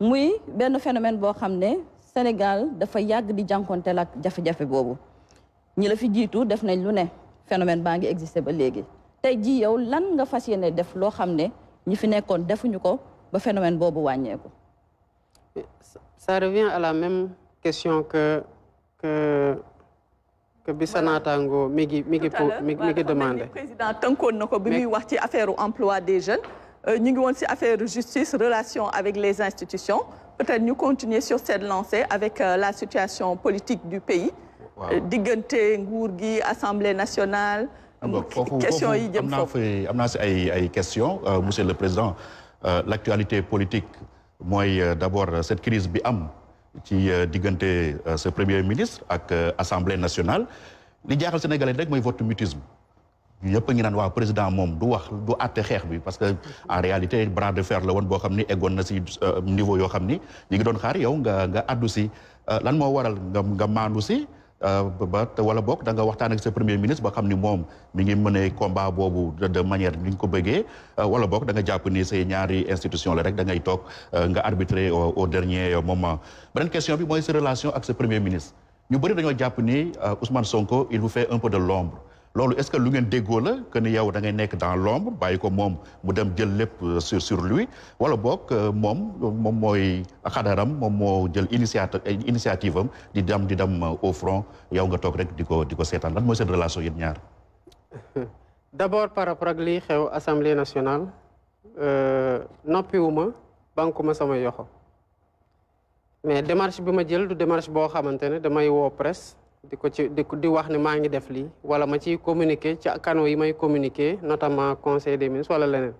muy benn phénomène boo xam ne Sénégal dafa yàgg di jànkonteel ak jafe-jafe boobu ñi la fi jiitu def nañ lu ne phénomène baa ngi existé ba léegi tey ji yow lan nga fas yéene def loo xam ne ñi fi nekkoon defuñu ko ba phénomène boobu wàññeeku. ça revient à la même question que. que Bissanatango mi pas mi ngi mi ngi président tënkoon na bi muy wax ci emploi des jeunes. nous euh, ngi woon ci affaire justice relation avec les institutions peut-être nous continuer sur cette lancée avec euh, la situation politique du pays. Euh, diggante nguur assemblée nationale. Ah question yi jëm foofu am une question monsieur le président l'actualité politique mooy d'abord cette crise bi am. ci euh, diggante euh, ce premier ministre ak euh, assemblée nationale li jaaxal sénégalais rek mooy vote mutisme ñëpp a ngi naan waa président moom du wax du àtte xeex bi parce que en réalité bras de fer la woon boo xam ni eggoon na si niveau yoo xam ni ñu ngi doon xaar yow nga nga addu si lan moo waral nga nga maandu si Eh, wala eh, dengan da nga waxtaan ak sa premier ministre ba xam ni moom mi ngi mëne combat boobu de manière ni nga ko bëggee wala bokk da nga jàpp ni say ñaari institution la rek da ngay toog eh, nga arbitrer au dernier ya, moment beneen question bi sa relation ak sa premier ministre ñu bëri dañoo ni Ousmane Sonko il vous fait un peu de l'ombre loolu est-ce que lu ngeen déggoo la que ne yow dangay nekk dans l'ombre bàyyi ko moom mu dem jël lépp euh, sur sur lui wala boog euh, moom moom mooy xadaram moom moo jël initiative initiative am di dem di dem euh, au front yow nga toog rek di ko di ko seetaan lan mooy seen relation yéen ñaar. d'abord par rapport ak lii xew assemblée nationale noppiwuma bankuma sama yoxo mais démarche bi ma jël du démarche boo xamante ne damay woo presse. di ko ci di wax ne maa ngi def lii wala ma ciy communiquer ci canaux yi may communiqué notamment conseil des ministres wala leneen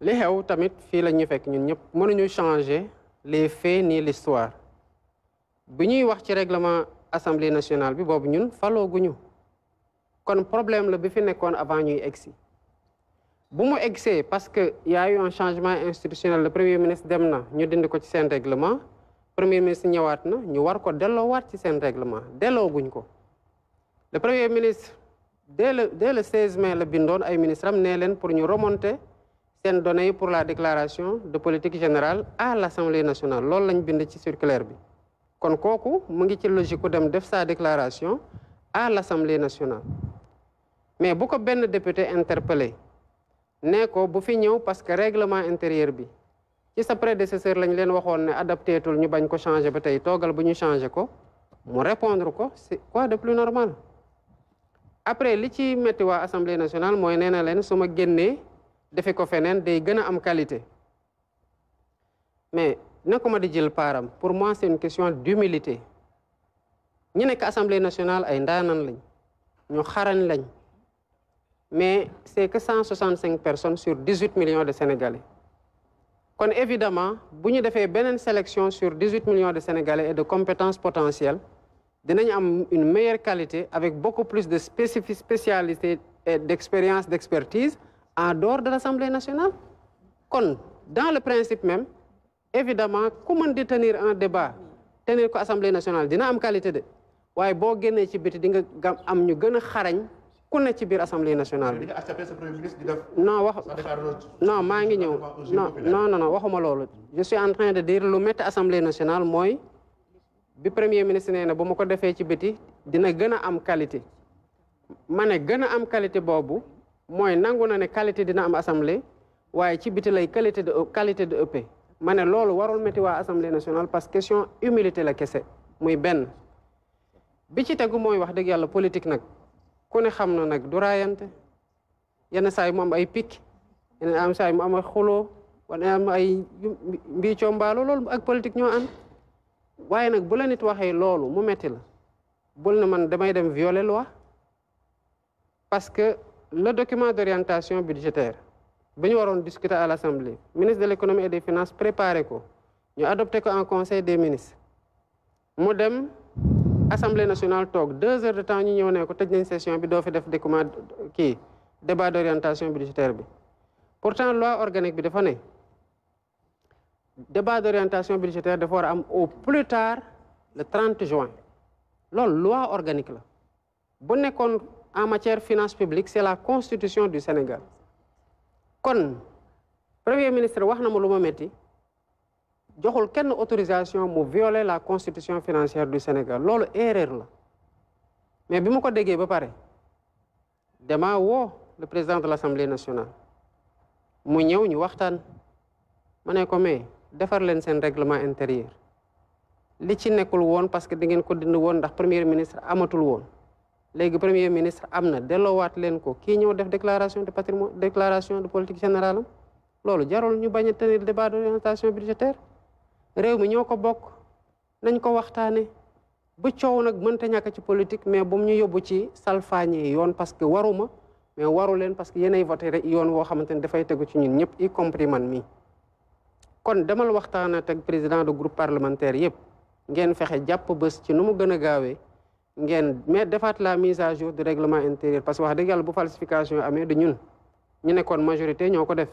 li xew tamit fii la ñu fekk ñun ñëpp mënuñu changer les faits ni l'histoire bi ñuy wax ci règlement assemblée nationale bi boobu ñun falooguñu kon problème la bi fi nekkoon avant ñuy egsi bu mu egsee parce que y a eu un changement institutionnel le premier ministre dem na ñu dindi ko ci seen règlement premier ministre ñëwaat na ñu war ko delo delloowaat ci seen règlement delo guñ ko le premier ministre dès le 16 mai le bindon ay ministre am nee leen pour ñu remonter seen données pour la déclaration de politique générale à l'Assemblée nationale lool lañ bind ci circulaire bi kon koku mu ngi ci logique dem def sa déclaration à l'Assemblée nationale mais bu ko ben député interpellé né ko bu fi ñëw parce que règlement intérieur bi Si sa prédécesseur a leen waxoon ne adapté tul ñu bañ ko changé ba tey toogal bu ñu changé ko mu répondre ko c'est quoi de plus normal après li ci metti waa assemblée nationale mooy nee na leen su ma génnee ko am qualité mais naka ma di jël pour moi c'est une question d'humilité ñu nekk assemblée nationale ay ndaanan lañ ñu xarañ lañ mais c'est que 165 personnes sur 18 millions de sénégalais donc évidemment si une faisons une sélection sur 18 millions de sénégalais et de compétences potentielles dinañ am une meilleure qualité avec beaucoup plus de spécialités, spécialité et d'expérience d'expertise en dehors de l'Assemblée nationale dans le principe même évidemment comment tenir un débat tenir l'Assemblée nationale dina une qualité de ku ne ci biir assemblée nationale bi. non wax non maa ngi ñëw non non waxuma loolu. je suis en de dire lu métti assemblée nationale mooy bi premier ministre nee na bu ma ko defee ci biti dina gën a am qualité. ma ne gën a am qualité boobu mooy nangu na ne qualité dina am assemblée waaye ci biti lay qualité de qualité de EP. ma ne loolu warul métti waa assemblée nationale parce que question humilité la kese muy benn bi ci tegu mooy wax dëgg yàlla politique nag. ku ne xam na nag du raayante yenn saa yi mu am ay picc yenn am saa yi mu am ay xuloo wala ay mbiicoo mbaalo loolu ak politique ñoo ànd waaye nag bu la nit waxee loolu mu metti la bul na man damay dem violer loi parce que le document d'orientation budgétaire bi ñu waroon discuter à l'Assemblée ministre de l'économie et des finance préparé ko ñu adopté ko en conseil des ministres mu dem assemblée nationale tok deux heures de temps ñu ñëw ne ko tej nañ session bi do fi def document ki débat d'orientation budgétaire bi pourtant loi organique bi dafa né débat d'orientation budgétaire dafa war am au plus tard le 30 juin lool loi organique la bu en matière finance publique c'est la constitution du Sénégal kon premier ministre wax na ma lu ma joxul kenn autorisation mu violer la constitution financière du Sénégal loolu erreur la mais bi ma ko déggee ba pare dama woo le président de l'Assemblée nationale mu ñëw ñu waxtaan ma ne ko mais defar leen seen règlement intérieur li ci nekkul woon parce que di ngeen ko dind woon ndax premier ministre amatul woon léegi premier ministre am na delloowaat leen ko kii ñëw def déclaration de patrimoine déclaration de politique générale am loolu jarul ñu bañ a tenir débat d'orientation budgétaire réew mi ñoko bok bokk nañ ko waxtane bu ciow nak mënta ñaka ci politique mais bu ñu yobbu ci salfañi yoon parce que waruma mais waru len parce que yéenay voté rek yoon wo xamante da fay tegu ci ñun ñep y compris man mi kon demal waxtana tak président du groupe parlementaire yep ngeen fexé japp bëss ci numu gëna gaawé ngeen mais la mise à jour du règlement intérieur parce que wax dëgg yalla bu falsification amé du ñun ñu nekkon majorité ñoko def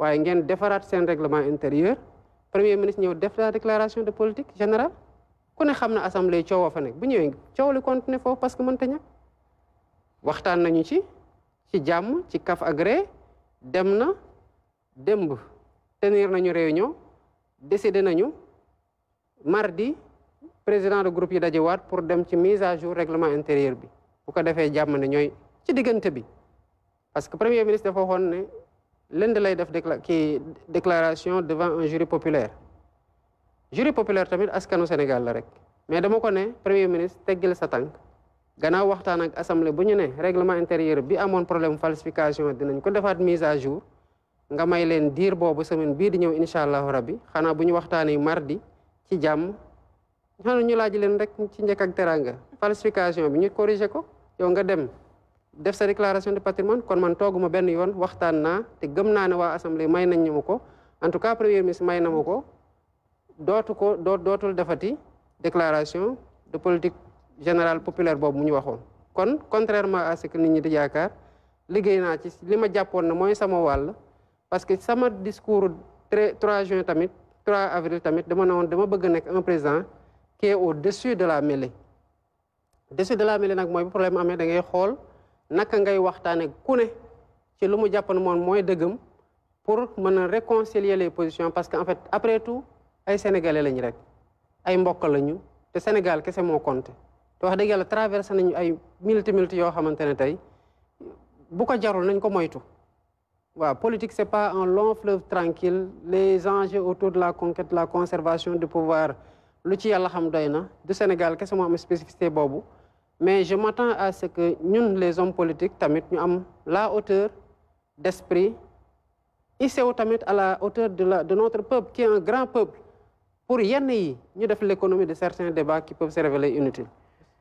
waye ngeen defaraat sen règlement intérieur premier ministre ñëw def la déclaration de politique générale ku ne xam na assemblée coowoo fa nekk bu ñëwee coow li continuer foofu parce que mënta ñàkk waxtaan nañu ci ci jàmm ci kaf agré dem na démb tenir nañu réunion décidé nañu mardi président de groupe yi dajewaat pour dem ci mise à jour règlement intérieur bi bu ko defee jàmm ne ñooy ci diggante bi parce que premier ministre dafa waxoon lënd lay def kii déclaration devant un jury populaire jury populaire tamit askanu Sénégal la rek mais dama ko ne premier ministre teggil sa tànk gannaaw waxtaan ak assemblée bu ñu ne règlement intérieur bi amoon problème falsification dinañ ko defaat mise à jour nga may leen diir boobu semaine bii di ñëw incha allahu rabbi xanaa bu ñu waxtaanee mardi ci jàmm xanaa ñu laaj leen rek ci njëkk ak teranga falsification bi ñu corrigé ko yow nga dem. def sa déclaration de patrimoine kon man tooguma benn yoon waxtaan naa te gëm naa ne waa assemblée may nañ ñu ma ko en tout cas premier ministre may na ma ko dootu ko doo dootul defati déclaration de politique générale populaire boobu mu ñu waxoon. kon contrairement à que nit ñi di yaakaar liggéey naa ci li ma jàppoon na mooy sama wàll parce que sama discours très 3 juin tamit 3 avril tamit dama ne woon dama bëgg nekk un président qui est au-dessus de la mêlée. au-dessus de la mêlée nag mooy bu problème amee xool. naka ngay waxtaane ku ci lu mu jàppoon moom mooy dëggam pour mën a réconcilier les positions parce que en fait après tout ay sénégalais lañu rek ay mbokk lañu te Sénégal kese moo compté te wax dëgg yàlla traversé nañu ay multi multi yoo xamante ne tey bu ko jarul nañ ko moytu waaw politique c'est pas un long fleuve tranquille les enjeux autour de la conquête la conservation du pouvoir lu ci yàlla xam doy na du Sénégal kese moo am spécificité boobu mais je m'attends à ce que nous, les hommes politiques tamit ñu la hauteur d'esprit ICO tamit à la hauteur de notre peuple qui est un grand peuple pour y aller. nous avons l'économie de certains débats qui peuvent se révéler inutiles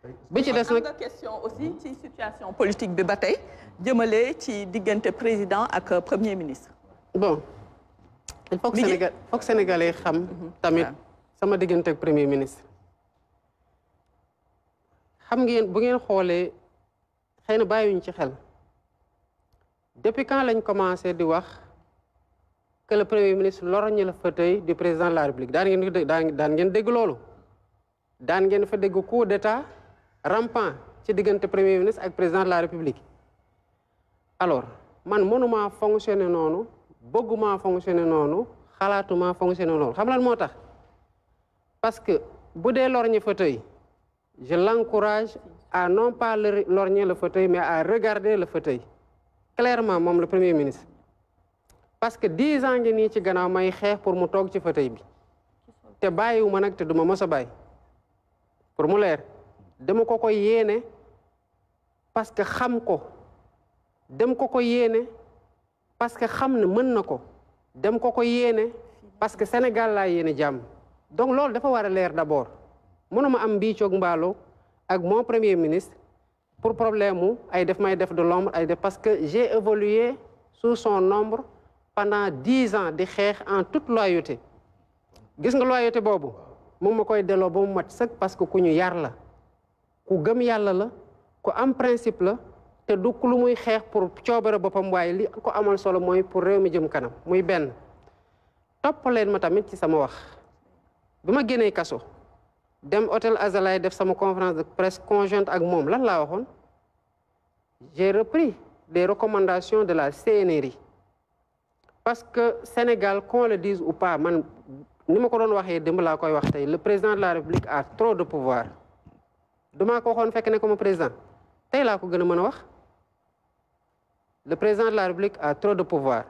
Je ci des question aussi la situation politique Je ba tey que ci êtes président et premier ministre bon il faut que les Sénégalais sachent que sénégalais xam mhm. tamit premier ministre xam ngeen bu ngeen xoolee xëy na bàyyiwuñ ci xel depuis quand lañ commencé di wax que le premier ministre lorgne la fauteuil du président de la république daan ngeen daan daan ngeen dégg loolu daan ngeen fa dégg coup d'état rampant ci diggante premier ministre ak président de la république alors man mënuma fonctionné noonu bëgguma fonctionné noonu xalaatuma fonctionné noonu xam lan moo tax parce que bu dee lorgne fauteuil je l'encourage à non pas lorgner le fauteuil, mais à regarder le fauteuil. Clairement, moom la Premier ministre. parce que dix ans ngi nii ci gannaaw may xeex pour mu toog ci fauteuil bi te bàyyiwuma nag te duma mos a bàyyi pour mu leer dama ko ko yéene parce que xam ko dem ko ko yéene parce que xam ne mën na ko dem ko ko yéene parce que Sénégal laa yéene jàmm donc loolu dafa war a leer d'abord ma am mbiicoog mbaalo ak mon premier ministre pour problème mu ay def may def de l'ombre ay def parce que j'ai évolué sous son ombre pendant dix ans di xeex en toute loyauté gis nga loyauté boobu moom ma koy delloo ba mu mat sëkk parce que ku ñu yar la ku gëm yàlla la ku am principe la te du lu muy xeex pour coobare boppam waaye li ko amoon solo mooy pour réew mi jëm kanam muy benn topp leen ma tamit ci sama wax bi ma génnee kaso dem hôtel Azalaï def sama conférence de presse conjointe ak mom lan la waxone j'ai repris les recommandations de la CNRI parce que Sénégal qu'on le dise ou pas man nima ko doon waxee dem la koy wax tay le président de la République a trop de pouvoir damaa ko waxoon fekk ne ko ma président tay la ko gëna mëna wax le président de la République a trop de pouvoir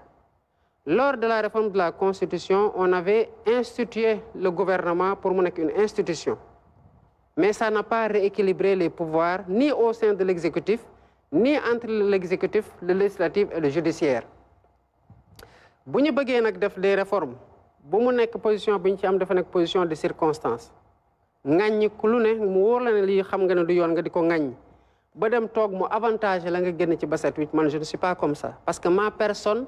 lors de la réforme de la Constitution, on avait institué le gouvernement pour mon une institution. Mais ça n'a pas rééquilibré les pouvoirs ni au sein de l'exécutif, ni entre l'exécutif, le législatif et le judiciaire. Si on veut faire des réformes bu mu nekk position positions ci am position de circonstances. Si ku lu ne mu réformes, la xam du avantage je ne suis pas comme ça parce que ma personne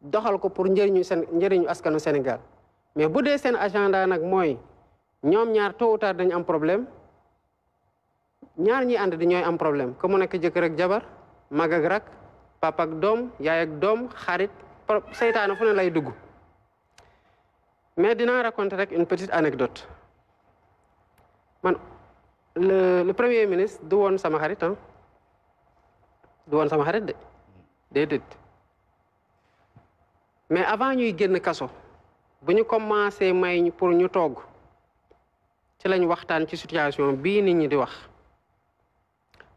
doxal ko pour njeriñu sen njeriñu askanu Senegal, mais bu sen seen agenda nak nyom ñom ñaar tôt ou tard am problème ñaar ñi and di am problème ko mu nek jëk rek jabar mag ak rak papa ak dom yaay ak dom xarit setan fu ne lay dugg mais dina raconter rek une petite anecdote man le le premier ministre du won sama xarit ah du won sama xarit de déedéet mais avant ñuy génn kaso buñu ñu commencé may pour ñu togg ci lañ waxtaan ci situation bi nit ñi di wax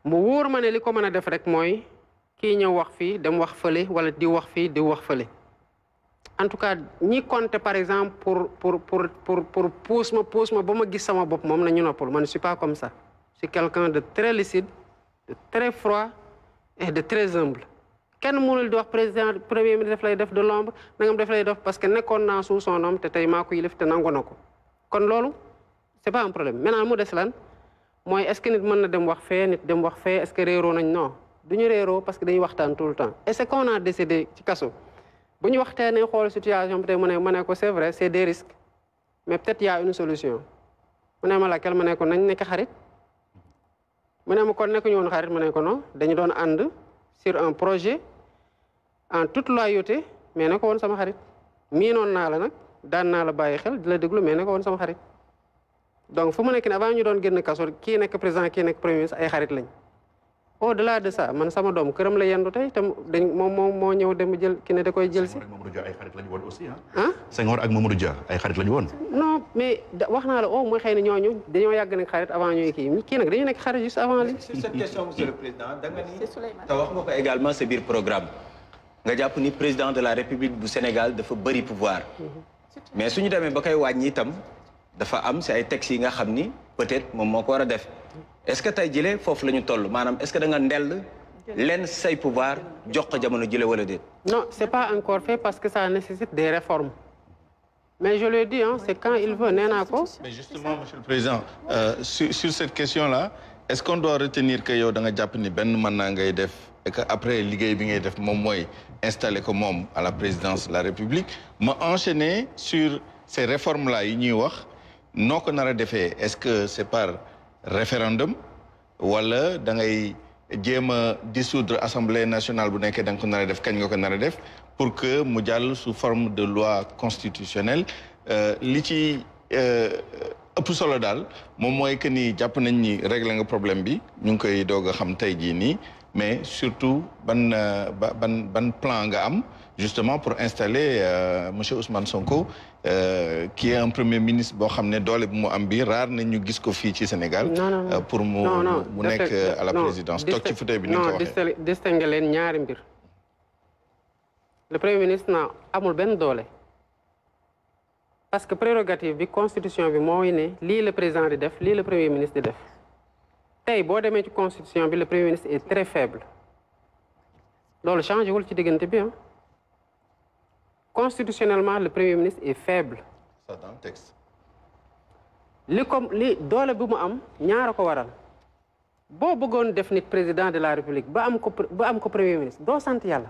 mu wóor ma ne li ko mën a def rek mooy kii ñëw wax fii dem wax fële wala di wax fii di wax fële en tout cas ñi compter par exemple pour pour pour pour pour puus ma puus ma ba ma gis sama bopp moom na ñu noppal man je suis pas comme ça je suis quelqu'un de très lucide de très froid et de très humble kenn mënul di wax président premier ministre daf lay def de l'ombre nangam daf lay def parce que nekkoon naa sous son nom te tey maa ko yilif te nangu na ko kon loolu c'est pas un problème maintenant mu des lan mooy est-ce que nit mën na dem wax fee nit dem wax fee est-ce que réeroo nañ non duñu ñu réeroo parce que dañuy waxtaan tout le temps et c'est qu'on a décidé ci kaso bu ñu waxtaanee xool situation bi tey mu ne ma ne ko c'est vrai c'est des risques mais peut-être y a une solution mu ne ma laquelle ma ne ko nañ nekk xarit mu ne ma kon nekk ñu woon xarit ma ne ko non dañu doon ànd sur un projet en toute loyauté mais ne ko woon sama xarit miinoon naa la nag daan naa la bàyyi xel di la déglu mais ne ko woon sama xarit donc fu mu nekk avant ñu doon génn kaso kii nekk président kii nekk premier ministre ay xarit lañ au delà de ça la yendu tey te moom moom moo ñëw dem jël ki da koy jël si. Senghor ak Mamadou Dia ay woon aussi ah. mais wax naa la oh mooy xëy na ñooñu dañoo yàgg nag xarit avant ñooy kii kii nag dañu nekk xarit juste avant li. sur cette question monsieur le président da nga ni. wax nga ko également sa programme. nga ni président de la république du Sénégal beaucoup pouvoir mm-hmm. mais am que peut-être mm-hmm. est-ce que tu que vous que est-ce que vous avez dit pouvoir jox ko jamono wala non c'est pas encore fait parce que ça nécessite des réformes mais je le dis hein, c'est quand il veut mais justement monsieur le président euh, sur cette question là est-ce qu'on doit retenir que yow da nga japp ni benn man naa ngay def et que après liggéey bi ngay def mom moy installer ko mom à la présidence de la République ma enchaîner sur ces réformes là yi ñuy wax noko nara défé est-ce que c'est par référendum wala da ngay jéem dissoudre assemblée nationale bu nekkee da ko nara def kañ nga ko nara def pour que mu jall sous forme de loi constitutionnelle euh, li ci euh, ëpp solo daal moom mooy que ni jàpp nañ ni régler nga problème bi ñu ngi koy doog a xam tey jii nii mais surtout ban euh, ban ban plan nga am justement pour installer euh, monsieur Ousmane Sonko euh, qui est un premier ministre boo xam ne doole bi mu am bi rare na ñu gis ko fii ci Sénégal. Euh, pour mu mu nekk à la présidence. toog ci fauteuil bi ni nga ko waxee non distingue leen ñaari mbir. le premier ministre na amul benn doole. parce que prérogative bi constitution bi moo mooy ne lii la président di def lii la premier ministre di def tey boo demee ci constitution bi la premier ministre est très faible loolu changé wul ci diggante bi ah constitutionnellement le premier ministre est faible. ça dans li comme li doole bi mu am ñaara ko waral boo bëggoon def nit président de la république ba am ko ba am ko premier ministre doo sant yàlla.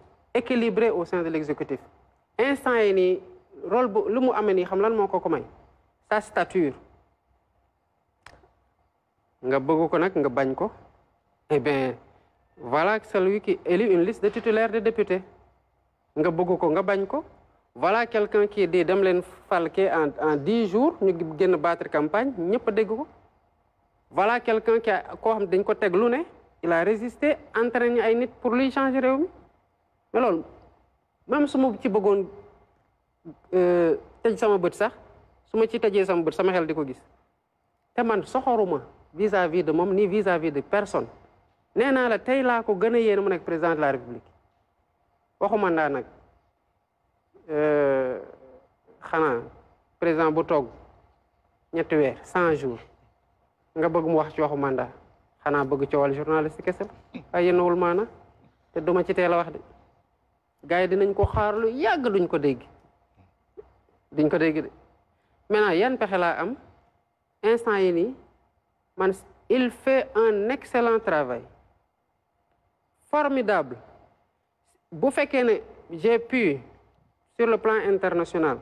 équilibré au sein de l'exécutif instant yi nii rôle bu lu mu je xam lan ko may sa stature nga bëgg ko nga bañ ko eh bien voilà celui qui élit une liste de titulaires de députés nga bëgg ko nga bañ ko voilà quelqu'un qui est aidé leen falke en en dix jours ñu génn battre campagne n'y a dégg ko voilà quelqu'un qui a koo xam côté ko il a résisté entraîné ay nit pour lui changer le mais loolu même su ma ci euh, sama bët sax su sama bët sama xel di ko gis te man soxoruma vis-à-vis de ni vis-à-vis de personne nee la tey laa ko gën a yéene mu nekk président de la république waxuma ndaa nag euh, xanaa président bu toog ñetti weer cent jours nga bëgg mu wax ci waxu mandat bëgg ay te duma ci wax gars yi dinañ ko xaar yàgg duñ ko dégg duñ ko dégg de maintenant yan pexe laa am instant yi nii man il fait un excellent travail formidable bu fekkee ne j'ai pu sur le plan international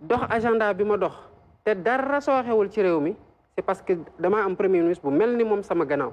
dox agenda bi ma dox te dara sooxewul ci réew mi c'est parce que damaa am premier ministre bu mel ni moom sama gannaaw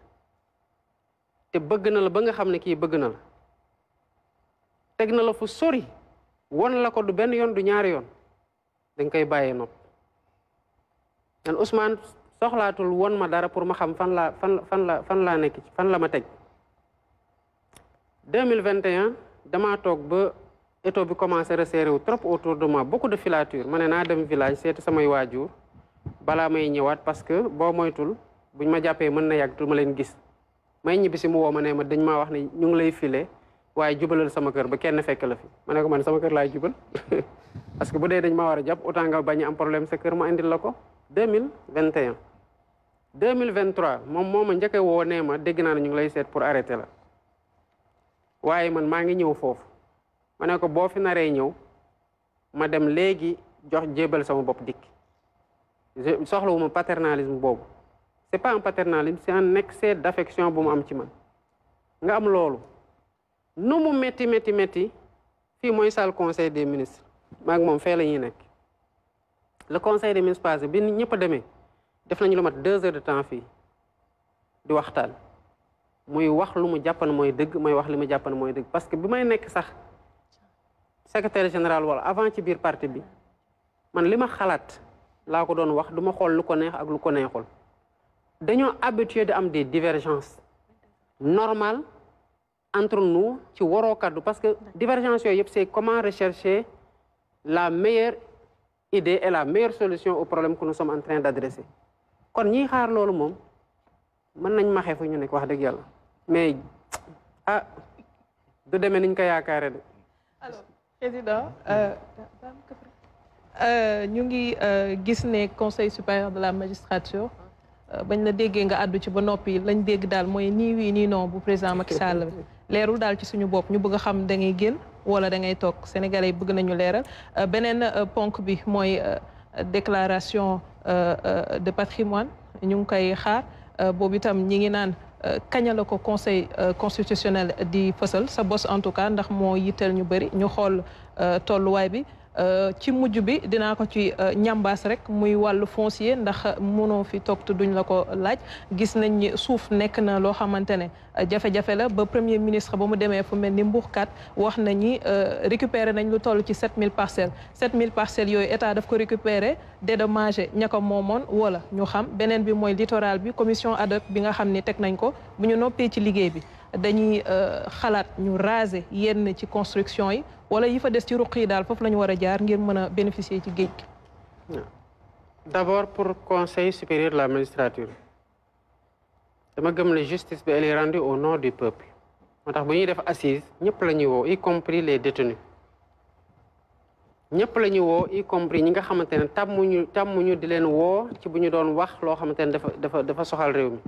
te bëgg na la ba nga xamne ki bëgg na la tegg na la fu sori won la ko du ben yon du ñaar yon da koy bàyyee nopp man Ousmane soxlaatul won ma dara pour ma xam fan la fan fan la fan la nekk fan la ma teg 2021 dama tok ba eto bi commencé resserré wu trop autour de moi beaucoup de filature mané na dem village seeti samay wajur bala may ñëwaat parce que bo moytul buñ ma jappé mën na yàgg du ma leen gis may ñibbi si mu woo ma ne ma dañ maa wax ne ñu ngi lay file waaye jubalal sama kër ba kenn fekk la fi ma ne ko man sama kër laay jubal parce que bu dee dañ maa war a jàpp autant nga bañ am problème sa kër ma indi la ko 2021 2023 moom moo ma njëkk woo nee ma dégg naa ne ñu ngi lay seet pour arrêter la waaye man maa ngi ñëw foofu ma ne ko boo fi naree ñëw ma dem léegi jox jébal sama bopp dikk soxlawuma paternalisme boobu c'est pas un paternalisme c'est un excès d'affection bu mu am ci man nga am loolu nu mu métti métti métti fii mooy salle conseil des ministres maag moom fee la ñuy le conseil des ministres passé bi ñëpp a demee def nañu lu mat deux heures de temps fii di waxtaan muy wax lu mu jàppan mooy dëgg mooy wax li mu jàppan mooy dëgg parce que bi may nekk sax secrétaire général wala avant ci biir parti bi man li ma xalaat laa ko doon wax du ma xool lu ko neex ak lu ko neexul dañoo habitué de am des divergences normales entre nous ci waroo kaddu parce que divergence yooyu c'est comment rechercher la meilleure idée et la meilleure solution au problème que nous sommes en train d'adresser kon ñiy xaar loolu moom mën nañ maxee fu ñu nekk wax dëgg yàlla mais ah du demee niñ ko yaakaare de alors président euh, euh, ñu ngi euh, gis ne conseil supérieur de la magistrature Euh, bañ la déggee nga àddu ci ba noppi lañ dégg daal mooy nii wii nii non bu président Macky Sall bi leerul daal ci suñu bopp ñu bëgg a xam dangay génn wala da ngay toog sénégalais bëgg nañu leeral euh, beneen euh, ponk bi mooy déclaration de patrimoine ñu ngi koy xaar boobu itam ñi ngi naan kañale ko conseil constitutionnel di fësal sa bos en tout cas ndax moo yitteel ñu bëri ñu xool tolluwaay bi Euh, ci mujj bi dinaa ko ci euh, ñambaas rek muy wàllu foncier ndax euh, mënoo fi toog te la ko laaj gis nañ ni suuf nekk na loo xamante ne jafe-jafe la ba premier ministre ba mu demee fu mel ni mbuurkat wax na ñi récupérer nañ lu toll ci mille parcelle parcelles mille parcelle yooyu état daf ko récupérer dédommagé ña ko moomoon wala ñu xam beneen bi mooy littoral bi commission ad hoc bi nga xam ni teg nañ ko bu ñu noppee ci liggéey bi dañuy xalaat ñu raser yenn ci construction yi wala yi fa dess ci ruqi dal daal lañu wara jaar ngir mëna bénéficier ci geej d'abord pour conseil supérieur de la magistrature dama gëm ne justice bi elle est rendue au nom du peuple motax bu ñuy def assise ñepp lañu wo y compris les détenus ñepp lañu wo y compris ñi nga xamantene ne tamuñu di leen wo ci buñu doon wax lo xamantene ne dafa dafa dafa soxal réew mi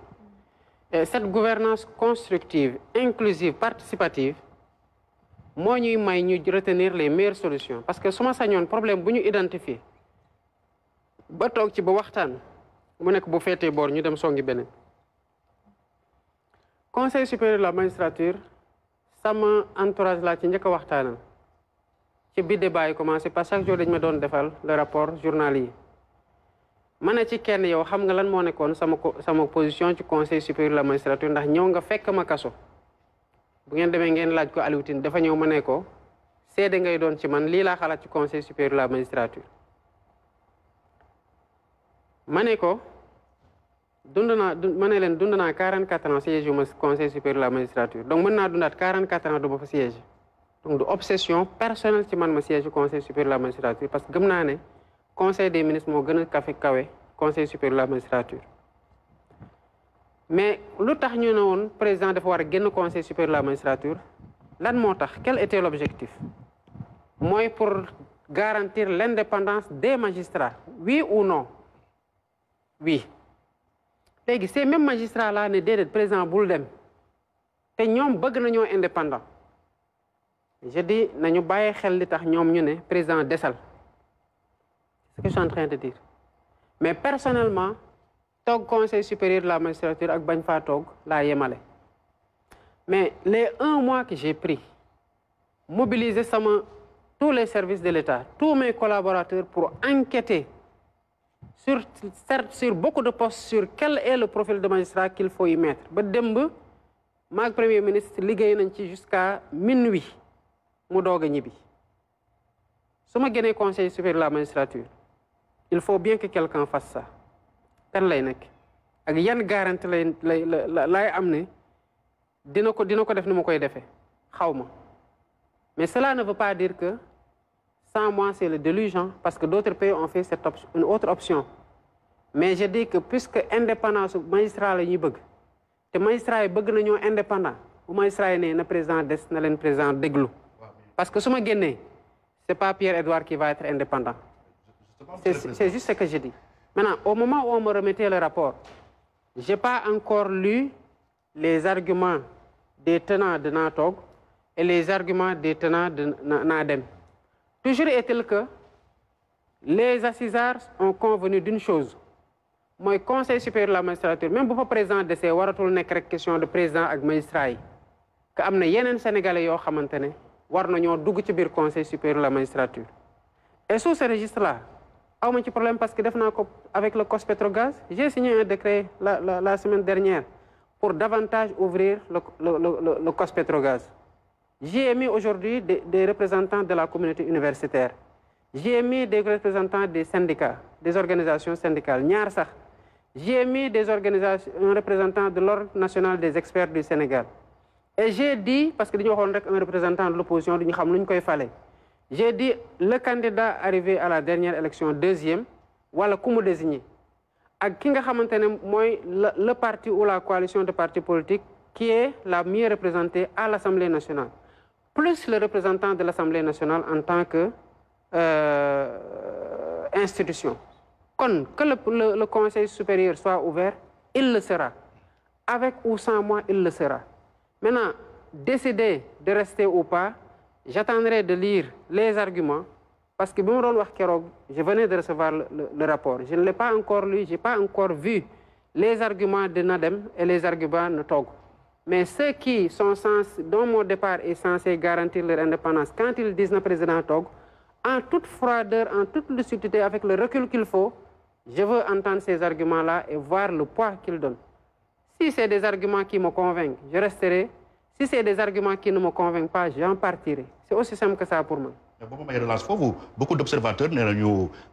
cette gouvernance constructive inclusive participative moo ñuy may ñu retenir les meilleures solutions parce que suma sañon problème bu ñu identifier ba tok ci ba waxtaan mu nek bu fété bor ñu dem songi benen conseil supérieur de la magistrature sama entourage la ci ñëk a ci bi débat yi commencé parce que chaque jour dañ ma doon défal le rapport journalier mané ci kenn yow xam nga lan mo sama sama position ci conseil supérieur de la magistrature ndax ñëw nga fekk ma kasso bu ngeen demee ngeen laaj ko Alioune dafa ñëw ma ne ko seede ngay doon ci man lii laa xalaat ci conseil supérieur la magistrature ma ne ko dund naa ma ne leen dund naa 44 ans siège ma conseil supérieur de la magistrature donc mën naa dundaat 44 ans du ma fa siège du obsession personnelle ci man ma siège conseil supérieur de la magistrature parce que gëm naa ne conseil des ministres moo gën a kafe kawe conseil supérieur la magistrature mais lu ñu ne président de war le conseil supérieur de la magistrature quel était l'objectif pour garantir l'indépendance des magistrats oui ou non oui ces mêmes magistrats là ne présents président bul dem te indépendants. indépendant je dis que nous xel li tax présents ñu ce que je suis en train de dire mais personnellement le conseil supérieur de la magistrature ak mais les un mois que j'ai pris mobiliser seulement tous les services de l'État tous mes collaborateurs pour enquêter sur sur beaucoup de postes sur quel est le profil de magistrat qu'il faut y mettre ba démb ma premier ministre l'a nañ jusqu'à minuit mu suis conseil supérieur de la magistrature il faut bien que quelqu'un fasse ça kan lay nekk ak yan garanti lay lay lay am ne dina ko dina ko def ni ma koy defee xaw ma mais cela ne veut pas dire que sans moi c'est le délugeant, parce que d'autres pays ont fait cette option une autre option mais je dis que puisque indépendance magistrat la ñuy bëgg te magistrat yi bëgg nañoo indépendant bu magistrat yi ne na président des na leen président déglu parce que su ma génnee c'est pas Pierre Edouard qui va être indépendant c'est juste ce que je dis Maintenant, au moment où on me remettait le rapport, je n'ai pas encore lu les arguments des tenants de NATOG et les arguments des tenants de NADEM. Toujours est-il que les assisards ont convenu d'une chose. Mon Conseil supérieur de la magistrature, même pour le président de ces waratul nek rek question de président ak magistrat que que amna yenen sénégalais yo xamantene war nañu ci bir Conseil supérieur de la magistrature. Et sous ce registre là, a problème parce que avec le cos j'ai signé un décret la semaine dernière pour davantage ouvrir le le j'ai mis aujourd'hui des représentants de la communauté universitaire j'ai mis des représentants des syndicats des organisations syndicales j'ai mis des organisations un représentant de l'ordre national des experts du Sénégal et j'ai dit parce que nous avons un représentant de l'opposition nous xam j'ai dit le candidat arrivé à la dernière élection deuxième voilà à la désigné ak le parti ou la coalition de partis politiques qui est la mieux représentée à l'Assemblée nationale plus le représentant de l'Assemblée nationale en tant que euh, institution. Quand que le Conseil supérieur soit ouvert il le sera avec ou sans moi il le sera maintenant décider de rester ou pas j'attendrai de lire les arguments parce que je venais de recevoir le, rapport. Je ne l'ai pas encore lu, je n'ai pas encore vu les arguments de Nadem et les arguments de Tog. Mais ceux qui sont sens, dont mon départ est censé garantir leur indépendance, quand ils disent le président Tog, en toute froideur, en toute lucidité, avec le recul qu'il faut, je veux entendre ces arguments-là et voir le poids qu'ils donnent. Si c'est des arguments qui me convainquent, je resterai si c'est des arguments qui ne me convainquent pas, j'en partirai. C'est aussi simple que ça pour moi. beaucoup d'observateurs nee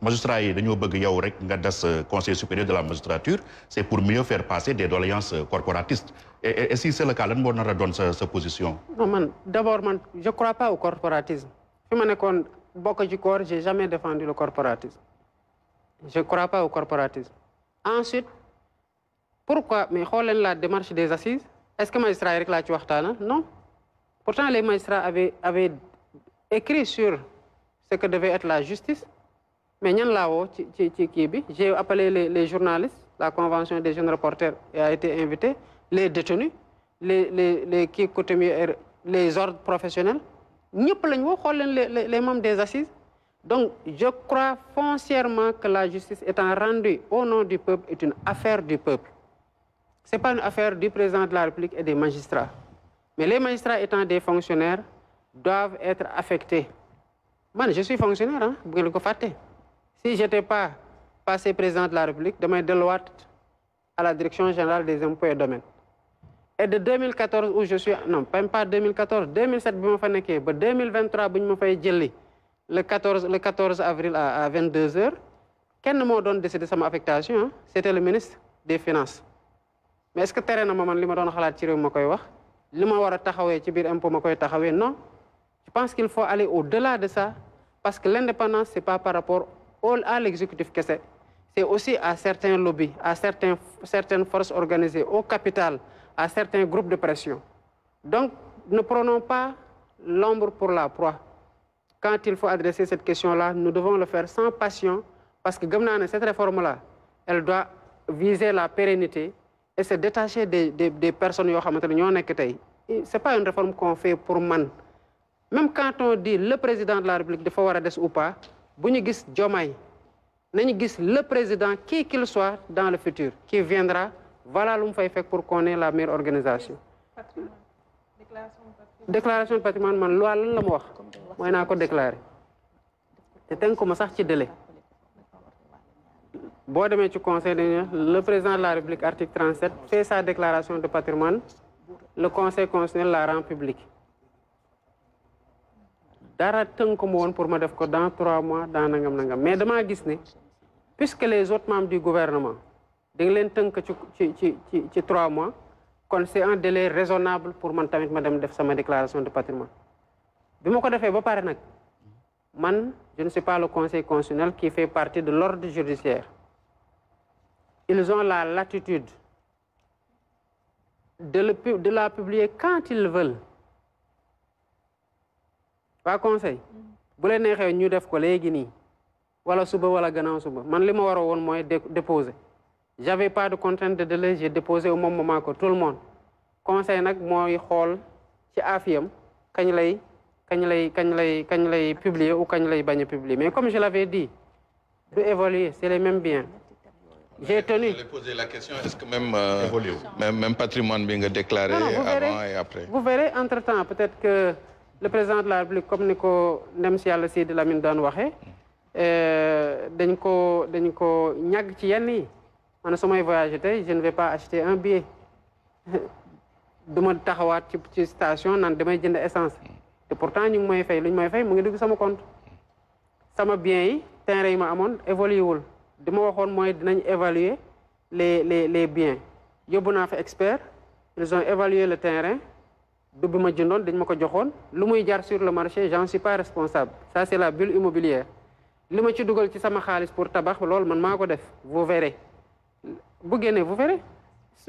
magistrats bëgg yow euh, conseil supérieur de la magistrature c'est pour mieux faire passer des doléances euh, corporatistes et, et si c'est le cas lan moo sa position d'abord je je crois pas au corporatisme Je n'ai corps j'ai jamais défendu le corporatisme je ne crois pas au corporatisme ensuite pourquoi mais la démarche des assises est-ce que le magistrat Eric réclame non pourtant les magistrats avaient écrit sur ce que devait être la justice mais ñan sommes j'ai appelé les journalistes la convention des jeunes reporters a été invitée les détenus les les les ordres professionnels Nous lañ les les membres des assises donc je crois foncièrement que la justice étant rendue au nom du peuple est une affaire du peuple ce n'est pas une affaire du président de la République et des magistrats. Mais les magistrats étant des fonctionnaires doivent être affectés. Moi, je suis fonctionnaire, hein, Si je n'étais pas passé président de la République, demain de loi à la direction générale des emplois et domaines. Et de 2014 où je suis, non, même pas 2014, 2007, 2023, le 14, le 14 avril à, 22h, quel nom m'a donné de cette affectation, hein. c'était le ministre des Finances mais est-ce que terrain na est man li de tirer ci réew ma wax que non je pense qu'il faut aller au-delà de ça parce que l'indépendance c'est pas par rapport au à l'exécutif que c'est aussi à certains lobbies à certains certaines forces organisées au capital à certains groupes de pression donc ne prenons pas l'ombre pour la proie quand il faut adresser cette question-là nous devons le faire sans passion parce que cette réforme-là elle doit viser la pérennité et se détacher des des des personnes qui ont été ñoo nekk Ce pas une réforme qu'on fait pour man même quand on dit le président de la république de Fawarades ou pas si on gis Djomay, le président qui qu'il soit dans le futur qui viendra voilà ce mu fay faire pour qu'on ait la meilleure organisation déclaration de patrimoine man loi que la ma wax je naa déclarer te ce délai le président de la république article 37 fait sa déclaration de patrimoine le conseil constitutionnel la rend publique dara pour dans trois mois dans mais demain puisque les autres membres du gouvernement ont trois mois c'est un délai raisonnable pour man tamit ma déclaration de patrimoine je ne suis pas le conseil constitutionnel qui fait partie de l'ordre judiciaire ils ont la latitude de, le, de la publier quand ils veulent. Pas conseil vous leen neexee ñu def ko léegi nii wala suba wala gannaaw suba man li ma war déposer j'avais pas de contrainte de délai j'ai déposé au même moment que tout le monde conseil nag mooy xool ci afiyam kañ lay kañ lay kañ lay lay publier ou kañ lay bañ publier mais comme je l'avais dit de évoluer, c'est les mêmes biens j'ai tenu. Je poser la question, est-ce que même, euh, même, patrimoine bien déclaré avant et après Vous verrez entre-temps, peut-être que le président de la République, comme nous avons dit, de la mine dañ ko dañ ko ci yenn yi acheter, je ne vais pas acheter un billet nous station nan nous essence nous pourtant ñu nous fay lu ñu fay mu ngi nous sama compte sama bien terrain ma nous dama waxone moy dinañ évaluer les les les biens yobuna fa expert ils ont évalué le terrain dubima bi dañ mako joxone joxoon lu muy jaar sur le marché j'en suis pas responsable ça c'est la bulle immobilière lima ci duggal ci sama xaliss pour tabax lol man mako def vous verrez bu génnee vous verrez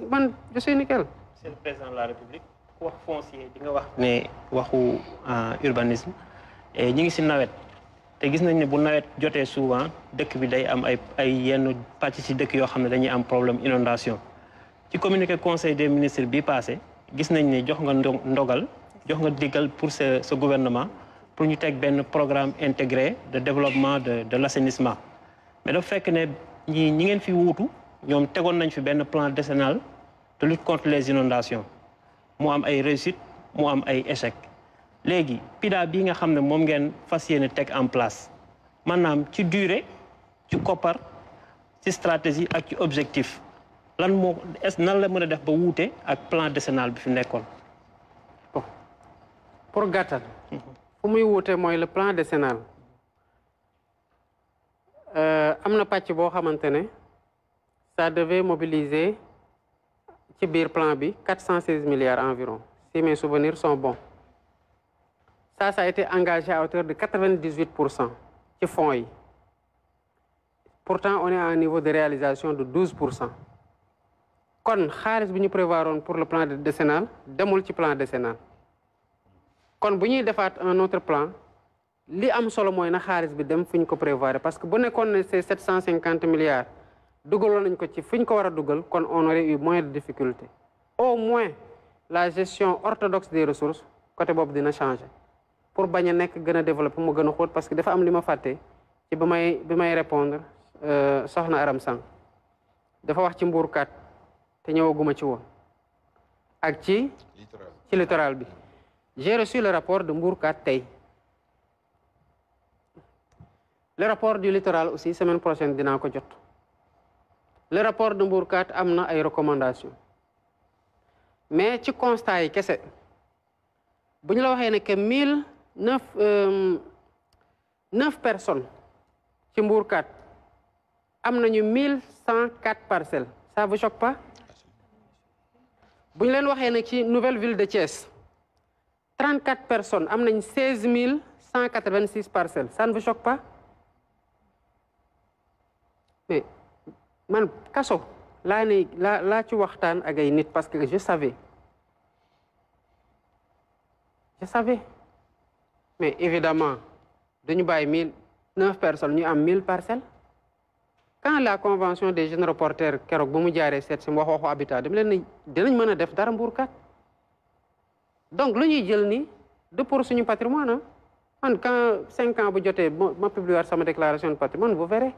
man je suis nickel. c'est le président de la république ku wax foncier di nga wax ne waxu euh, urbanisme et ñi ngi ci nawet. Et gis nañ né bu nawet souvent dëkk bi day am ay ay yenn pàcc ci dëkk yo xamné dañuy am problème inondation ci communiqué conseil des ministres bi passé gis nañ né jox nga ndogal jox nga pour ce ce gouvernement pour ñu teg un programme intégré de développement de de mais le fait né ñi ñi ngeen fi wuutu ñom tégon nañ fi plan décennal de lutte contre les inondations mo am ay réussites nous am ay échecs léegi PIDA bi nga xamné mom ngeen fas yéene en place manam ci durée ci copar ci stratégie ak ci objectif lan mo est nan la mëna def ba wouté ak plan décennal bi fi nekkoon. bon pour gatal fu muy wuute mooy le plan décennal euh amna patch bo xamante ça devait mobiliser ci biir plan bi 416 milliards environ si mes souvenirs sont bons. Ça, a été engagé à hauteur de 98% qui font. Pourtant, on est à un niveau de réalisation de 12%. Quand on bi ñu pour le plan décennal demul ci plan décennal quand on a un autre plan li am solo mooy na bi dem prévoir parce que si on avait 750 750 milliards ko ci fuñ ko on aurait eu moins de difficultés au moins la gestion orthodoxe des ressources côté boobu dina changer pour bañ a nekk gën a développé mu gën a parce que dafa am li ma fàtte ci bi may bi may répondre euh, soxna Aram Sang dafa wax ci mbuurkat te ñëwaguma ci woon ak ci ci littoral bi j'ai reçu le rapport de mbuurkat tey le rapport du littoral aussi semaine prochaine dinaa ko jot le rapport de mbuurkat am na ay recommandation mais ci constat yi kese bu la waxee ne que mille 9 euh, personnes qui ont Il 1104 parcelles. Ça ne vous choque pas? Si vous avez une nouvelle ville de Thiès, 34 personnes, il y 16 186 parcelles. Ça ne vous choque pas? Mais, man, Kasso, là, là, là, là tu vois, parce que je savais. Je savais mais évidemment nous avons 9 personnes nous avons 1000 parcelles quand la convention des jeunes reporters qui bu mu jaaree seet si habitants, wax waxu habitat nous avons ni dinañ donc nous avons jël ni pour suñu patrimoine ah. quand 5 ans bu jotee ma publier sama déclaration de patrimoine vous verrez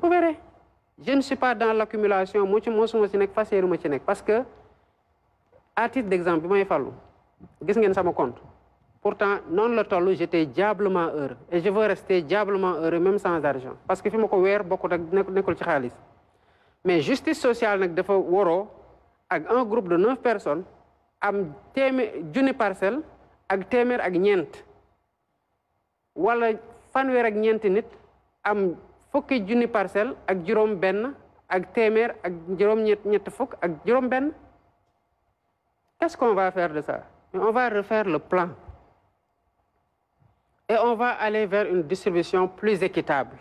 vous verrez je ne suis pas dans l'accumulation, je ne suis pas ci parce que à titre d'exemple, exemple bi may fàllu vous ngeen sama compte pourtant non la toll j'étais diablement heureux et je veux rester diablement heureux même sans argent parce que je suis beaucoup de Mais mais justice sociale c'est dafa waroo un groupe de neuf personnes am téeméer junni parcelle ak téeméer ak ñeent wala fanweer ak ñent nit am fukki junni parcelle ak juróom un ak téeméer ak juróom ñet ñet fukk ak juróom ben qu'est-ce qu'on va faire de ça on va refaire le plan et on va aller vers une distribution plus équitable.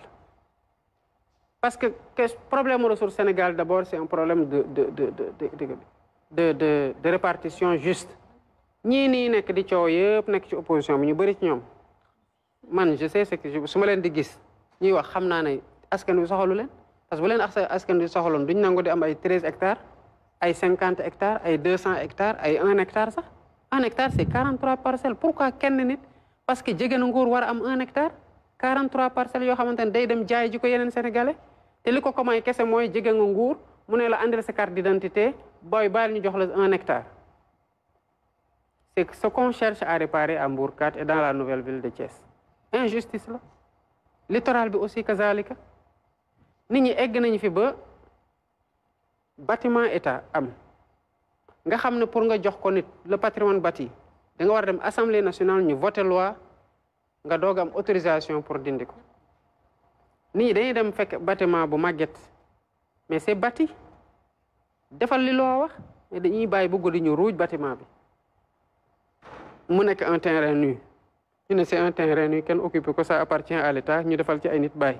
Parce que le problème au ressources Sénégal, d'abord, c'est un problème de, de, de, de, de, de, de, de, de, de répartition juste. Nous sommes tous les gens qui opposition, mais nous sommes tous Man, je sais ce que je veux dire. Je veux dire, est-ce que nous sommes tous les gens Parce que nous sommes tous les gens qui 13 hectares, 50 hectares, 200 hectares, 1 hectare. 1 hectare, c'est 43 parcelles. Pourquoi parce que jege na nguur war am un hectare 43 parcelles yoo xamante ne day dem jaay ji ko yeneen sénégalais te li ko ko kese mooy jege nga nguur mu ne la andil sa carte d'identité booy baal ñu jox la un hectare. c'est ce qu'on cherche à réparer à Mbour 4 et dans la nouvelle ville de Thiès injustice la littoral bi aussi kazalika nit ñi egg nañu fi ba bâtiment état am nga xam ne pour nga jox ko nit le patrimoine bâti da nga war dem assemblée nationale ñu voté loi nga doog am autorisation pour dindi ko nit ñi dañuy dem fekk batiment bu màgget mais c'est bati defal li loo dañuy bàyyi bu guddi ñu ruuj batiment bi mu nekk un terrain nu ñu ne c'est un terrain kenn occupé ko ça appartient à l'État ñu defal ci ay nit bàyyi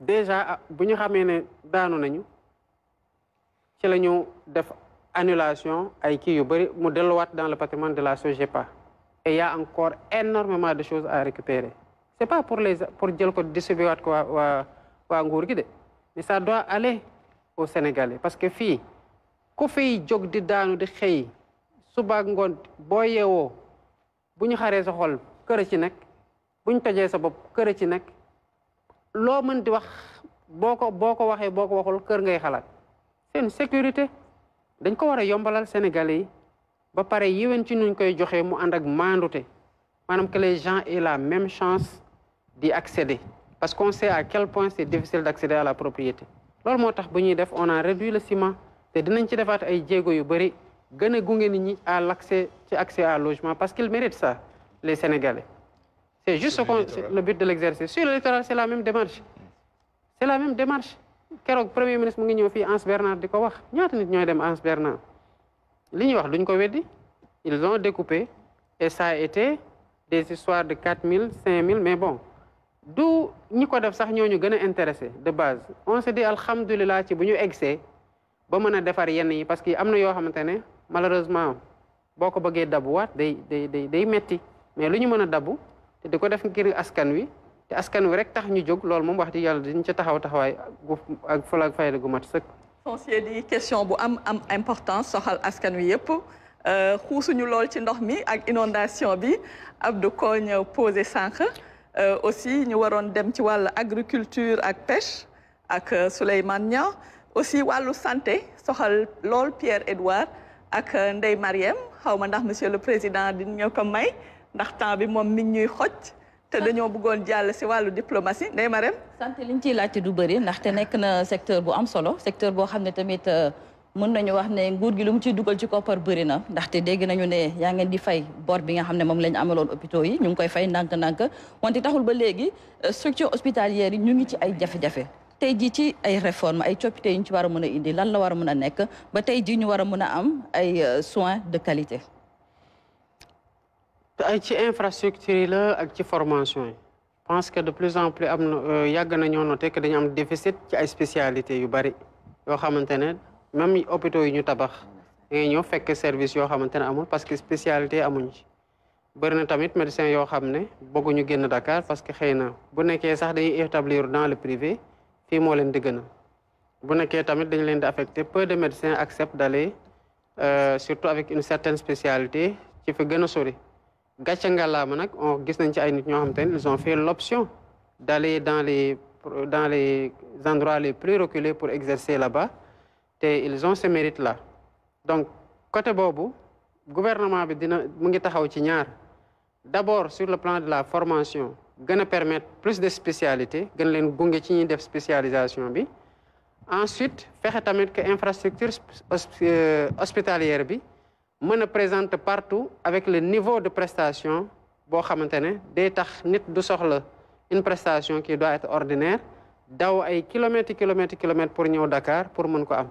déjà ah, bu ñu xamee ne daanu nañu ci la ñu def annulation ay yu dans le patrimoine de la SOGEPA et y a encore énormément de choses à récupérer c'est pas pour les que distribuer mais ça doit aller au Sénégalais parce que si c'est une sécurité dañ ko war a yombalal sénégalais yi ba pare yéwén ci nuñ koy joxee mu ànd ak maanaam que les gens aient la même chance d'y accéder parce qu'on sait à quel point c'est difficile d'accéder à la propriété loolu moo tax def on a réduit le ciment te dinañ ci defaat ay jéego yu bëri gën a nit ñi à l'accès ci accès à logement parce qu'ils méritent ça les sénégalais c'est juste le but de l'exercice sur le littoral c'est la même démarche c'est la même démarche keroog premier ministre mu ngi ñëw fi Anse Bernard di ko wax ñaata nit ñooy dem Anse Bernard li ñuy wax duñ ko weddi ils ont découpé et ça a été des histoires de quatre mille cinq mille mais bon du ñi ko def sax ñooñu gën a intéressé de base on se dit alhamdulilah ci bu ñu egsee ba mën a defar yenn yi parce que am na yoo xamante ne malheureusement boo ko bëggee dabuwaat day day day day metti mais lu ñu mën a dabu te di ko def ngir askan wi te askan wi rek tax ñu jog lool mom wax di yalla dañ ci taxaw taxawaay ak ak fayda gu mat sëkk. foncier di question bu am am importance soxal askan wi yëpp euh, xuusuñu lool ci ndox mi ak inondation bi Abdou poser sank euh aussi ñu waroon dem ci wàllu agriculture ak pêche ak euh, Souleymane nya aussi walu santé soxal lool Pierre edouard ak euh, ndey Mariem xawma ndax monsieur le président di ñu ko may ndax temps bi mom mi ñuy xoj. te dañoo bëggoon jàll si wàllu diplomatie Ndeye Marème santé liñ ciy laajte du bëri ndaxte nekk na secteur bu am solo secteur boo xam ne tamit euh, mën nañu wax ne nguur gi lu mu ciy dugal ci koppar bëri na ndaxte dégg nañu ne yaa ngeen di fay bor bi nga xam ne moom lañ amaloon hôpitaux yi ñu ngi koy fay ndànk-ndànk wante taxul ba léegi euh, structure hospitalière yi ñu ngi ci ay jafe-jafe tey jii ci ay réforme ay coppite yi ñu ci war a mën a indi lan la war a mën a nekk ba tey jii ñu war a mën a am ay euh, soins de qualité te ci infrastructure yi la ak ci formation je pense que de plus en plus am na euh, yàgg na ñoo noté que dañu am déficit ci ay spécialités yu bari yoo xamante ne même hôpitaux yi ñu tabax dangay ñëw fekk service yoo xamante ne amul parce que spécialité amuñ ci bëri na tamit médecin yoo xam ne bëgguñu génn Dakar parce que xëy na bu nekkee sax dañuy établir dans le privé fii moo leen di gën a bu nekkee tamit dañu leen di affecté peu de médecins acceptent d'aller euh, surtout avec une certaine spécialité ci fi gën a sori ils ont fait l'option d'aller dans les dans les endroits les plus reculés pour exercer là-bas Et ils ont ce mérite là donc côté le gouvernement bi dina mu ngi taxaw d'abord sur le plan de la formation gëna permettre plus de spécialités, gën leen gunge ci def spécialisation ensuite faire tamit que infrastructure euh, hospitalière bi me présente partout avec le niveau de prestation bon xamante ne day tax nit du soxla une prestation qui doit être ordinaire daw ay kilomètres kilomètres kilomètres pour ñëw Dakar pour mën ko am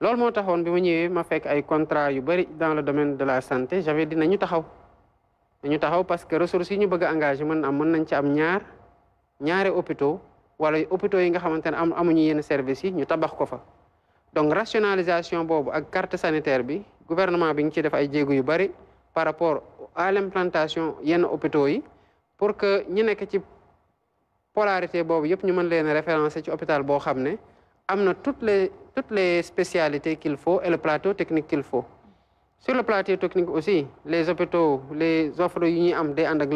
loolu moo taxoon bi ma ma fekk ay contrat yu dans le domaine de la santé j'avais dit nañu taxaw nañu taxaw parce que ressources yi ñu bëgg a engagé mën am mën nañ ci am ñaar ñaari hôpitaux wala hôpitaux yi nga xamante am amuñu yenn service yi ñu tabax ko fa donc rationalisation bob, ak carte sanitaire bi gouvernement par rapport à l'implantation yenn hôpitaux pour que ñi polarités ci polarité boobu ñu toutes les spécialités qu'il faut et le plateau technique qu'il faut sur le plateau technique aussi les hôpitaux les offres yu ñuy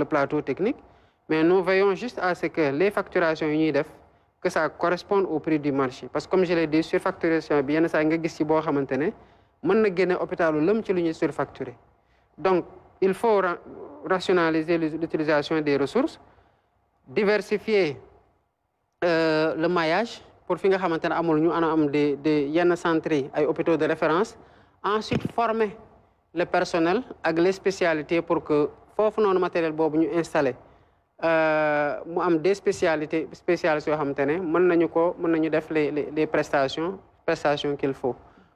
le plateau technique mais nous veillons juste à ce que les facturations correspondent que ça corresponde au prix du marché parce que comme je l'ai dit sur bi yenn saa nga gis ci mën na génne hôpitalu lëm ci lu ñuy surfacturé donc il faut rationaliser l'utilisation des ressources diversifier euh, le maillage pour fi nga xamante ne amul ñu ana am des des yenn centres yi ay hôpitaux de référence ensuite former le personnel avec les spécialités pour que foofu noonu matériel boobu ñu installé euh, mu am des spécialités spécialistes yoo xamante ne mën nañu ko mën nañu def les les prestations prestations qu'il faut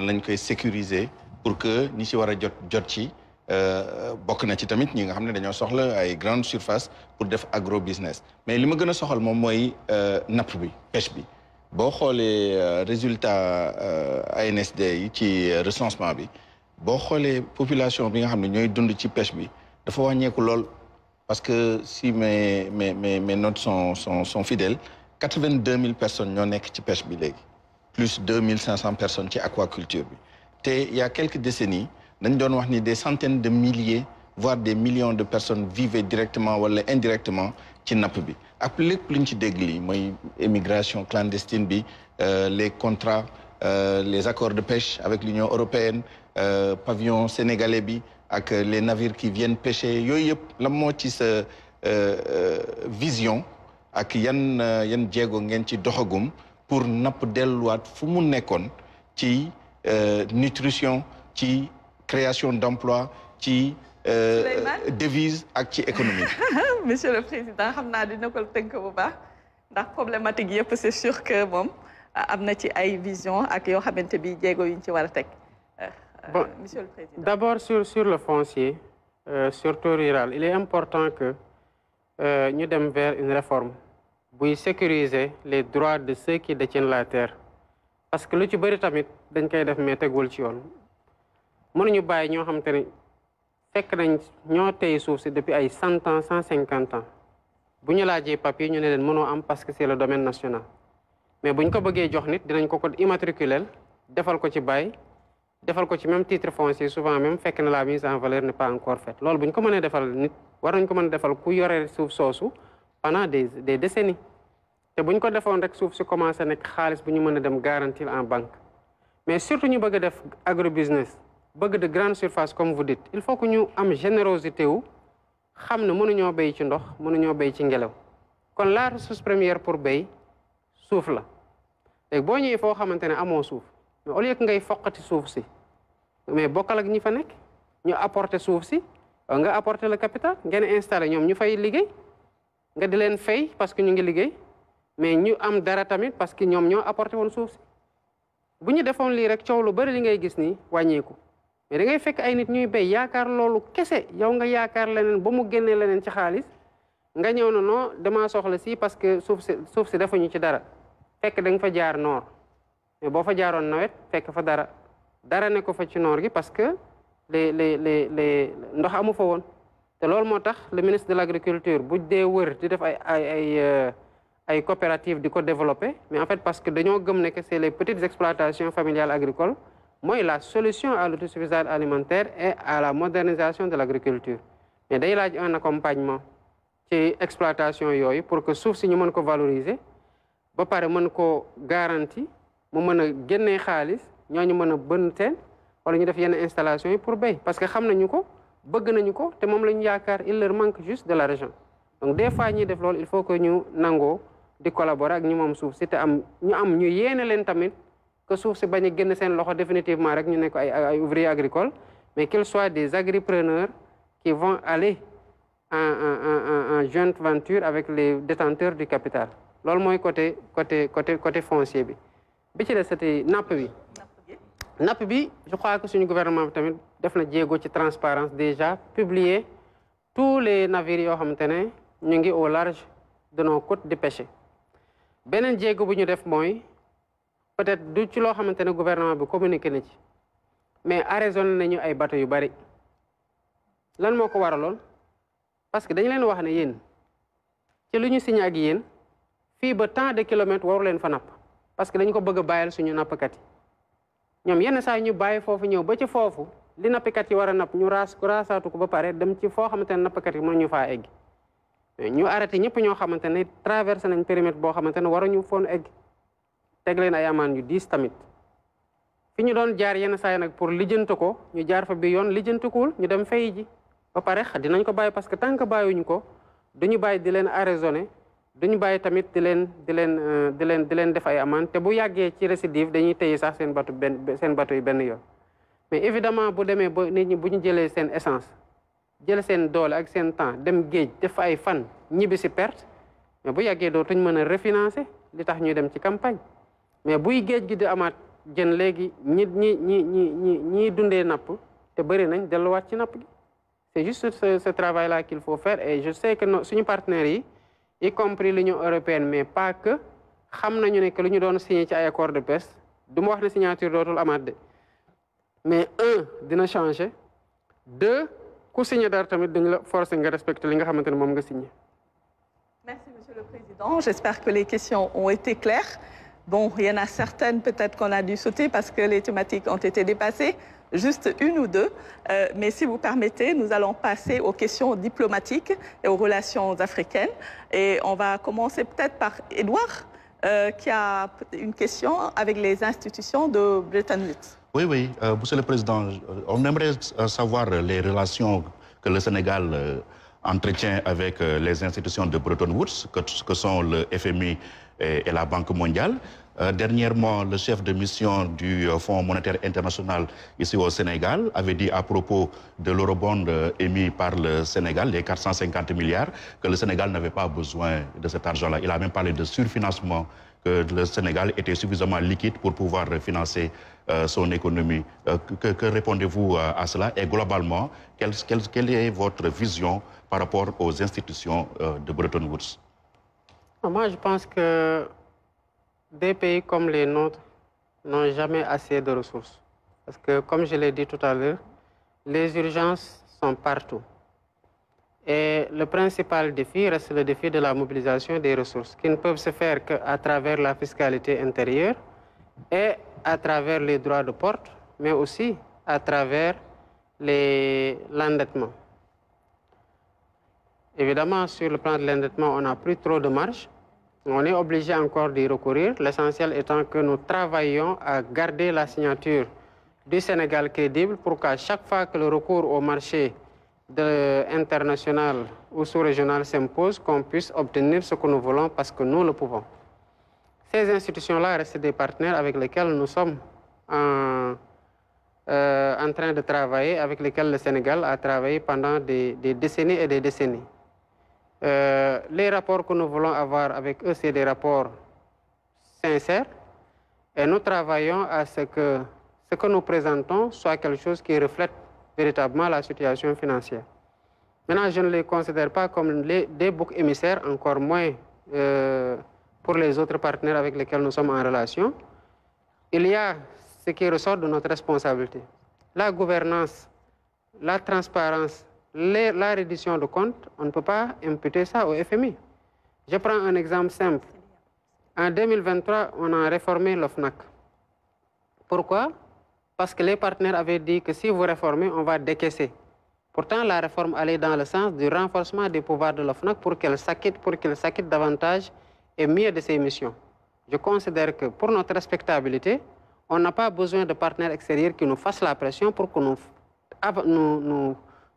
nan lañ koy sécuriser pour que ni ci wara jot jot ci euh bokk na ci tamit ñi nga xam dañoo soxla ay grande surface pour def agro business mais lima gëna soxal mom moy euh nap bi pêche bi bo xolé euh, résultat euh, ANSD yi ci euh, recensement bi bo xolé population bi nga xam ñoy dund ci pêche bi dafa wàññeeku lool parce que si mes mes mes mes notes sont sont sont fidèles 82000 personnes ñoo nekk ci pêche bi légui plus 2500 personnes qui aquaculture il y a quelques décennies nous avons ni des centaines de milliers voire des millions de personnes vivaient directement ou indirectement dans le bi ak lépp clandestine euh, les contrats euh, les accords de pêche avec l'Union européenne euh, pavillon sénégalais bi les navires qui viennent pêcher Il y la une vision avec yann Diego jéego ngeen ci pour napp deluat fumu nekon ci euh, nutrition ci création d'emploi ci euh, devise ak ci économie monsieur le président xamna naa dina ko tënk bu baax ndax problématique yep c'est sûr que mom euh, amna ci ay vision ak yo xamante bi jéego yuñ ci wara tek euh, monsieur le président d'abord sur sur le foncier surtout rural il est important que ñu dem vers une réforme buy sécuriser les droits de ceux qui détiennent la terre parce que lu ci bëri tamit dañ koy def mais tegul ci yoon mënuñu bàyyi ñoo xam te ne fekk nañ ñoo tey suuf si depuis ay cent ans cent cinquante ans bu ñu laajee papier ñu ne leen mënoo am parce que c'est le domaine national mais bu ñu ko bëggee jox nit dinañ ko ko immatriculer defal ko ci bail defal ko ci même titre foncier souvent même fekk na la mise en valeur n'est pas encore faite loolu bu ñu ko mënee defal nit war nañ ko mën a defal ku yore suuf soosu pendant des des décennies te bu ñu ko defoon rek suuf si commencé nekk xaalis bu ñu dem garantir en banque mais surtout ñu bëgg def agrobusiness bëgg de grande surface comme vous dites il faut que ñu am générosité wu xam ne mënuñoo béy ci ndox mënuñoo béy ci ngelaw kon la ressource première pour béy suuf la léegi boo ñëwee foo xamante ne amoo suuf mais au lieu que ngay foqati suuf si mais bokkal ak ñi fa nekk ñu apporter suuf si nga apporter le capital ngeen installé ñoom ñu fay liggéey nga di leen fay parce que ñu ngi liggéey mais ñu am dara tamit parce que ñoom ñoo apporté woon suuf si bu ñu defoon lii rek coow lu bari li ngay gis nii wàññeeku mais da ngay fekk ay nit ñuy béy yaakaar loolu kese yow nga yaakaar leneen ba mu génnee leneen ci xaalis nga ñëw na non damaa soxla si parce que suuf si suuf si defuñu ci dara fekk da nga fa jaar noor mais boo fa jaaroon nawet fekk fa dara dara ne ko fa ci noor gi parce que les les les les ndox amu fa woon. le ministre de l'Agriculture a bu dee a di def ay euh, coopérative mais en fait parce que nous gëm que les petites exploitations familiales agricoles sont la solution à l'autosuffisance alimentaire et à la modernisation de l'agriculture. mais day a un accompagnement ci exploitation yooyu pour que sauf si ñu mën ko valoriser ba pare mën ko garantie mu mën pour génnee xaalis ñooñu installation pour eux, parce que nous savons bëgg nañu ko te moom lañu ñu yaakaar il leur manque juste de la région. donc des fois ñuy def loolu il faut que ñu nangoo di collaborer ak ñu moom suuf si te am ñu am ñu yéene leen tamit que suuf si bañ a génn seen loxo définitivement rek ñu nekk ay ay ouvriers agricoles mais qu'ils soient des agripreneurs qui vont aller en en en en joint venture avec les détenteurs du capital loolu mooy côté côté côté côté foncier bi bi ci des napp bi. napp bi je crois que suñu gouvernement bi tamit def na jéego ci transparence déjà publier tout les navires yoo xamante ne ñu ngi au large de nos côtes di beneen jéego bu ñu def mooy peut-être du ci loo xamante ne gouvernement bi communiqué na ci mais arraisonné nañu ay bateau yu bari lan moo ko waraloon parce que dañu leen wax ne yéen ci lu ñu signé ak yéen fii ba tant de kilomètres waru leen fa napp parce que dañ ko bëgg a suñu nappkat yi ñoom yenn saa yi ñu bàyyi foofu ñëw ba ci foofu li nappkat yi war a napp ñu raas raasaatu ko ba pare dem ci foo xamante ne nappkat yi mën ñu faa egg ñu arrêté ñëpp ñoo xamante ne traversé nañ périmètre boo xamante ne ñu foon egg teg a ay amaan yu diis tamit fi ñu doon jaar yenn saa yi nag pour lijjante ko ñu jaar fa bi yoon lijjantikuwul ñu dem fay ji ba pare dinañ ko bàyyi parce que tant que bàyyiwuñu ko duñu bàyyi di leen arraisonné du ñu bàyyi tamit di leen di leen euh, di leen di leen def ay amende te bu yàggee ci récidive dañuy téye sax seen batu benn seen batu yi benn yoon mais évidemment bu demee ba nit ñi bu ñu jëlee seen essence jël seen doole ak seen temps dem géej def ay fan ñibbi si perte mais bu yàggee dootuñ mën a réfinancer li tax ñuy dem ci campagne mais buy géej gi di amaat jën léegi ñi ñi ñi ñi ñi ñiy dundee napp te bëri nañ delluwaat ci napp gi c'est juste ce travail là qu'il faut faire et je sais que suñu partenaires yi y compris l'Union européenne mais pas que nous savons que signé ci accord de paix, nous avons wax un signature dootul paix, mais un dina changer, deux ku signé dara tamit dañu la forcé nga nous li nga signé. merci monsieur le président j'espère que les questions ont été claires bon il y en a certaines peut-être qu'on a dû sauter parce que les thématiques ont été dépassées juste une ou deux. Euh, mais si vous permettez, nous allons passer aux questions diplomatiques et aux relations africaines. Et on va commencer peut-être par Edouard, euh, qui a une question avec les institutions de Bretton Woods. Oui, oui, euh, Monsieur le Président, euh, on aimerait savoir les relations que le Sénégal entretient avec les institutions de Bretton Woods, que, que sont le FMI et la Banque mondiale. Euh, dernièrement, le chef de mission du euh, Fonds monétaire international ici au Sénégal avait dit à propos de l'eurobond euh, émis par le Sénégal, les 450 milliards, que le Sénégal n'avait pas besoin de cet argent-là. Il a même parlé de surfinancement que le Sénégal était suffisamment liquide pour pouvoir financer son économie. que, répondez-vous à cela Et globalement, quelle, est votre vision par rapport aux institutions de Bretton Woods Moi, je pense que des pays comme les nôtres n'ont jamais assez de ressources. Parce que, comme je l'ai dit tout à l'heure, les urgences sont partout. Et le principal défi reste le défi de la mobilisation des ressources, qui ne peuvent se faire qu'à travers la fiscalité intérieure et à travers les droits de porte, mais aussi à travers l'endettement. Évidemment, sur le plan de l'endettement, on n'a plus trop de marge, on est obligé encore d'y recourir, l'essentiel étant que nous travaillons à garder la signature du Sénégal crédible pour qu'à chaque fois que le recours au marché international ou sous-régional s'impose, qu'on puisse obtenir ce que nous voulons parce que nous le pouvons. Ces institutions-là restent des partenaires avec lesquels nous sommes en, euh, train de travailler, avec lesquels le Sénégal a travaillé pendant des décennies et des décennies. Euh, les rapports que nous voulons avoir avec eux, c'est des rapports sincères. Et nous travaillons à ce que ce que nous présentons soit quelque chose qui reflète véritablement la situation financière. Maintenant, je ne les considère pas comme les, des boucs émissaires, encore moins euh, pour les autres partenaires avec lesquels nous sommes en relation. Il y a ce qui ressort de notre responsabilité. La gouvernance, la transparence, la reddition de compte, on ne peut pas imputer ça au FMI. Je prends un exemple simple. En 2023, on a réformé l'OFNAC. Pourquoi Parce que les partenaires avaient dit que si vous réformez, on va décaisser. Pourtant, la réforme allait dans le sens du renforcement des pouvoirs de l'OFNAC pour qu'elle s'acquitte, pour qu'elle s'acquitte davantage et mieux de ses missions. Je considère que pour notre respectabilité, on n'a pas besoin de partenaires extérieurs qui nous fassent la pression pour que nous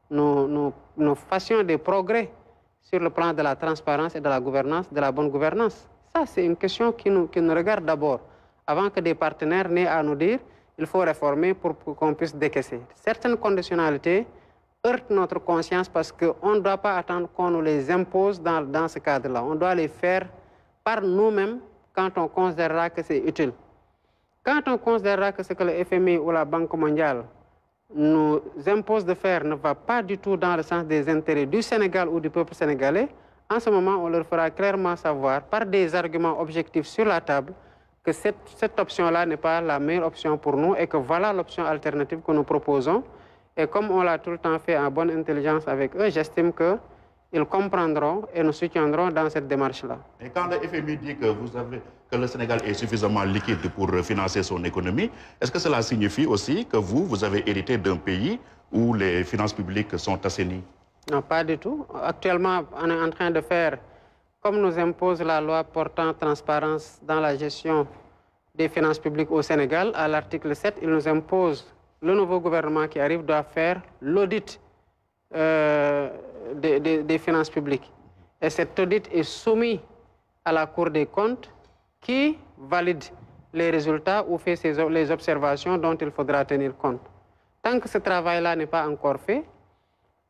nous fassions des progrès sur le plan de la transparence et de la gouvernance, de la bonne gouvernance. Ça, c'est une question qui nous, qui nous regarde d'abord, avant que des partenaires n'aient à nous dire il faut réformer pour, qu'on puisse décaisser. Certaines conditionnalités heurtent notre conscience parce qu'on ne doit pas attendre qu'on nous les impose dans, dans ce cadre-là. On doit les faire par nous-mêmes quand on considérera que c'est utile. Quand on considérera que ce que le FMI ou la Banque mondiale nous impose de faire ne va pas du tout dans le sens des intérêts du Sénégal ou du peuple sénégalais, en ce moment, on leur fera clairement savoir, par des arguments objectifs sur la table, que cette, cette option-là n'est pas la meilleure option pour nous et que voilà l'option alternative que nous proposons. Et comme on l'a tout le temps fait en bonne intelligence avec eux, j'estime que ils comprendront et nous soutiendront dans cette démarche-là. Et quand le FMI dit que, vous avez, que le Sénégal est suffisamment liquide pour financer son économie, est-ce que cela signifie aussi que vous, vous avez hérité d'un pays où les finances publiques sont assainies Non, pas du tout. Actuellement, on est en train de faire, comme nous impose la loi portant transparence dans la gestion des finances publiques au Sénégal, à l'article 7, il nous impose, le nouveau gouvernement qui arrive doit faire l'audit euh, des, des, finances publiques. Et cet audit est soumis à la Cour des comptes qui valide les résultats ou fait les observations dont il faudra tenir compte. Tant que ce travail-là n'est pas encore fait,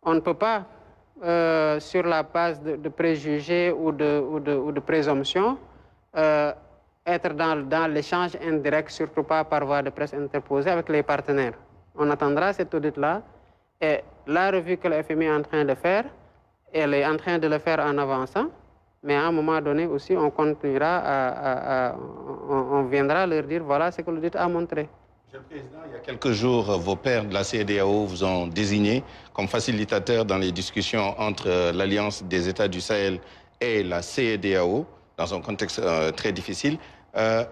on ne peut pas, euh, sur la base de, préjugés ou de, ou de, présomptions, euh, être dans, dans l'échange indirect, surtout pas par voie de presse interposée avec les partenaires. On attendra cet audit-là et la revue que la FMI est en train de faire, elle est en train de le faire en avançant, mais à un moment donné aussi, on continuera à, on, viendra leur dire voilà ce que l'audit a montré. Monsieur le Président, il y a quelques jours, vos pairs de la CEDAO vous ont désigné comme facilitateur dans les discussions entre euh, l'Alliance des États du Sahel et la CEDAO, dans un contexte euh, très difficile. Euh,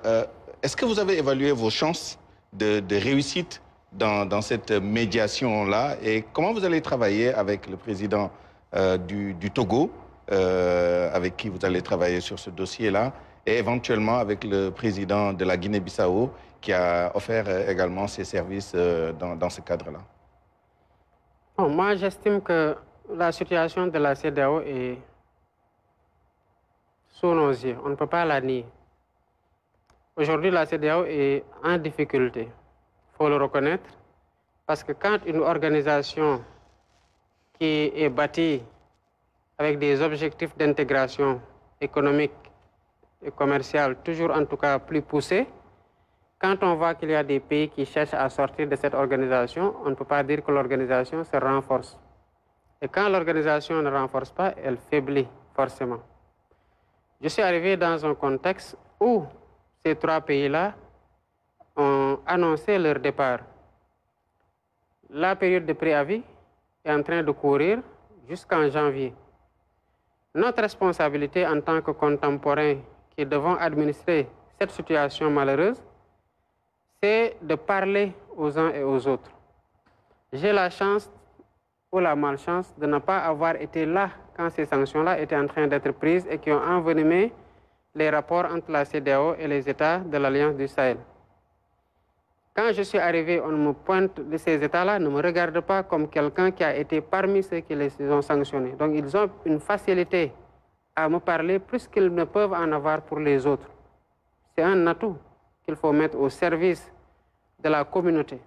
est-ce que vous avez évalué vos chances de réussite dans, cette médiation-là et comment vous allez travailler avec le président euh, du, Togo, euh, avec qui vous allez travailler sur ce dossier-là, et éventuellement avec le président de la Guinée-Bissau, qui a offert euh, également ses services dans, ce cadre-là. moi, j'estime que la situation de la CDAO est sous nos yeux. On ne peut pas la nier. Aujourd'hui, la CDAO est en difficulté le reconnaître, parce que quand une organisation qui est bâtie avec des objectifs d'intégration économique et commerciale, toujours en tout cas plus poussés, quand on voit qu'il y a des pays qui cherchent à sortir de cette organisation, on ne peut pas dire que l'organisation se renforce. Et quand l'organisation ne renforce pas, elle faiblit forcément. Je suis arrivé dans un contexte où ces trois pays-là annoncé leur départ. La période de préavis est en train de courir jusqu'en janvier. Notre responsabilité en tant que contemporains qui devons administrer cette situation malheureuse, c'est de parler aux uns et aux autres. J'ai la chance ou la malchance de ne pas avoir été là quand ces sanctions-là étaient en train d'être prises et qui ont envenimé les rapports entre la CDAO et les États de l'Alliance du Sahel. Quand je suis arrivé, on me pointe de ces États-là, ne me regarde pas comme quelqu'un qui a été parmi ceux qui les ont sanctionnés. Donc ils ont une facilité à me parler plus qu'ils ne peuvent en avoir pour les autres. C'est un atout qu'il faut mettre au service de la communauté.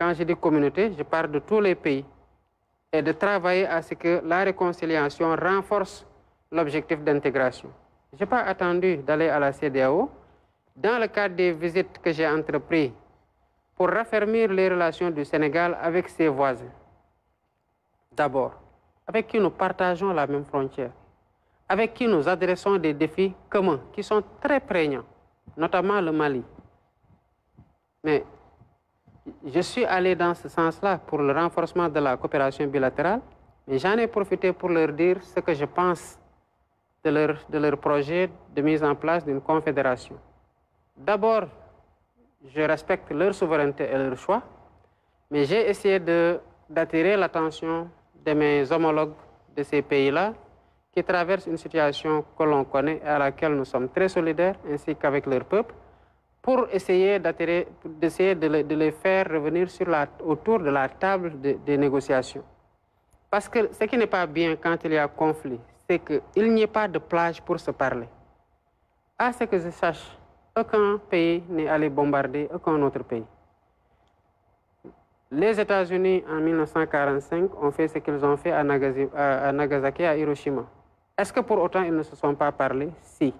Quand je dis communauté, je parle de tous les pays et de travailler à ce que la réconciliation renforce l'objectif d'intégration. Je n'ai pas attendu d'aller à la CDAO. Dans le cadre des visites que j'ai entreprises pour raffermir les relations du Sénégal avec ses voisins. D'abord, avec qui nous partageons la même frontière, avec qui nous adressons des défis communs qui sont très prégnants, notamment le Mali. Mais je suis allé dans ce sens-là pour le renforcement de la coopération bilatérale, mais j'en ai profité pour leur dire ce que je pense de leur, de leur projet de mise en place d'une confédération. D'abord, je respecte leur souveraineté et leur choix, mais j'ai essayé d'attirer l'attention de mes homologues de ces pays-là qui traversent une situation que l'on connaît et à laquelle nous sommes très solidaires, ainsi qu'avec leur peuple, pour essayer d'attirer, d'essayer de, les faire revenir sur la, autour de la table des négociations. Parce que ce qui n'est pas bien quand il y a conflit, c'est qu'il n'y ait pas de plage pour se parler. À ce que je sache, aucun pays n'est allé bombarder aucun autre pays. Les États-Unis, en 1945, ont fait ce qu'ils ont fait à, Nagasaki et à Hiroshima. Est-ce que pour autant ils ne se sont pas parlé Si.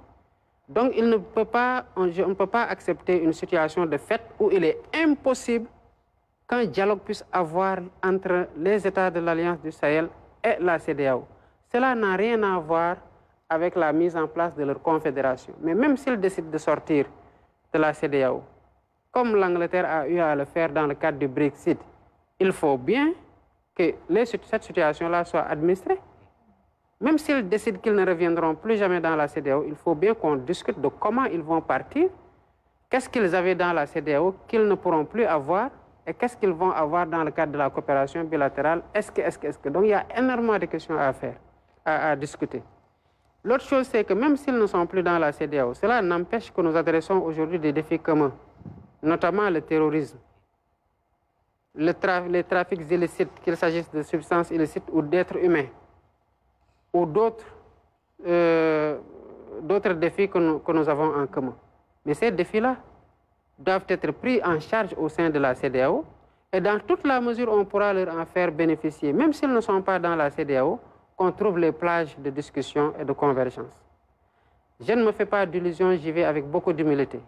Donc il ne peut pas, on ne peut pas accepter une situation de fait où il est impossible qu'un dialogue puisse avoir entre les États de l'Alliance du Sahel et la CDAO. Cela n'a rien à voir avec la mise en place de leur confédération. Mais même s'ils décident de sortir de la CDAO, comme l'Angleterre a eu à le faire dans le cadre du Brexit, il faut bien que cette situation-là soit administrée. Même s'ils décident qu'ils ne reviendront plus jamais dans la CDAO, il faut bien qu'on discute de comment ils vont partir, qu'est-ce qu'ils avaient dans la CDAO qu'ils ne pourront plus avoir et qu'est-ce qu'ils vont avoir dans le cadre de la coopération bilatérale. Est-ce que, est-ce que, est-ce que. Donc il y a énormément de questions à faire, à discuter. L'autre chose, c'est que même s'ils ne sont plus dans la CDAO, cela n'empêche que nous adressons aujourd'hui des défis communs, notamment le terrorisme, le les trafics illicites, qu'il s'agisse de substances illicites ou d'êtres humains, ou d'autres euh, défis que nous, avons en commun. Mais ces défis-là doivent être pris en charge au sein de la CDAO, et dans toute la mesure, on pourra leur en faire bénéficier, même s'ils ne sont pas dans la CDAO on trouve les plages de discussion et de convergence. Je ne me fais pas d'illusions, j'y vais avec beaucoup d'humilité.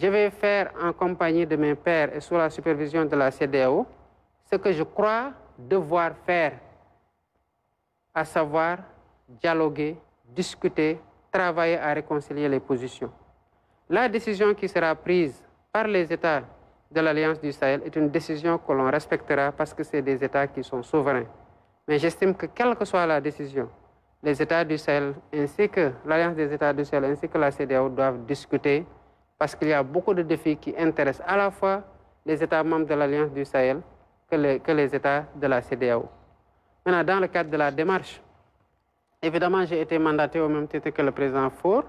Je vais faire en compagnie de mes pères et sous la supervision de la CDAO ce que je crois devoir faire, à savoir dialoguer, discuter, travailler à réconcilier les positions. La décision qui sera prise par les États de l'Alliance du Sahel est une décision que l'on respectera parce que c'est des États qui sont souverains. Mais j'estime que quelle que soit la décision, les États du Sahel ainsi que l'Alliance des États du Sahel ainsi que la CDAO doivent discuter parce qu'il y a beaucoup de défis qui intéressent à la fois les États membres de l'Alliance du Sahel que les, États de la CDAO. Maintenant, dans le cadre de la démarche, évidemment, j'ai été mandaté au même titre que le président Four.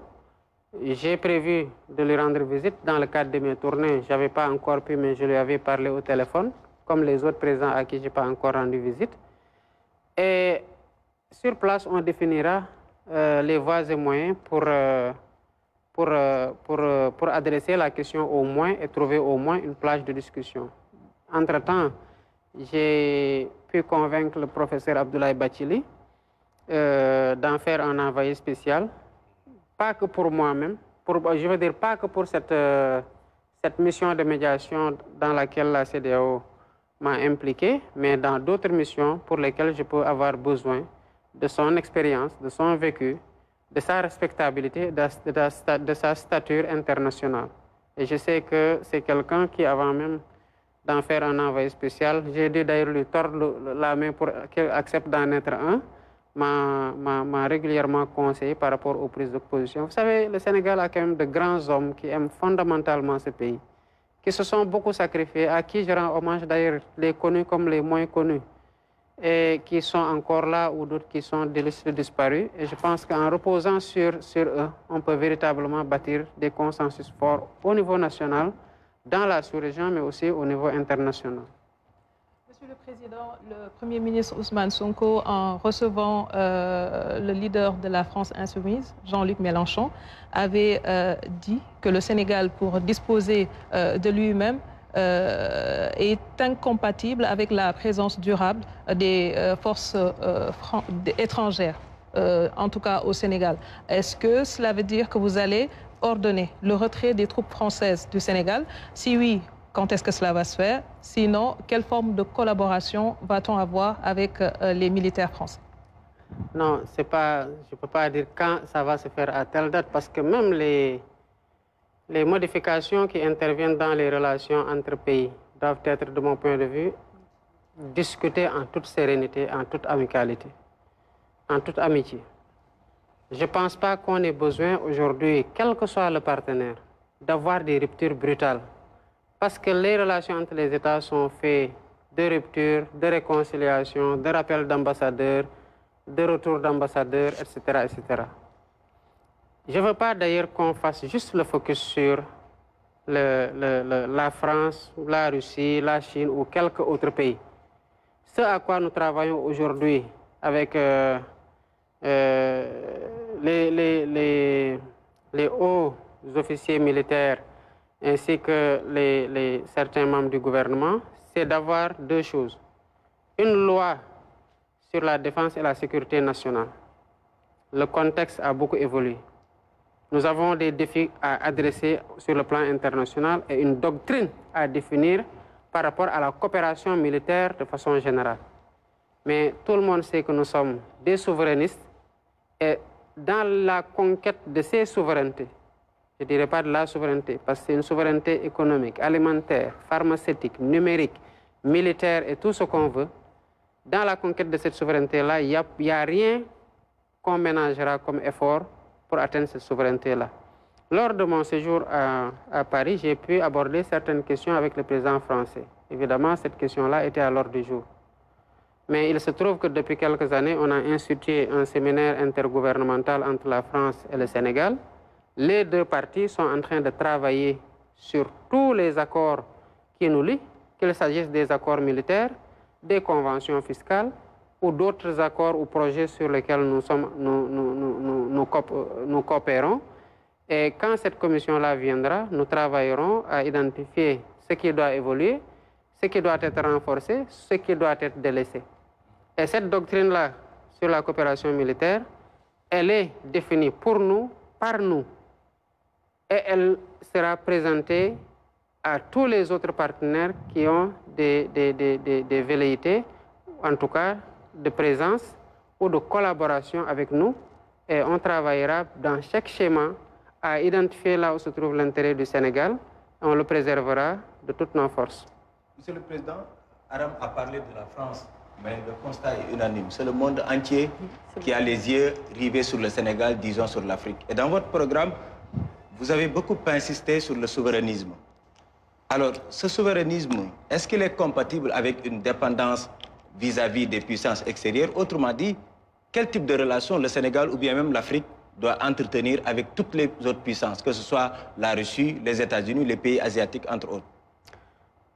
J'ai prévu de lui rendre visite dans le cadre de mes tournées. Je n'avais pas encore pu, mais je lui avais parlé au téléphone, comme les autres présidents à qui je n'ai pas encore rendu visite. Et sur place, on définira euh, les voies et moyens pour, euh, pour, euh, pour, adresser la question au moins et trouver au moins une plage de discussion. Entre-temps, j'ai pu convaincre le professeur Abdoulaye Bachili d'en faire un envoyé spécial, pas que pour moi-même, pour, je veux dire pas que pour cette, cette mission de médiation dans laquelle la CDAO m'a impliqué, mais dans d'autres missions pour lesquelles je peux avoir besoin de son expérience, de son vécu, de sa respectabilité, de, sa stature internationale. Et je sais que c'est quelqu'un qui, avant même d'en faire un envoyé spécial, j'ai dû d'ailleurs lui tordre la main pour qu'il accepte d'en être un, m'a régulièrement conseillé par rapport aux prises de position. Vous savez, le Sénégal a quand même de grands hommes qui aiment fondamentalement ce pays qui se sont beaucoup sacrifiés, à qui je rends hommage d'ailleurs, les connus comme les moins connus, et qui sont encore là ou d'autres qui sont disparus. Et je pense qu'en reposant sur, sur eux, on peut véritablement bâtir des consensus forts au niveau national, dans la sous-région, mais aussi au niveau international. Monsieur le Président, le Premier ministre Ousmane Sonko, en recevant euh, le leader de la France insoumise, Jean-Luc Mélenchon, avait euh, dit que le Sénégal, pour disposer euh, de lui-même, est incompatible avec la présence durable des forces étrangères, en tout cas au Sénégal. Est-ce que cela veut dire que vous allez ordonner le retrait des troupes françaises du Sénégal Si oui, quand est-ce que cela va se faire Sinon, quelle forme de collaboration va-t-on avoir avec euh, les militaires français Non, pas, je ne peux pas dire quand ça va se faire à telle date, parce que même les, les modifications qui interviennent dans les relations entre pays doivent être, de mon point de vue, discutées en toute sérénité, en toute amicalité, en toute amitié. Je ne pense pas qu'on ait besoin aujourd'hui, quel que soit le partenaire, d'avoir des ruptures brutales parce que les relations entre les États sont faites de rupture, de réconciliation, de rappel d'ambassadeurs, de retour d'ambassadeurs, etc., etc. Je ne veux pas d'ailleurs qu'on fasse juste le focus sur le, la France, la Russie, la Chine ou quelques autres pays. Ce à quoi nous travaillons aujourd'hui avec euh, euh, les, les, les hauts officiers militaires ainsi que les, certains membres du gouvernement, c'est d'avoir deux choses. Une loi sur la défense et la sécurité nationale. Le contexte a beaucoup évolué. Nous avons des défis à adresser sur le plan international et une doctrine à définir par rapport à la coopération militaire de façon générale. Mais tout le monde sait que nous sommes des souverainistes et dans la conquête de ces souverainetés, je ne dirais pas de la souveraineté, parce que c'est une souveraineté économique, alimentaire, pharmaceutique, numérique, militaire et tout ce qu'on veut, dans la conquête de cette souveraineté-là, il n'y a, rien qu'on ménagera comme effort pour atteindre cette souveraineté-là. Lors de mon séjour à, à Paris, j'ai pu aborder certaines questions avec le président français. Évidemment, cette question-là était à l'ordre du jour. Mais il se trouve que depuis quelques années, on a institué un séminaire intergouvernemental entre la France et le Sénégal, les deux parties sont en train de travailler sur tous les accords qui nous lient, qu'il s'agisse des accords militaires, des conventions fiscales ou d'autres accords ou projets sur lesquels nous, sommes, nous, nous, nous, euh, nous coopérons. Et quand cette commission-là viendra, nous travaillerons à identifier ce qui doit évoluer, ce qui doit être renforcé, ce qui doit être délaissé. Et cette doctrine-là sur la coopération militaire, elle est définie pour nous, par nous, et elle sera présentée à tous les autres partenaires qui ont des, des, des, des velléités, en tout cas de présence ou de collaboration avec nous. Et on travaillera dans chaque schéma à identifier là où se trouve l'intérêt du Sénégal. on le préservera de toutes nos forces. Monsieur le Président, Aram a parlé de la France, mais le constat est unanime. C'est le monde entier qui a les yeux rivés sur le Sénégal, disons sur l'Afrique. Et dans votre programme, vous avez beaucoup insisté sur le souverainisme. Alors, ce souverainisme, est-ce qu'il est compatible avec une dépendance vis-à-vis des puissances extérieures Autrement dit, quel type de relation le Sénégal ou bien même l'Afrique doit entretenir avec toutes les autres puissances, que ce soit la Russie, les États-Unis, les pays asiatiques, entre autres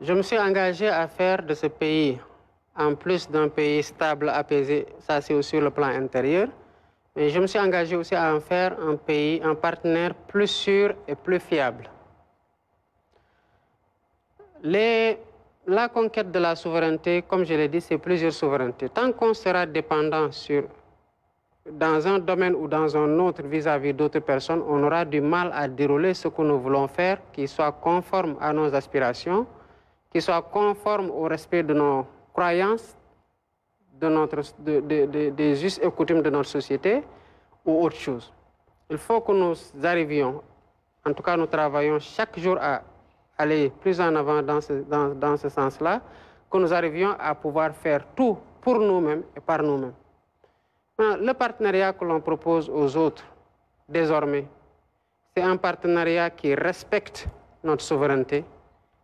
Je me suis engagé à faire de ce pays, en plus d'un pays stable, apaisé, ça c'est aussi le plan intérieur, et je me suis engagé aussi à en faire un pays, un partenaire plus sûr et plus fiable. Les, la conquête de la souveraineté, comme je l'ai dit, c'est plusieurs souverainetés. Tant qu'on sera dépendant sur, dans un domaine ou dans un autre vis-à-vis d'autres personnes, on aura du mal à dérouler ce que nous voulons faire, qui soit conforme à nos aspirations, qui soit conforme au respect de nos croyances, de notre, des justes et coutumes de notre société ou autre chose. Il faut que nous arrivions, en tout cas nous travaillons chaque jour à aller plus en avant dans ce, dans, dans ce sens-là, que nous arrivions à pouvoir faire tout pour nous-mêmes et par nous-mêmes. Le partenariat que l'on propose aux autres, désormais, c'est un partenariat qui respecte notre souveraineté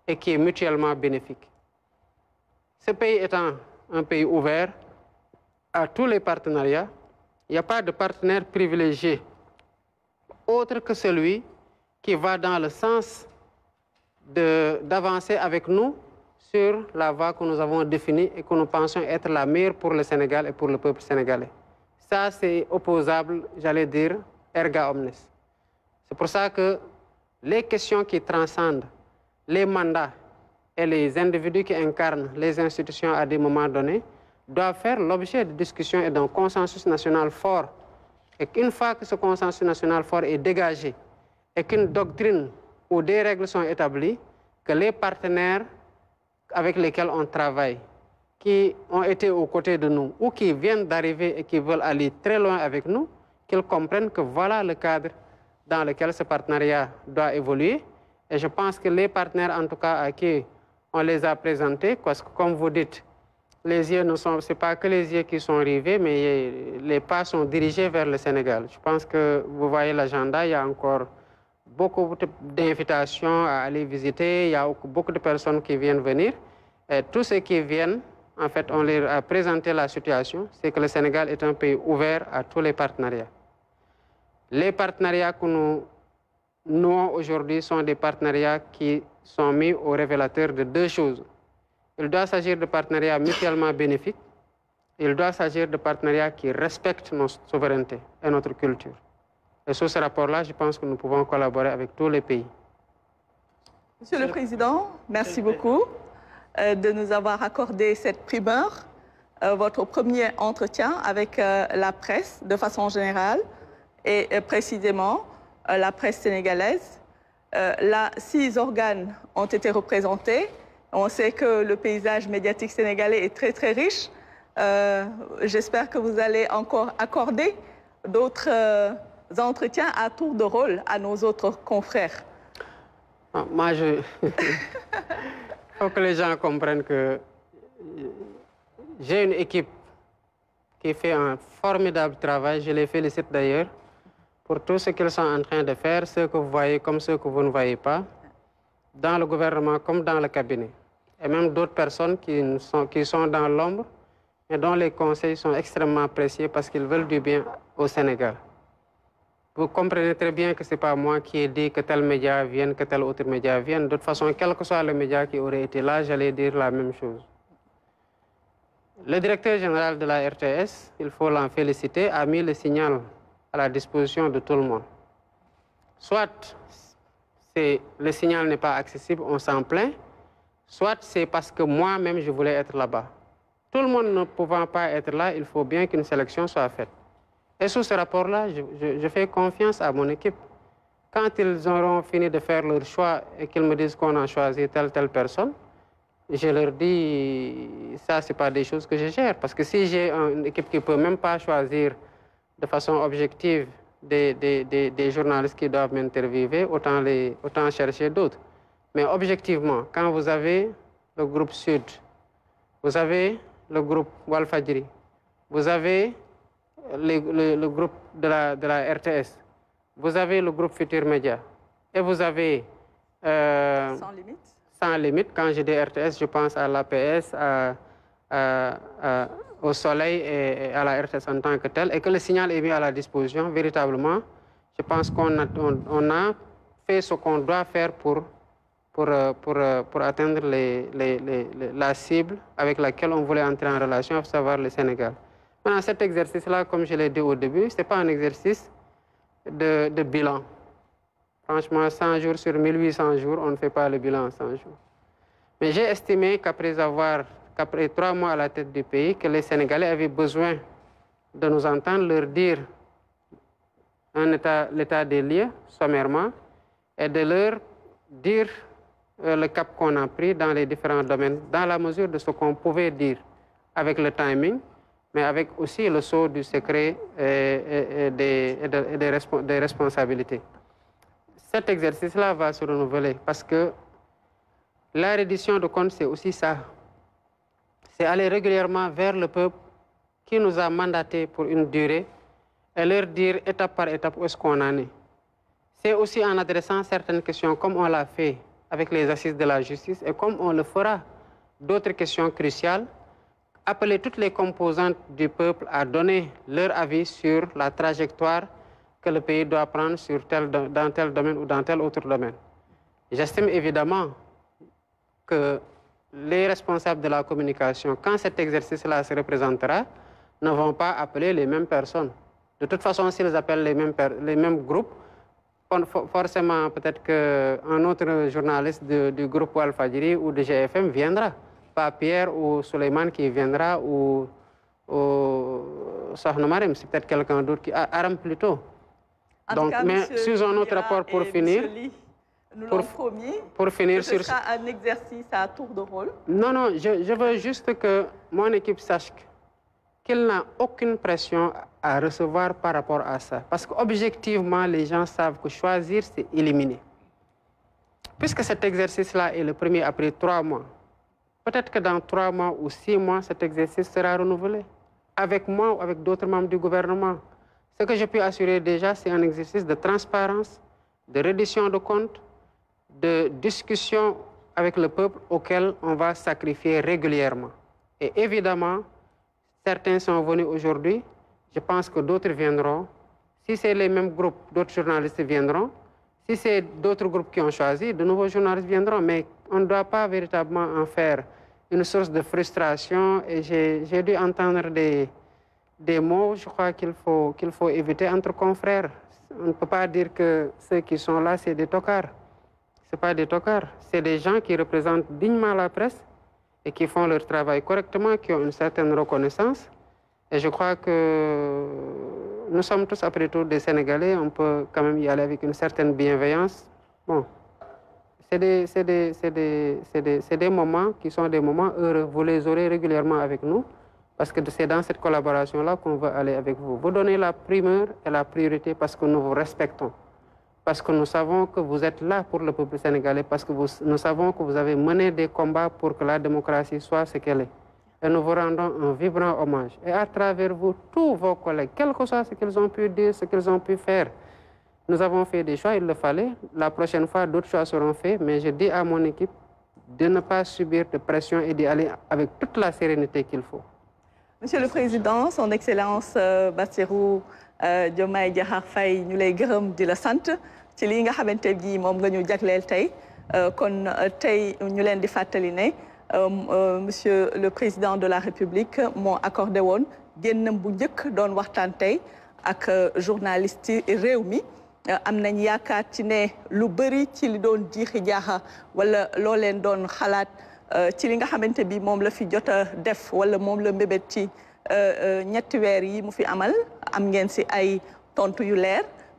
et qui est mutuellement bénéfique. Ce pays étant un pays ouvert, à tous les partenariats. Il n'y a pas de partenaire privilégié autre que celui qui va dans le sens d'avancer avec nous sur la voie que nous avons définie et que nous pensons être la meilleure pour le Sénégal et pour le peuple sénégalais. Ça, c'est opposable, j'allais dire, erga omnes. C'est pour ça que les questions qui transcendent les mandats et les individus qui incarnent les institutions à des moments donnés doit faire l'objet de discussions et d'un consensus national fort. Et qu'une fois que ce consensus national fort est dégagé et qu'une doctrine ou des règles sont établies, que les partenaires avec lesquels on travaille, qui ont été aux côtés de nous ou qui viennent d'arriver et qui veulent aller très loin avec nous, qu'ils comprennent que voilà le cadre dans lequel ce partenariat doit évoluer. Et je pense que les partenaires, en tout cas, à qui on les a présentés, parce que comme vous dites, les yeux ne sont, c'est pas que les yeux qui sont rivés, mais les pas sont dirigés vers le Sénégal. Je pense que vous voyez l'agenda, il y a encore beaucoup d'invitations à aller visiter, il y a beaucoup de personnes qui viennent venir. Et tous ceux qui viennent, en fait, on leur a présenté la situation, c'est que le Sénégal est un pays ouvert à tous les partenariats. Les partenariats que nous nouons aujourd'hui sont des partenariats qui sont mis au révélateur de deux choses. Il doit s'agir de partenariats mutuellement bénéfiques. Il doit s'agir de partenariats qui respectent notre souveraineté et notre culture. Et sur ce rapport-là, je pense que nous pouvons collaborer avec tous les pays. Monsieur le Président, merci beaucoup euh, de nous avoir accordé cette primeur, euh, votre premier entretien avec euh, la presse de façon générale et précisément la presse sénégalaise. Là, six organes ont été représentés. On sait que le paysage médiatique sénégalais est très, très riche. Euh, j'espère que vous allez encore accorder d'autres euh, entretiens à tour de rôle à nos autres confrères. Ah, moi, je... Il faut que les gens comprennent que euh, j'ai une équipe qui fait un formidable travail. Je les félicite d'ailleurs pour tout ce qu'ils sont en train de faire, ce que vous voyez comme ce que vous ne voyez pas, dans le gouvernement comme dans le cabinet et même d'autres personnes qui sont, qui sont dans l'ombre et dont les conseils sont extrêmement appréciés parce qu'ils veulent du bien au Sénégal. Vous comprenez très bien que ce n'est pas moi qui ai dit que tel média vienne, que tel autre média vienne. De toute façon, quel que soit le média qui aurait été là, j'allais dire la même chose. Le directeur général de la RTS, il faut l'en féliciter, a mis le signal à la disposition de tout le monde. Soit le signal n'est pas accessible, on s'en plaint, soit c'est parce que moi-même je voulais être là-bas. Tout le monde ne pouvant pas être là, il faut bien qu'une sélection soit faite. Et sous ce rapport-là, je, fais confiance à mon équipe. Quand ils auront fini de faire leur choix et qu'ils me disent qu'on a choisi telle telle personne, je leur dis ça, c'est pas des choses que je gère. Parce que si j'ai une équipe qui peut même pas choisir de façon objective des, des journalistes qui doivent m'interviewer, autant, les, autant chercher d'autres. Mais objectivement, quand vous avez le groupe Sud, vous avez le groupe Walfadiri, vous avez le, groupe de la, de la, RTS, vous avez le groupe Futur Média, et vous avez... Euh, sans limite Sans limite. Quand j'ai des RTS, je pense à l'APS, PS, au Soleil et, à la RTS en tant que telle, et que le signal est mis à la disposition, véritablement. Je pense qu'on on a fait ce qu'on doit faire pour pour, euh, pour, euh, pour atteindre les, les, les, la cible avec laquelle on voulait entrer en relation, à savoir le Sénégal. Maintenant, cet exercice-là, comme je l'ai dit au début, ce n'est pas un exercice de, de, bilan. Franchement, 100 jours sur 1800 jours, on ne fait pas le bilan en 100 jours. Mais j'ai estimé qu'après avoir, qu'après trois mois à la tête du pays, que les Sénégalais avaient besoin de nous entendre leur dire l'état des lieux sommairement et de leur dire euh, le cap qu'on a pris dans les différents domaines, dans la mesure de ce qu'on pouvait dire avec le timing, mais avec aussi le saut du secret et, des, des, responsabilités. Cet exercice-là va se renouveler parce que la reddition de comptes, c'est aussi ça. C'est aller régulièrement vers le peuple qui nous a mandatés pour une durée et leur dire étape par étape où est-ce qu'on en est. C'est aussi en adressant certaines questions, comme on l'a fait avec les assises de la justice et comme on le fera d'autres questions cruciales, appeler toutes les composantes du peuple à donner leur avis sur la trajectoire que le pays doit prendre sur tel, dans tel domaine ou dans tel autre domaine. J'estime évidemment que les responsables de la communication, quand cet exercice-là se représentera, ne vont pas appeler les mêmes personnes. De toute façon, s'ils appellent les mêmes, les mêmes groupes, forcément, peut-être qu'un autre journaliste du groupe Al-Fajri ou de GFM viendra. Pas Pierre ou Suleiman qui viendra ou, ou c'est peut-être quelqu'un d'autre qui. Ah, Aram plutôt. Donc, mais sur un autre rapport pour finir. nous pour, pour finir ce sur... sera un exercice à tour de rôle. Non, non, je, veux juste que mon équipe sache qu'elle n'a aucune pression à recevoir par rapport à ça. Parce qu'objectivement, les gens savent que choisir, c'est éliminer. Puisque cet exercice-là est le premier après trois mois, peut-être que dans trois mois ou six mois, cet exercice sera renouvelé. Avec moi ou avec d'autres membres du gouvernement. Ce que je peux assurer déjà, c'est un exercice de transparence, de reddition de comptes, de discussion avec le peuple auquel on va sacrifier régulièrement. Et évidemment, certains sont venus aujourd'hui, je pense que d'autres viendront. Si c'est les mêmes groupes, d'autres journalistes viendront. Si c'est d'autres groupes qui ont choisi, de nouveaux journalistes viendront. Mais on ne doit pas véritablement en faire une source de frustration. Et j'ai dû entendre des, des mots, je crois, qu'il faut, qu'il faut éviter entre confrères. On ne peut pas dire que ceux qui sont là, c'est des tocards. Ce pas des tocards. C'est des gens qui représentent dignement la presse et qui font leur travail correctement, qui ont une certaine reconnaissance et je crois que nous sommes tous, après tout, des Sénégalais. On peut quand même y aller avec une certaine bienveillance. Bon, c'est des, moments qui sont des moments heureux. Vous les aurez régulièrement avec nous parce que c'est dans cette collaboration-là qu'on veut aller avec vous. Vous donnez la primeur et la priorité parce que nous vous respectons, parce que nous savons que vous êtes là pour le peuple sénégalais, parce que nous savons que vous avez mené des combats pour que la démocratie soit ce qu'elle est et nous vous rendons un vibrant hommage. Et à travers vous, tous vos collègues, quel que soit ce qu'ils ont pu dire, ce qu'ils ont pu faire, nous avons fait des choix, il le fallait. La prochaine fois, d'autres choix seront faits, mais je dis à mon équipe de ne pas subir de pression et d'y aller avec toute la sérénité qu'il faut. Monsieur le Président, Son Excellence euh, Batirou euh, Diomaye Diakhar Faye ñu lay de la Sante, ci lii nga xamante bi moom nga ñu jagleel tey euh, kon tey ñu leen di euh, euh, monsieur le président de la république mon accordé won, génnam bu ñëk doon waxtaan tay ak euh, journaliste yi réew mi am nañ yaakaar ci ne lu bëri ci li doon jiixi jaaxa wala loo doon xalaat ci li nga xamante bi la fi jot def wala moom la mbébét ci ñetti weer yi mu fi amal am ngeen si ay tontu yu leer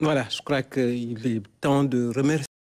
Voilà, je crois qu'il est temps de remercier.